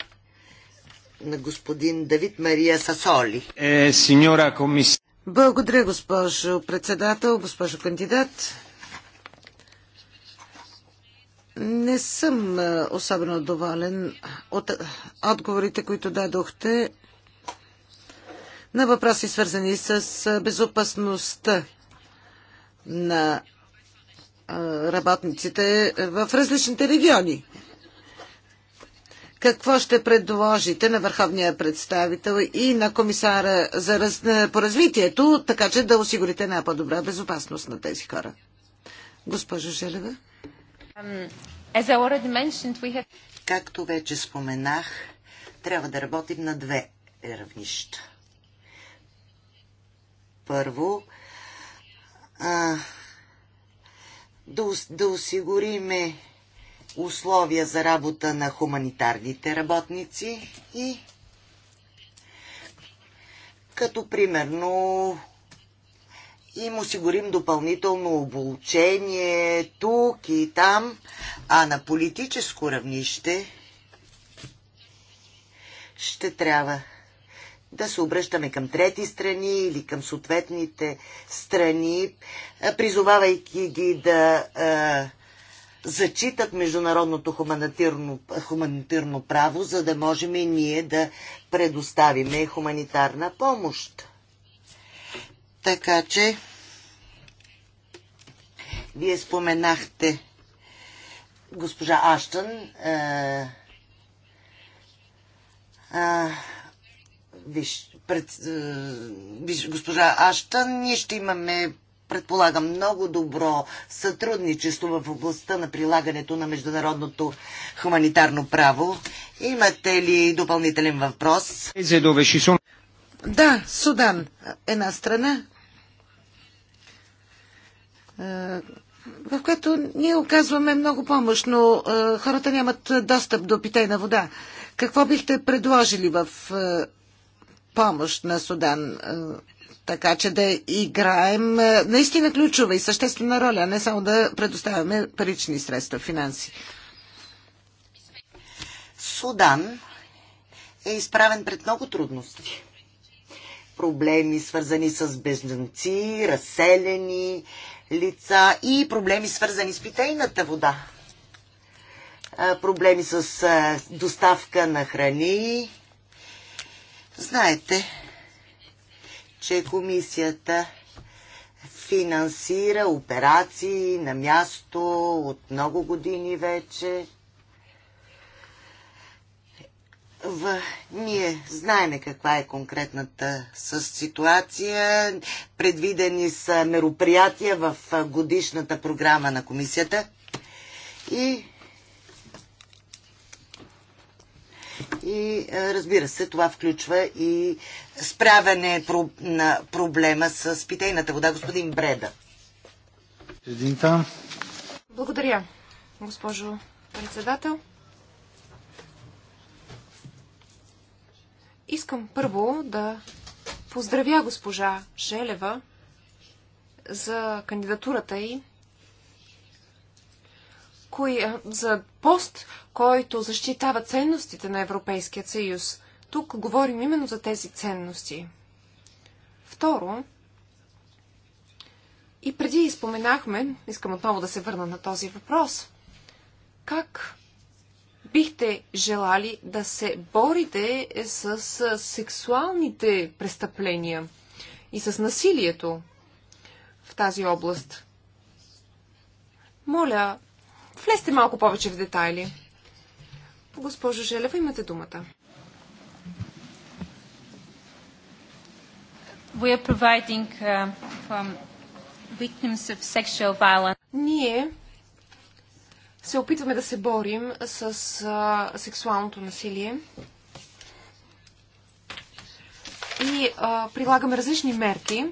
на господин Давид Мария Сасоли. Е, сеньора Благодаря, госпожо председател, госпожо кандидат. Не съм е, особено доволен от е, отговорите, които дадохте на въпроси, свързани с е, безопасността на работниците в различните региони. Какво ще предложите на върховния представител и на комисара за раз... по развитието, така че да осигурите една по-добра безопасност на тези хора? Госпожо Желева. Um, have... Както вече споменах, трябва да работим на две равнища. Първо, а, да, да осигуриме условия за работа на хуманитарните работници и като примерно им осигурим допълнително обучение тук и там, а на политическо равнище ще трябва да се обръщаме към трети страни или към съответните страни, призовавайки ги да а, зачитат международното хуманитарно, хуманитарно право, за да можем и ние да предоставиме хуманитарна помощ. Така че, вие споменахте госпожа Аштън, а, а, виж, пред, е, виж, госпожа Аща, ние ще имаме предполагам, много добро сътрудничество в областта на прилагането на международното хуманитарно право. Имате ли допълнителен въпрос? Да, Судан. Една страна, е, в която ние оказваме много помощ, но е, хората нямат достъп до питейна вода. Какво бихте предложили в помощ на Судан, е, така че да играем е, наистина ключова и съществена роля, а не само да предоставяме парични средства, финанси. Судан е изправен пред много трудности. Проблеми свързани с бежанци, разселени лица и проблеми свързани с питейната вода. Е, проблеми с доставка на храни, Знаете, че комисията финансира операции на място от много години вече. В... Ние знаеме каква е конкретната ситуация. Предвидени са мероприятия в годишната програма на комисията. И И е, разбира се, това включва и справяне на проблема с питейната вода. Господин Бреда. Благодаря, госпожо председател. Искам първо да поздравя госпожа Желева за кандидатурата й кои, за пост, който защитава ценностите на Европейския съюз. Тук говорим именно за тези ценности. Второ, и преди изпоменахме, искам отново да се върна на този въпрос, как бихте желали да се борите с сексуалните престъпления и с насилието в тази област? Моля, Влезте малко повече в детайли. Госпожо Желева, имате думата. Uh, Ние се опитваме да се борим с сексуалното насилие и прилагаме различни мерки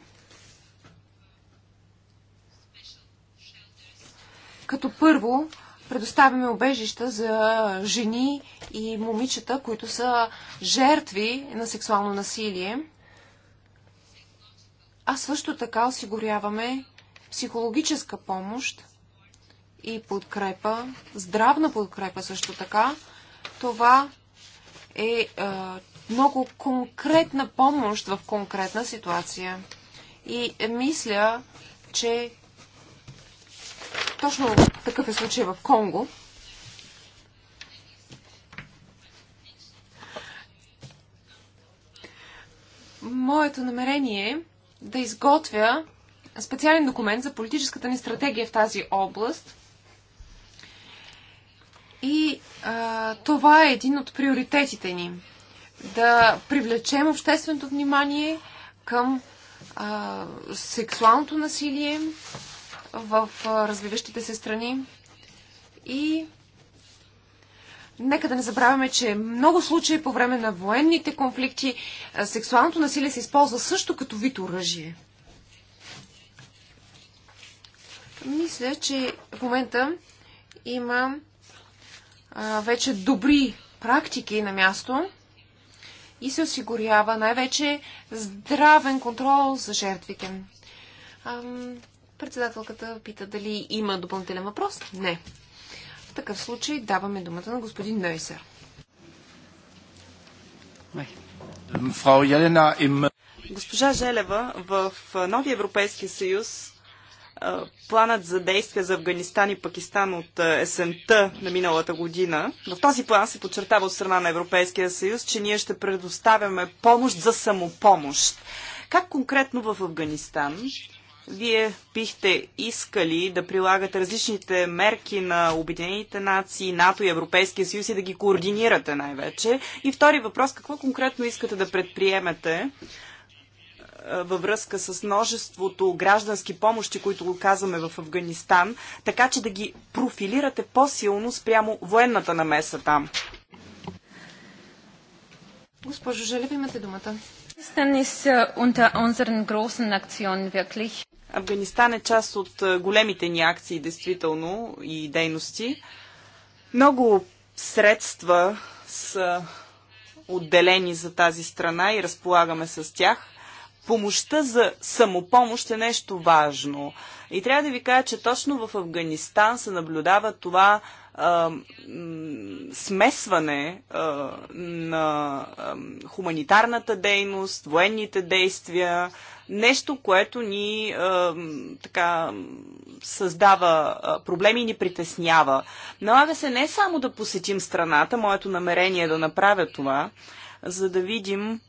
като първо предоставяме обежища за жени и момичета, които са жертви на сексуално насилие. А също така осигуряваме психологическа помощ и подкрепа, здравна подкрепа също така. Това е много конкретна помощ в конкретна ситуация. И е, мисля, че точно такъв е случай в Конго. Моето намерение е да изготвя специален документ за политическата ни стратегия в тази област. И а, това е един от приоритетите ни. Да привлечем общественото внимание към а, сексуалното насилие, в развиващите се страни. И нека да не забравяме, че много случаи по време на военните конфликти сексуалното насилие се използва също като вид оръжие. Мисля, че в момента има а, вече добри практики на място и се осигурява най-вече здравен контрол за жертвите. Председателката пита дали има допълнителен въпрос. Не. В такъв случай даваме думата на господин Нойсер. Госпожа Желева, в новия Европейски съюз планът за действие за Афганистан и Пакистан от есента на миналата година. В този план се подчертава от страна на Европейския съюз, че ние ще предоставяме помощ за самопомощ. Как конкретно в Афганистан вие бихте искали да прилагате различните мерки на Обединените нации, НАТО и Европейския съюз и да ги координирате най-вече. И втори въпрос, какво конкретно искате да предприемете във връзка с множеството граждански помощи, които оказваме в Афганистан, така че да ги профилирате по-силно спрямо военната намеса там? Госпожо Желева, имате думата. Е е, Афганистан е част от е, големите ни акции, действително, и дейности. Много средства са отделени за тази страна и разполагаме с тях. Помощта за самопомощ е нещо важно. И трябва да ви кажа, че точно в Афганистан се наблюдава това а, смесване а, на а, хуманитарната дейност, военните действия, нещо, което ни а, така създава проблеми и ни притеснява. Налага се не само да посетим страната, моето намерение е да направя това, за да видим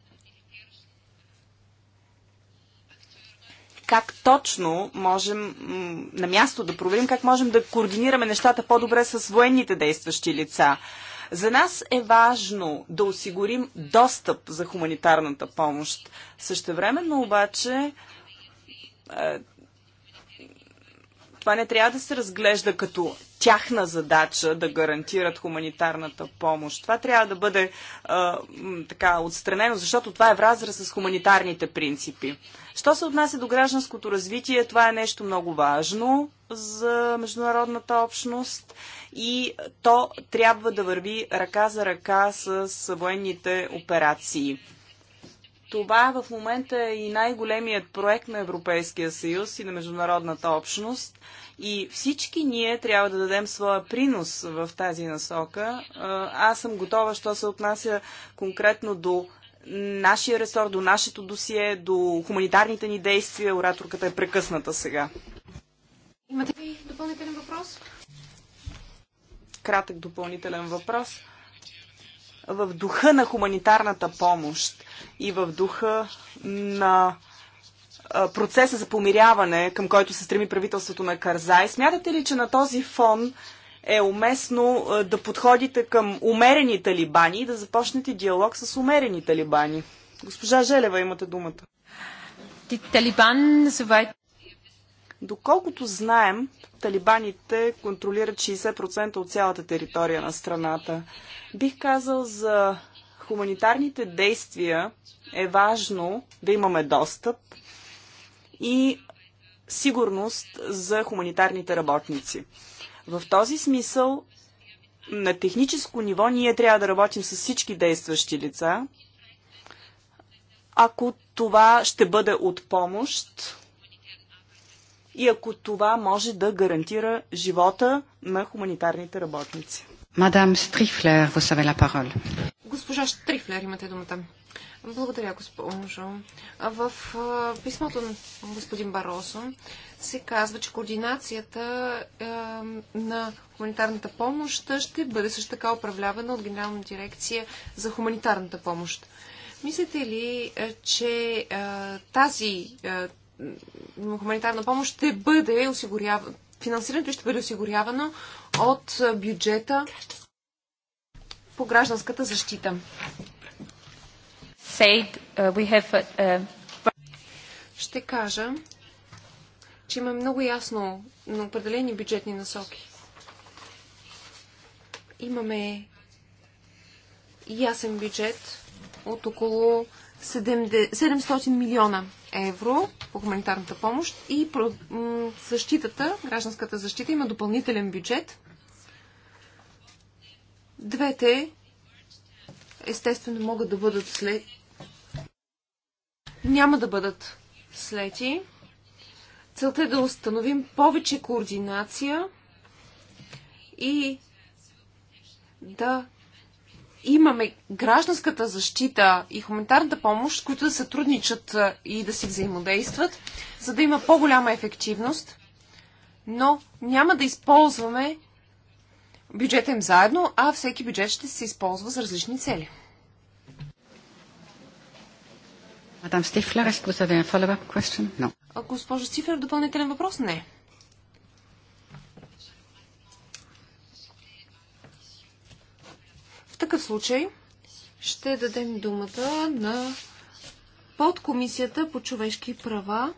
как точно можем на място да проверим как можем да координираме нещата по-добре с военните действащи лица. За нас е важно да осигурим достъп за хуманитарната помощ. Същевременно обаче е, това не трябва да се разглежда като тяхна задача да гарантират хуманитарната помощ. Това трябва да бъде а, е, така отстранено, защото това е в разрез с хуманитарните принципи. Що се отнася до гражданското развитие, това е нещо много важно за международната общност и то трябва да върви ръка за ръка с военните операции. Това в момента е и най-големият проект на Европейския съюз и на международната общност. И всички ние трябва да дадем своя принос в тази насока. Аз съм готова, що се отнася конкретно до нашия ресор, до нашето досие, до хуманитарните ни действия. Ораторката е прекъсната сега. Имате ли допълнителен въпрос? Кратък допълнителен въпрос. В духа на хуманитарната помощ и в духа на процеса за помиряване, към който се стреми правителството на Карзай, смятате ли, че на този фон е уместно е, да подходите към умерени талибани и да започнете диалог с умерени талибани. Госпожа Желева, имате думата. Талибан Доколкото знаем, талибаните контролират 60% от цялата територия на страната. Бих казал за хуманитарните действия е важно да имаме достъп и сигурност за хуманитарните работници. В този смисъл, на техническо ниво, ние трябва да работим с всички действащи лица. Ако това ще бъде от помощ и ако това може да гарантира живота на хуманитарните работници. Мадам Стрифлер, vous avez Госпожа Штрифлер, имате думата. Благодаря, госпожо. В писмото на господин Баросо се казва, че координацията е, на хуманитарната помощ ще бъде също така управлявана от Генерална дирекция за хуманитарната помощ. Мислите ли, е, че е, тази хуманитарна помощ ще бъде осигурявана, финансирането ще бъде осигурявано от бюджета по гражданската защита? said, uh, we have, uh, Ще кажа, че има много ясно на определени бюджетни насоки. Имаме ясен бюджет от около 700 милиона евро по хуманитарната помощ и защитата, гражданската защита има допълнителен бюджет. Двете естествено могат да бъдат след няма да бъдат слети. Целта е да установим повече координация и да имаме гражданската защита и хуманитарната помощ, които да сътрудничат и да си взаимодействат, за да има по-голяма ефективност, но няма да използваме бюджетен им заедно, а всеки бюджет ще се използва за различни цели. Мадам Стифлер, follow-up question? No. Госпожо Стифлер, допълнителен въпрос? Не. В такъв случай ще дадем думата на подкомисията по човешки права,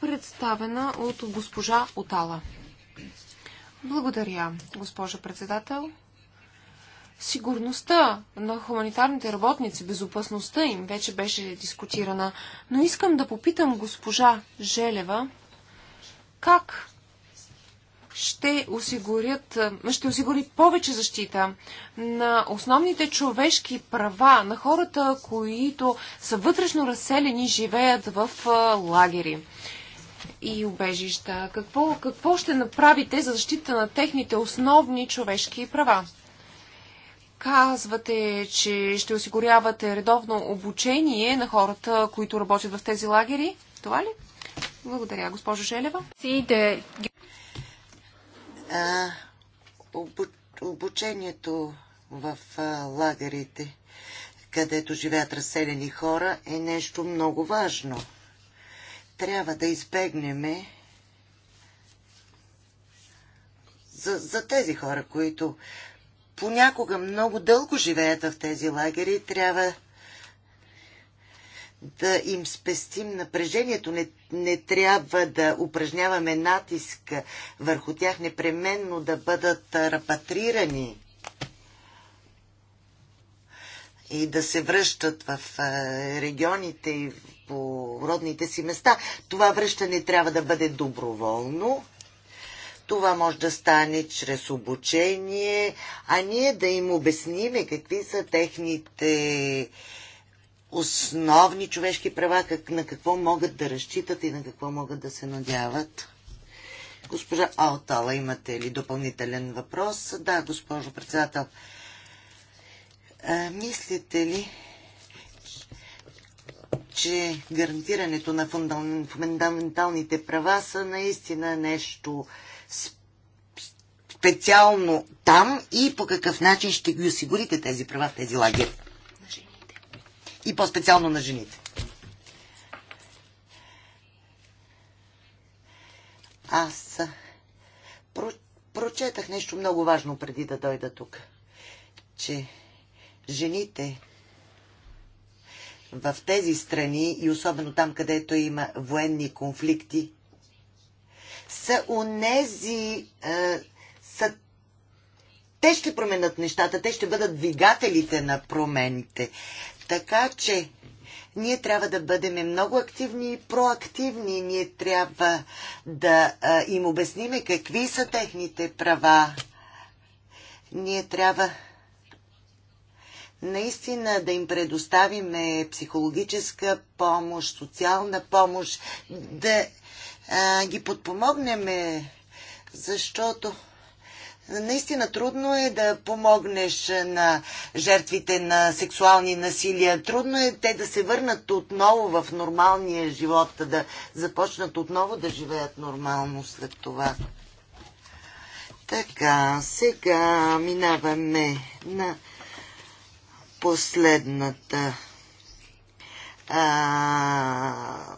представена от госпожа Отала. Благодаря, госпожа председател. Сигурността на хуманитарните работници, безопасността им вече беше дискутирана, но искам да попитам госпожа Желева как ще, осигурят, ще осигури повече защита на основните човешки права на хората, които са вътрешно разселени и живеят в лагери и убежища. Какво, какво ще направите за защита на техните основни човешки права? Казвате, че ще осигурявате редовно обучение на хората, които работят в тези лагери. Това ли? Благодаря, госпожо Желева. А, обу, обучението в а, лагерите, където живеят разселени хора, е нещо много важно. Трябва да избегнеме за, за тези хора, които понякога много дълго живеят в тези лагери, трябва да им спестим напрежението. Не, не трябва да упражняваме натиск върху тях непременно да бъдат рапатрирани. и да се връщат в регионите и по родните си места. Това връщане трябва да бъде доброволно това може да стане чрез обучение, а ние да им обясниме какви са техните основни човешки права, как, на какво могат да разчитат и на какво могат да се надяват. Госпожа Алтала, имате ли допълнителен въпрос? Да, госпожо председател. А, мислите ли, че гарантирането на фундаменталните права са наистина нещо специално там и по какъв начин ще ги осигурите тези права в тези лагери? На жените. И по-специално на жените. Аз про, прочетах нещо много важно преди да дойда тук. Че жените в тези страни и особено там, където има военни конфликти, са унези, е, са те ще променят нещата, те ще бъдат двигателите на промените. Така че ние трябва да бъдем много активни и проактивни. Ние трябва да а, е, им обясниме какви са техните права. Ние трябва наистина да им предоставиме психологическа помощ, социална помощ, да а, ги подпомогнем, защото Наистина трудно е да помогнеш на жертвите на сексуални насилия. Трудно е те да се върнат отново в нормалния живот, да започнат отново да живеят нормално след това. Така, сега минаваме на последната а,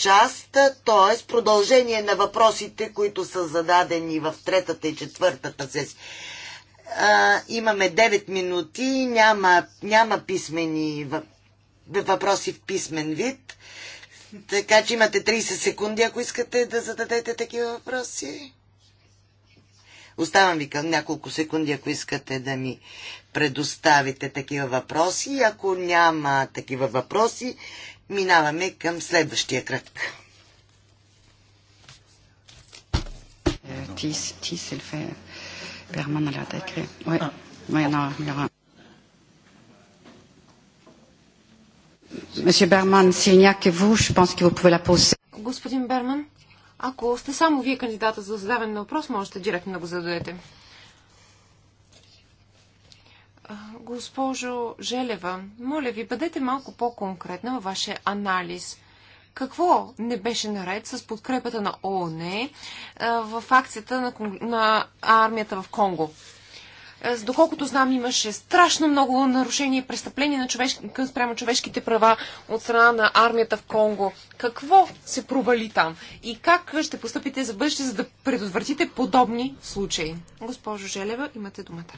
част, т.е. продължение на въпросите, които са зададени в третата и четвъртата сесия. Имаме 9 минути, няма, няма писмени въпроси в писмен вид, така че имате 30 секунди, ако искате да зададете такива въпроси. Оставам ви към няколко секунди, ако искате да ми предоставите такива въпроси. Ако няма такива въпроси, минаваме към следващия кръг. Господин Берман, ако сте само вие кандидата за задаване на въпрос, можете директно да го зададете. Госпожо Желева, моля ви, бъдете малко по-конкретна във вашия анализ. Какво не беше наред с подкрепата на ООН е, в акцията на, на армията в Конго? Е, доколкото знам, имаше страшно много нарушения и престъпления на човеш... спрямо човешките права от страна на армията в Конго. Какво се провали там? И как ще поступите за бъдеще, за да предотвратите подобни случаи? Госпожо Желева, имате думата.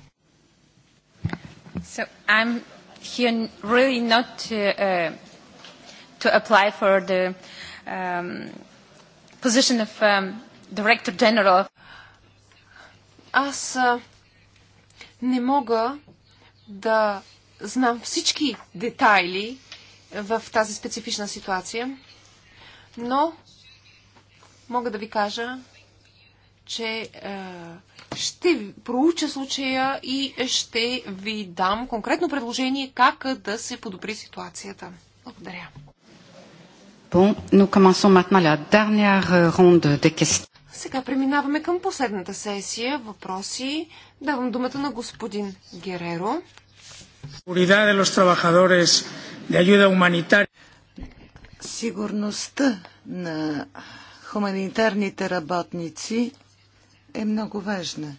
So I'm here really not to, uh, to apply for the um, position of um, Director General. Аз не мога да знам всички детайли в тази специфична ситуация, но мога да ви кажа, че е, ще проуча случая и ще ви дам конкретно предложение как да се подобри ситуацията. Благодаря. Bon, nous la dernière euh, ronde des questions. Сега преминаваме към последната сесия. Въпроси. Давам думата на господин Гереро. Сигурността на хуманитарните работници е много важна.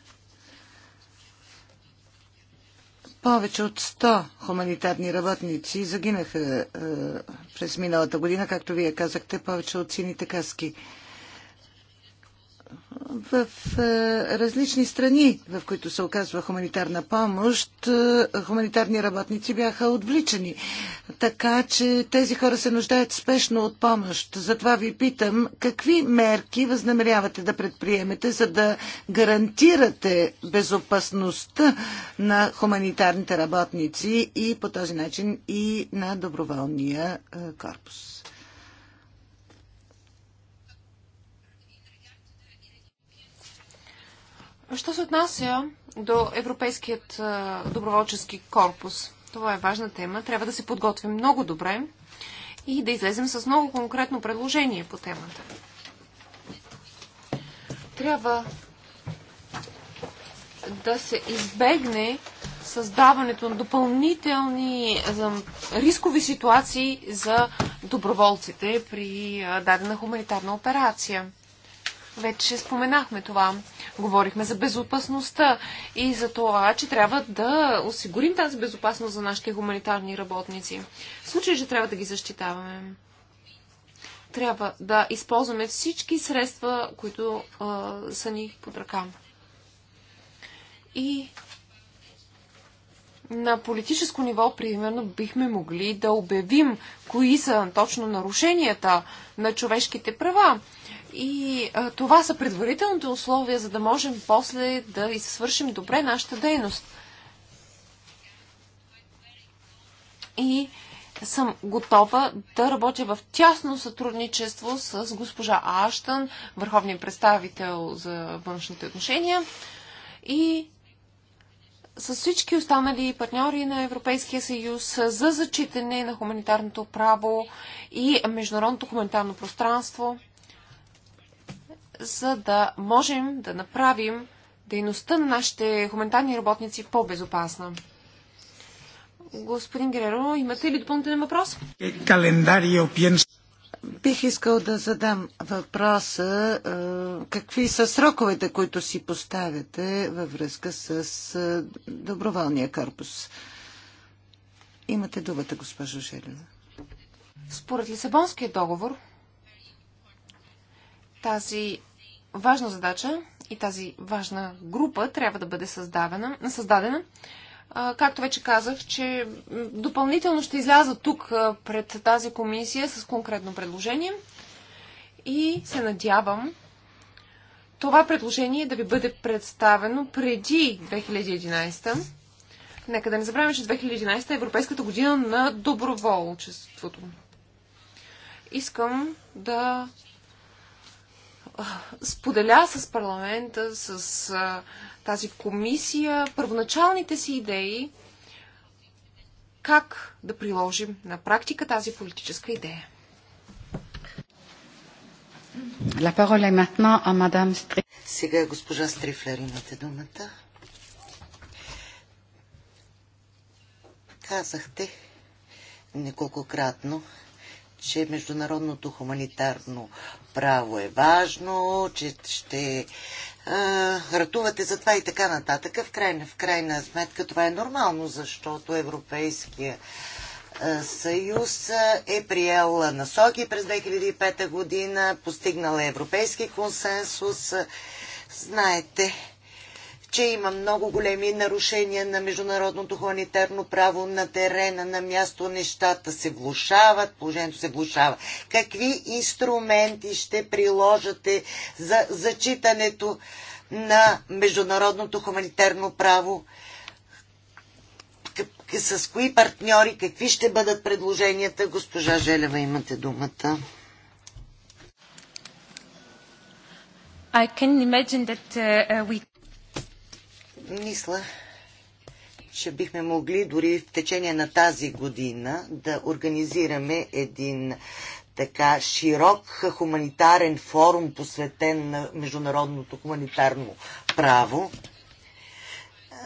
Повече от 100 хуманитарни работници загинаха е, през миналата година, както вие казахте, повече от сините каски в е, различни страни, в които се оказва хуманитарна помощ, е, хуманитарни работници бяха отвличани. Така че тези хора се нуждаят спешно от помощ. Затова ви питам, какви мерки възнамерявате да предприемете, за да гарантирате безопасността на хуманитарните работници и по този начин и на доброволния е, корпус? Що се отнася до Европейският доброволчески корпус? Това е важна тема. Трябва да се подготвим много добре и да излезем с много конкретно предложение по темата. Трябва да се избегне създаването на допълнителни рискови ситуации за доброволците при дадена хуманитарна операция. Вече споменахме това. Говорихме за безопасността и за това, че трябва да осигурим тази безопасност за нашите хуманитарни работници. В случай, че трябва да ги защитаваме. Трябва да използваме всички средства, които а, са ни под ръка. И на политическо ниво, примерно, бихме могли да обявим кои са точно нарушенията на човешките права и а, това са предварителните условия, за да можем после да свършим добре нашата дейност. И съм готова да работя в тясно сътрудничество с госпожа Аштън, върховния представител за външните отношения и с всички останали партньори на Европейския съюз за зачитане на хуманитарното право и международното хуманитарно пространство – за да можем да направим дейността на нашите хуманитарни работници по-безопасна. Господин Гереро, имате ли допълнителен въпрос? Е, календарио Бих искал да задам въпроса е, какви са сроковете, които си поставяте във връзка с е, доброволния корпус. Имате думата, госпожо Желева. Според Лисабонския договор, тази важна задача и тази важна група трябва да бъде създадена. създадена. Както вече казах, че допълнително ще изляза тук пред тази комисия с конкретно предложение и се надявам това предложение да ви бъде представено преди 2011. Нека да не забравяме, че 2011 е Европейската година на доброволчеството. Искам да споделя с парламента, с а, тази комисия първоначалните си идеи как да приложим на практика тази политическа идея. Сега госпожа Стрифлер имате думата. Казахте неколкократно, че международното хуманитарно право е важно, че ще а, ратувате за това и така нататък. В крайна, в крайна сметка това е нормално, защото Европейския съюз е приел насоки през 2005 година, постигнал е европейски консенсус. Знаете, че има много големи нарушения на международното хуманитарно право на терена, на място, нещата се влушават, положението се влушава. Какви инструменти ще приложате за зачитането на международното хуманитарно право? С кои партньори, какви ще бъдат предложенията? Госпожа Желева, имате думата. I can imagine that uh, uh we мисля, че бихме могли дори в течение на тази година да организираме един така широк хуманитарен форум, посветен на международното хуманитарно право.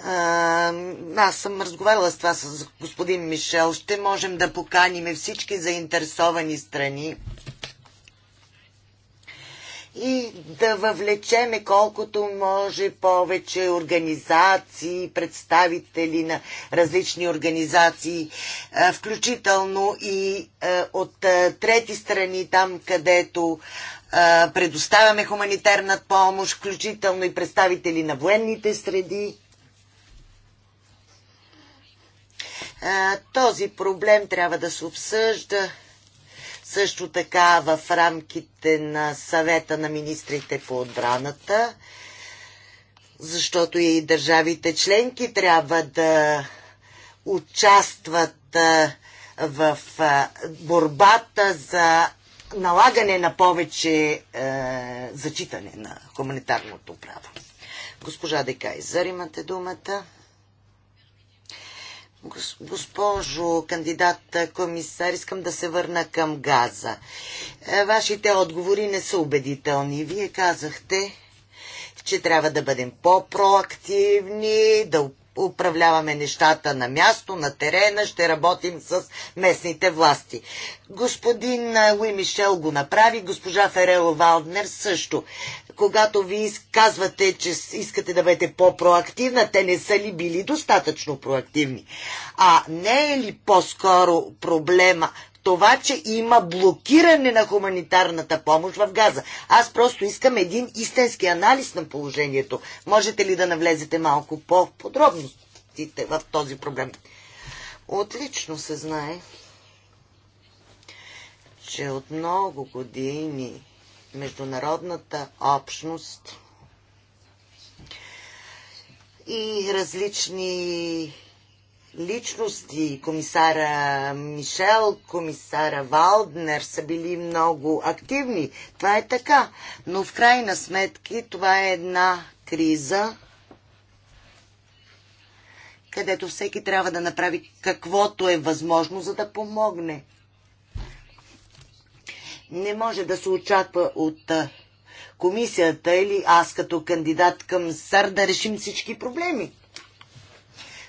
А, аз съм разговаряла с това с господин Мишел. Ще можем да поканим всички заинтересовани страни и да въвлечеме колкото може повече организации, представители на различни организации, е, включително и е, от е, трети страни, там където предоставяме хуманитарна помощ, включително и представители на военните среди. Този проблем трябва да се обсъжда също така в рамките на съвета на министрите по отбраната, защото и държавите членки трябва да участват в борбата за налагане на повече е, зачитане на хуманитарното право. Госпожа Декайзър, имате думата. Госпожо кандидат комисар, искам да се върна към газа. Е, вашите отговори не са убедителни. Вие казахте, че трябва да бъдем по-проактивни, да управляваме нещата на място, на терена, ще работим с местните власти. Господин Луи Мишел го направи, госпожа Ферело Валднер също когато ви казвате, че искате да бъдете по-проактивна, те не са ли били достатъчно проактивни? А не е ли по-скоро проблема това, че има блокиране на хуманитарната помощ в Газа. Аз просто искам един истински анализ на положението. Можете ли да навлезете малко по-подробностите в този проблем? Отлично се знае, че от много години международната общност и различни личности, комисара Мишел, комисара Валднер са били много активни. Това е така. Но в крайна сметки това е една криза, където всеки трябва да направи каквото е възможно, за да помогне. Не може да се очаква от комисията или аз като кандидат към САР да решим всички проблеми.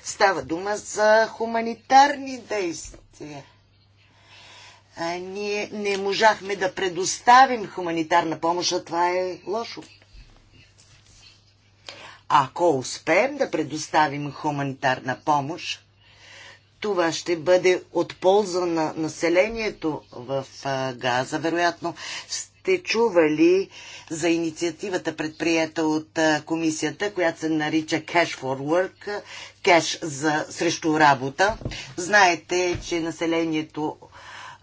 Става дума за хуманитарни действия. А ние не можахме да предоставим хуманитарна помощ, а това е лошо. Ако успеем да предоставим хуманитарна помощ, това ще бъде от полза на населението в Газа. Вероятно сте чували за инициативата предприета от комисията, която се нарича Cash for Work, кеш за, срещу работа. Знаете, че населението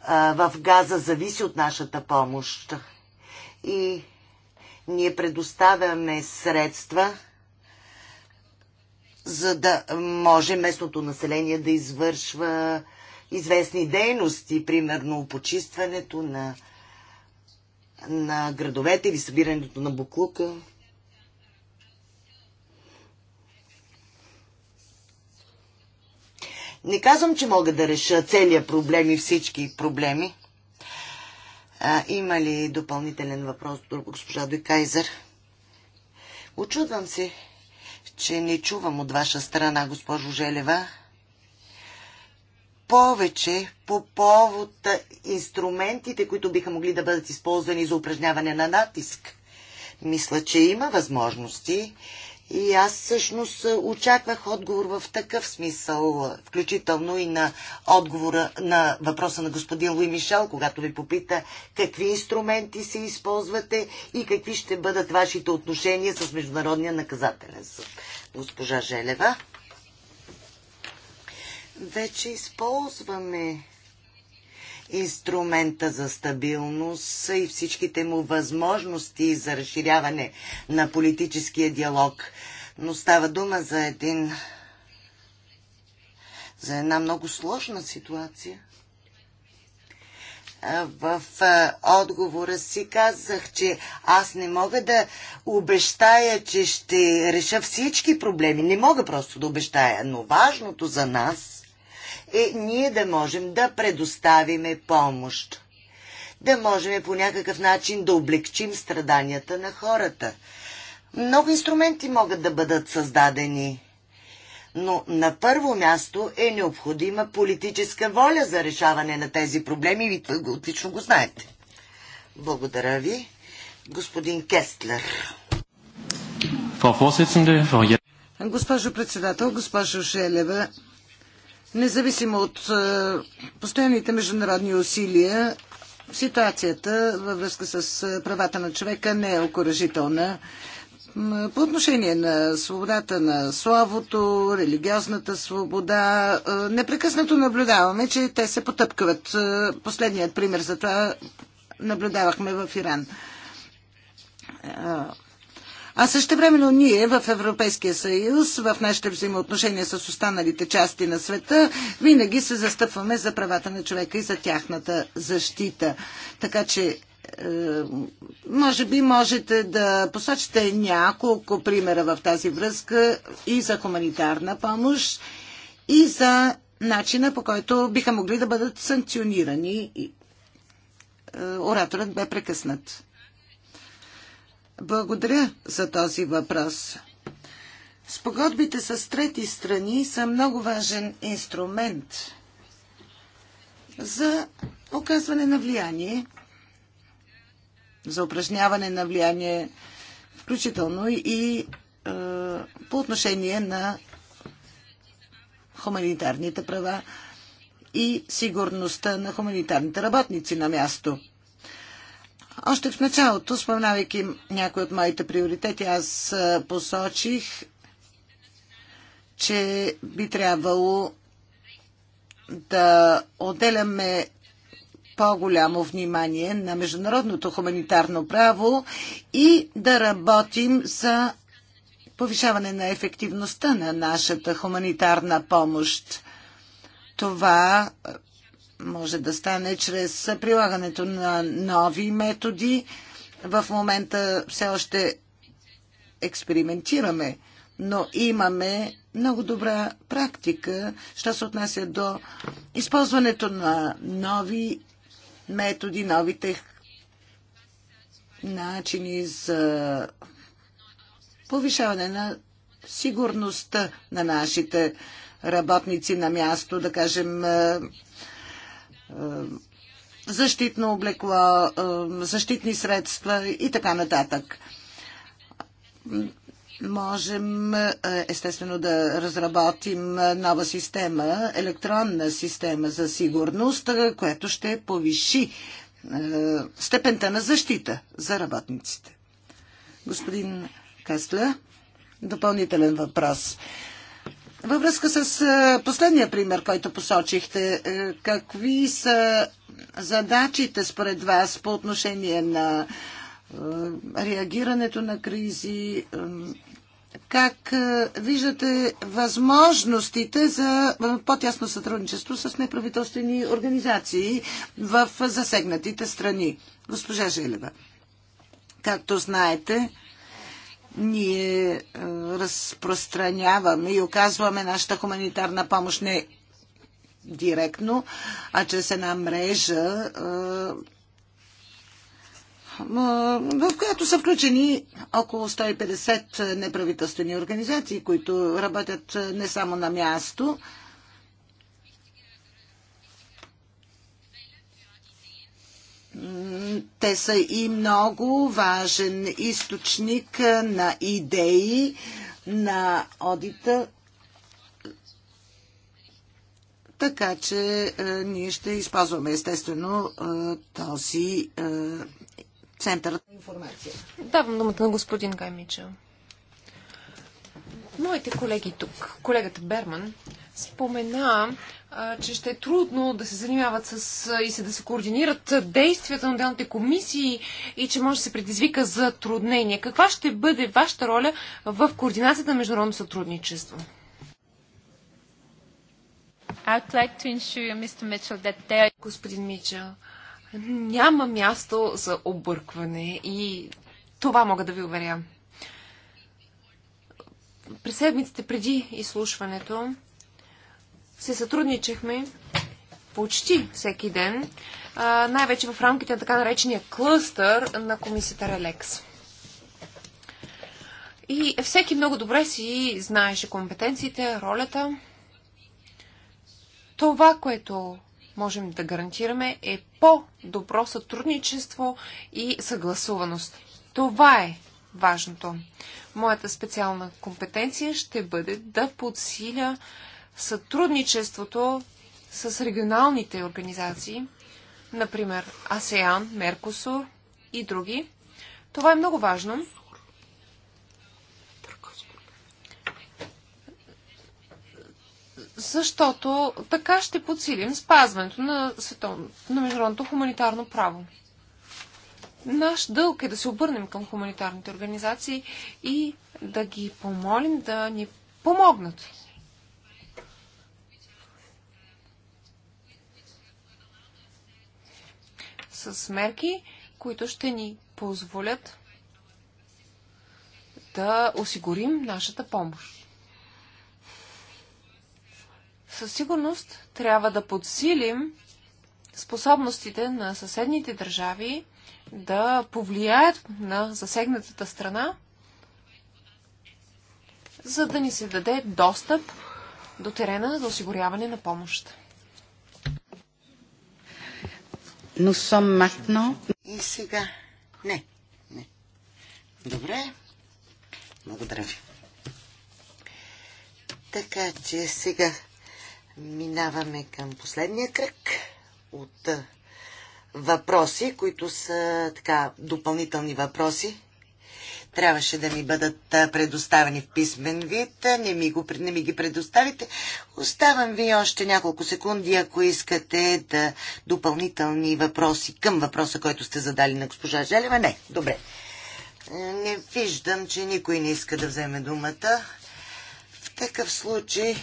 в Газа зависи от нашата помощ. И ние предоставяме средства за да може местното население да извършва известни дейности, примерно почистването на, на градовете или събирането на буклука. Не казвам, че мога да реша целият проблем и всички проблеми. А, има ли допълнителен въпрос, госпожа Дойкайзер? Очудвам се че не чувам от ваша страна, госпожо Желева, повече по повод инструментите, които биха могли да бъдат използвани за упражняване на натиск. Мисля, че има възможности и аз всъщност очаквах отговор в такъв смисъл, включително и на отговора на въпроса на господин Луи Мишел, когато ви попита какви инструменти се използвате и какви ще бъдат вашите отношения с Международния наказателен съд. Госпожа Желева. Вече използваме инструмента за стабилност и всичките му възможности за разширяване на политическия диалог. Но става дума за един за една много сложна ситуация. В отговора си казах, че аз не мога да обещая, че ще реша всички проблеми. Не мога просто да обещая, но важното за нас е ние да можем да предоставиме помощ. Да можем по някакъв начин да облегчим страданията на хората. Много инструменти могат да бъдат създадени. Но на първо място е необходима политическа воля за решаване на тези проблеми. Вие отлично го знаете. Благодаря ви. Господин Кестлер. Госпожо председател, госпожо Шелева, Независимо от е, постоянните международни усилия, ситуацията във връзка с е, правата на човека не е окоръжителна. По отношение на свободата на словото, религиозната свобода, е, непрекъснато наблюдаваме, че те се потъпкават. Последният пример за това наблюдавахме в Иран. А също времено ние в Европейския съюз, в нашите взаимоотношения с останалите части на света, винаги се застъпваме за правата на човека и за тяхната защита. Така че е, може би можете да посочите няколко примера в тази връзка и за хуманитарна помощ, и за начина по който биха могли да бъдат санкционирани. Е, ораторът бе прекъснат. Благодаря за този въпрос. Спогодбите с трети страни са много важен инструмент за оказване на влияние, за упражняване на влияние, включително и е, по отношение на хуманитарните права и сигурността на хуманитарните работници на място. Още в началото, спомнавайки някои от моите приоритети, аз посочих, че би трябвало да отделяме по-голямо внимание на международното хуманитарно право и да работим за повишаване на ефективността на нашата хуманитарна помощ. Това може да стане чрез прилагането на нови методи. В момента все още експериментираме, но имаме много добра практика, що се отнася до използването на нови методи, нови тех... начини за повишаване на сигурността на нашите работници на място, да кажем защитно облекло, защитни средства и така нататък. Можем естествено да разработим нова система, електронна система за сигурност, която ще повиши степента на защита за работниците. Господин Касля, допълнителен въпрос. Във връзка с последния пример, който посочихте, какви са задачите според вас по отношение на реагирането на кризи? Как виждате възможностите за по-тясно сътрудничество с неправителствени организации в засегнатите страни? Госпожа Желева, както знаете, ние е, разпространяваме и оказваме нашата хуманитарна помощ не директно, а чрез една мрежа, е, в която са включени около 150 неправителствени организации, които работят е, не само на място, Те са и много важен източник на идеи на одита. Така че е, ние ще използваме естествено е, този е, център на информация. Давам думата на господин Гаймича. Моите колеги тук, колегата Берман, спомена че ще е трудно да се занимават с и се да се координират действията на отделните комисии и че може да се предизвика за труднение. Каква ще бъде вашата роля в координацията на международно сътрудничество? Like ensure, there... Господин Мичел, няма място за объркване и това мога да ви уверя. През седмиците преди изслушването се сътрудничахме почти всеки ден, най-вече в рамките на така наречения клъстър на комисията Релекс. И всеки много добре си знаеше компетенциите, ролята. Това, което можем да гарантираме е по-добро сътрудничество и съгласуваност. Това е важното. Моята специална компетенция ще бъде да подсиля сътрудничеството с регионалните организации, например АСЕАН, Меркосур и други. Това е много важно. Защото така ще подсилим спазването на, светон, на международното хуманитарно право. Наш дълг е да се обърнем към хуманитарните организации и да ги помолим да ни помогнат с мерки, които ще ни позволят да осигурим нашата помощ. Със сигурност трябва да подсилим способностите на съседните държави да повлияят на засегнатата страна, за да ни се даде достъп до терена за осигуряване на помощ. Nous sommes maintenant... И сега. Не. Добре. Благодаря ви. Така че сега минаваме към последния кръг от въпроси, които са така допълнителни въпроси трябваше да ми бъдат предоставени в писмен вид. Не ми, го, не ми ги предоставите. Оставам ви още няколко секунди, ако искате да допълнителни въпроси към въпроса, който сте задали на госпожа Желева. Не, добре. Не виждам, че никой не иска да вземе думата. В такъв случай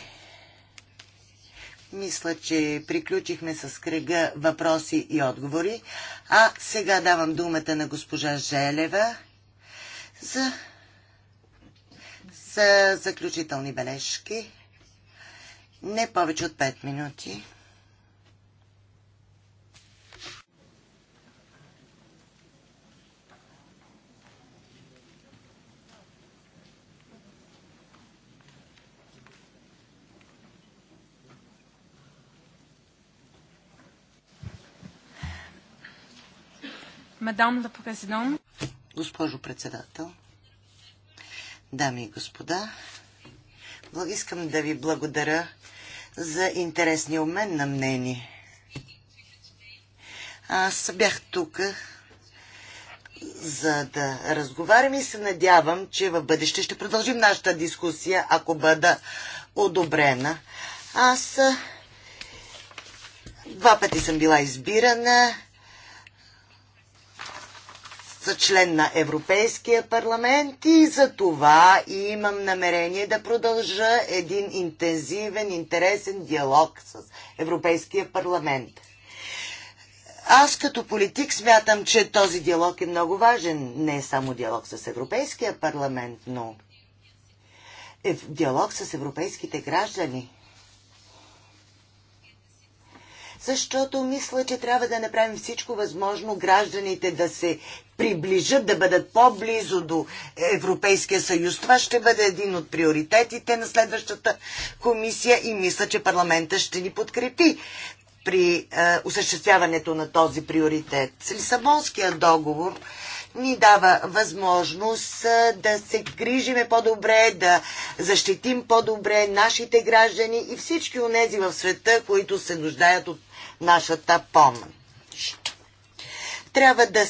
мисля, че приключихме с кръга въпроси и отговори. А сега давам думата на госпожа Желева за, за заключителни бележки не повече от 5 минути. Мадам ла президент. Госпожо председател, дами и господа, искам да ви благодаря за интересния обмен на мнение. Аз бях тук, за да разговарям и се надявам, че в бъдеще ще продължим нашата дискусия, ако бъда одобрена. Аз два пъти съм била избирана за член на Европейския парламент и за това имам намерение да продължа един интензивен, интересен диалог с Европейския парламент. Аз като политик смятам, че този диалог е много важен. Не е само диалог с Европейския парламент, но е диалог с европейските граждани защото мисля, че трябва да направим всичко възможно гражданите да се приближат, да бъдат по-близо до Европейския съюз. Това ще бъде един от приоритетите на следващата комисия и мисля, че парламента ще ни подкрепи при е, осъществяването на този приоритет. Лисабонския договор ни дава възможност е, да се грижиме по-добре, да защитим по-добре нашите граждани и всички онези в света, които се нуждаят от нашата помощ. Трябва да,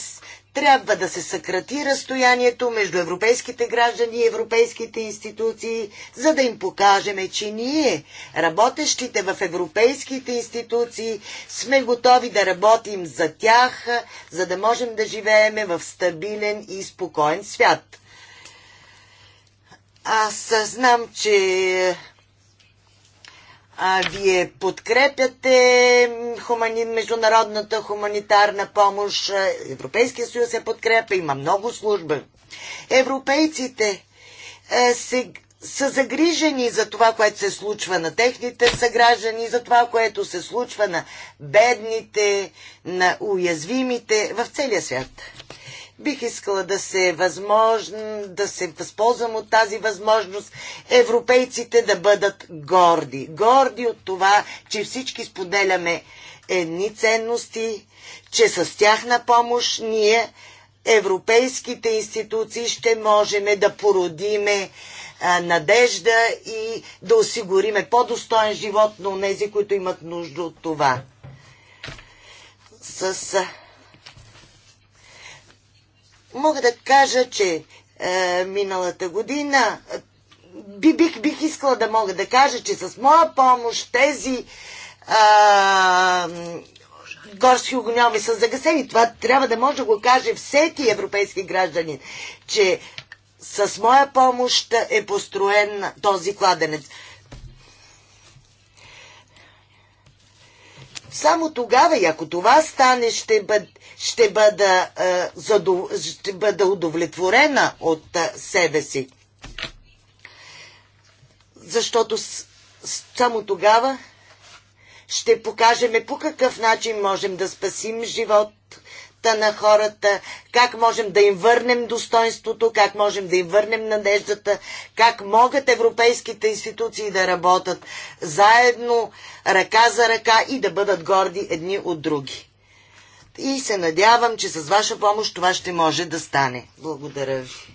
трябва да се съкрати разстоянието между европейските граждани и европейските институции, за да им покажем, че ние, работещите в европейските институции, сме готови да работим за тях, за да можем да живеем в стабилен и спокоен свят. Аз знам, че а, вие подкрепяте хумани... международната хуманитарна помощ, Европейския съюз се подкрепя, има много служби. Европейците а, се, са загрижени за това, което се случва на техните съграждани, за това, което се случва на бедните, на уязвимите в целия свят. Бих искала да се, възможно, да се възползвам от тази възможност европейците да бъдат горди. Горди от това, че всички споделяме едни ценности, че с тях на помощ ние, европейските институции, ще можем да породиме надежда и да осигуриме по-достоен живот на тези, които имат нужда от това. С мога да кажа, че е, миналата година е, би, бих, бих искала да мога да кажа, че с моя помощ тези е, горски огньови са загасени. Това трябва да може да го каже всеки европейски гражданин, че с моя помощ е построен този кладенец. Само тогава, и ако това стане, ще, бъд, ще, бъда, е, задов, ще бъда удовлетворена от е, себе си. Защото с, само тогава ще покажеме по какъв начин можем да спасим живот живота на хората, как можем да им върнем достоинството, как можем да им върнем надеждата, как могат европейските институции да работят заедно, ръка за ръка и да бъдат горди едни от други. И се надявам, че с ваша помощ това ще може да стане. Благодаря ви.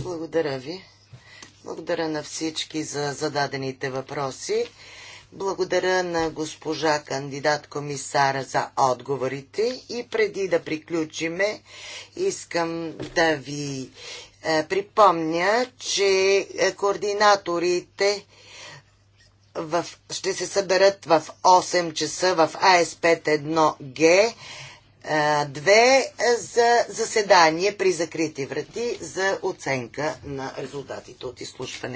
Благодаря ви. Благодаря на всички за зададените въпроси. Благодаря на госпожа кандидат комисара за отговорите и преди да приключиме искам да ви е, припомня, че е, координаторите в, ще се съберат в 8 часа в АС 1 г две за заседание при закрити врати за оценка на резултатите от изслушването.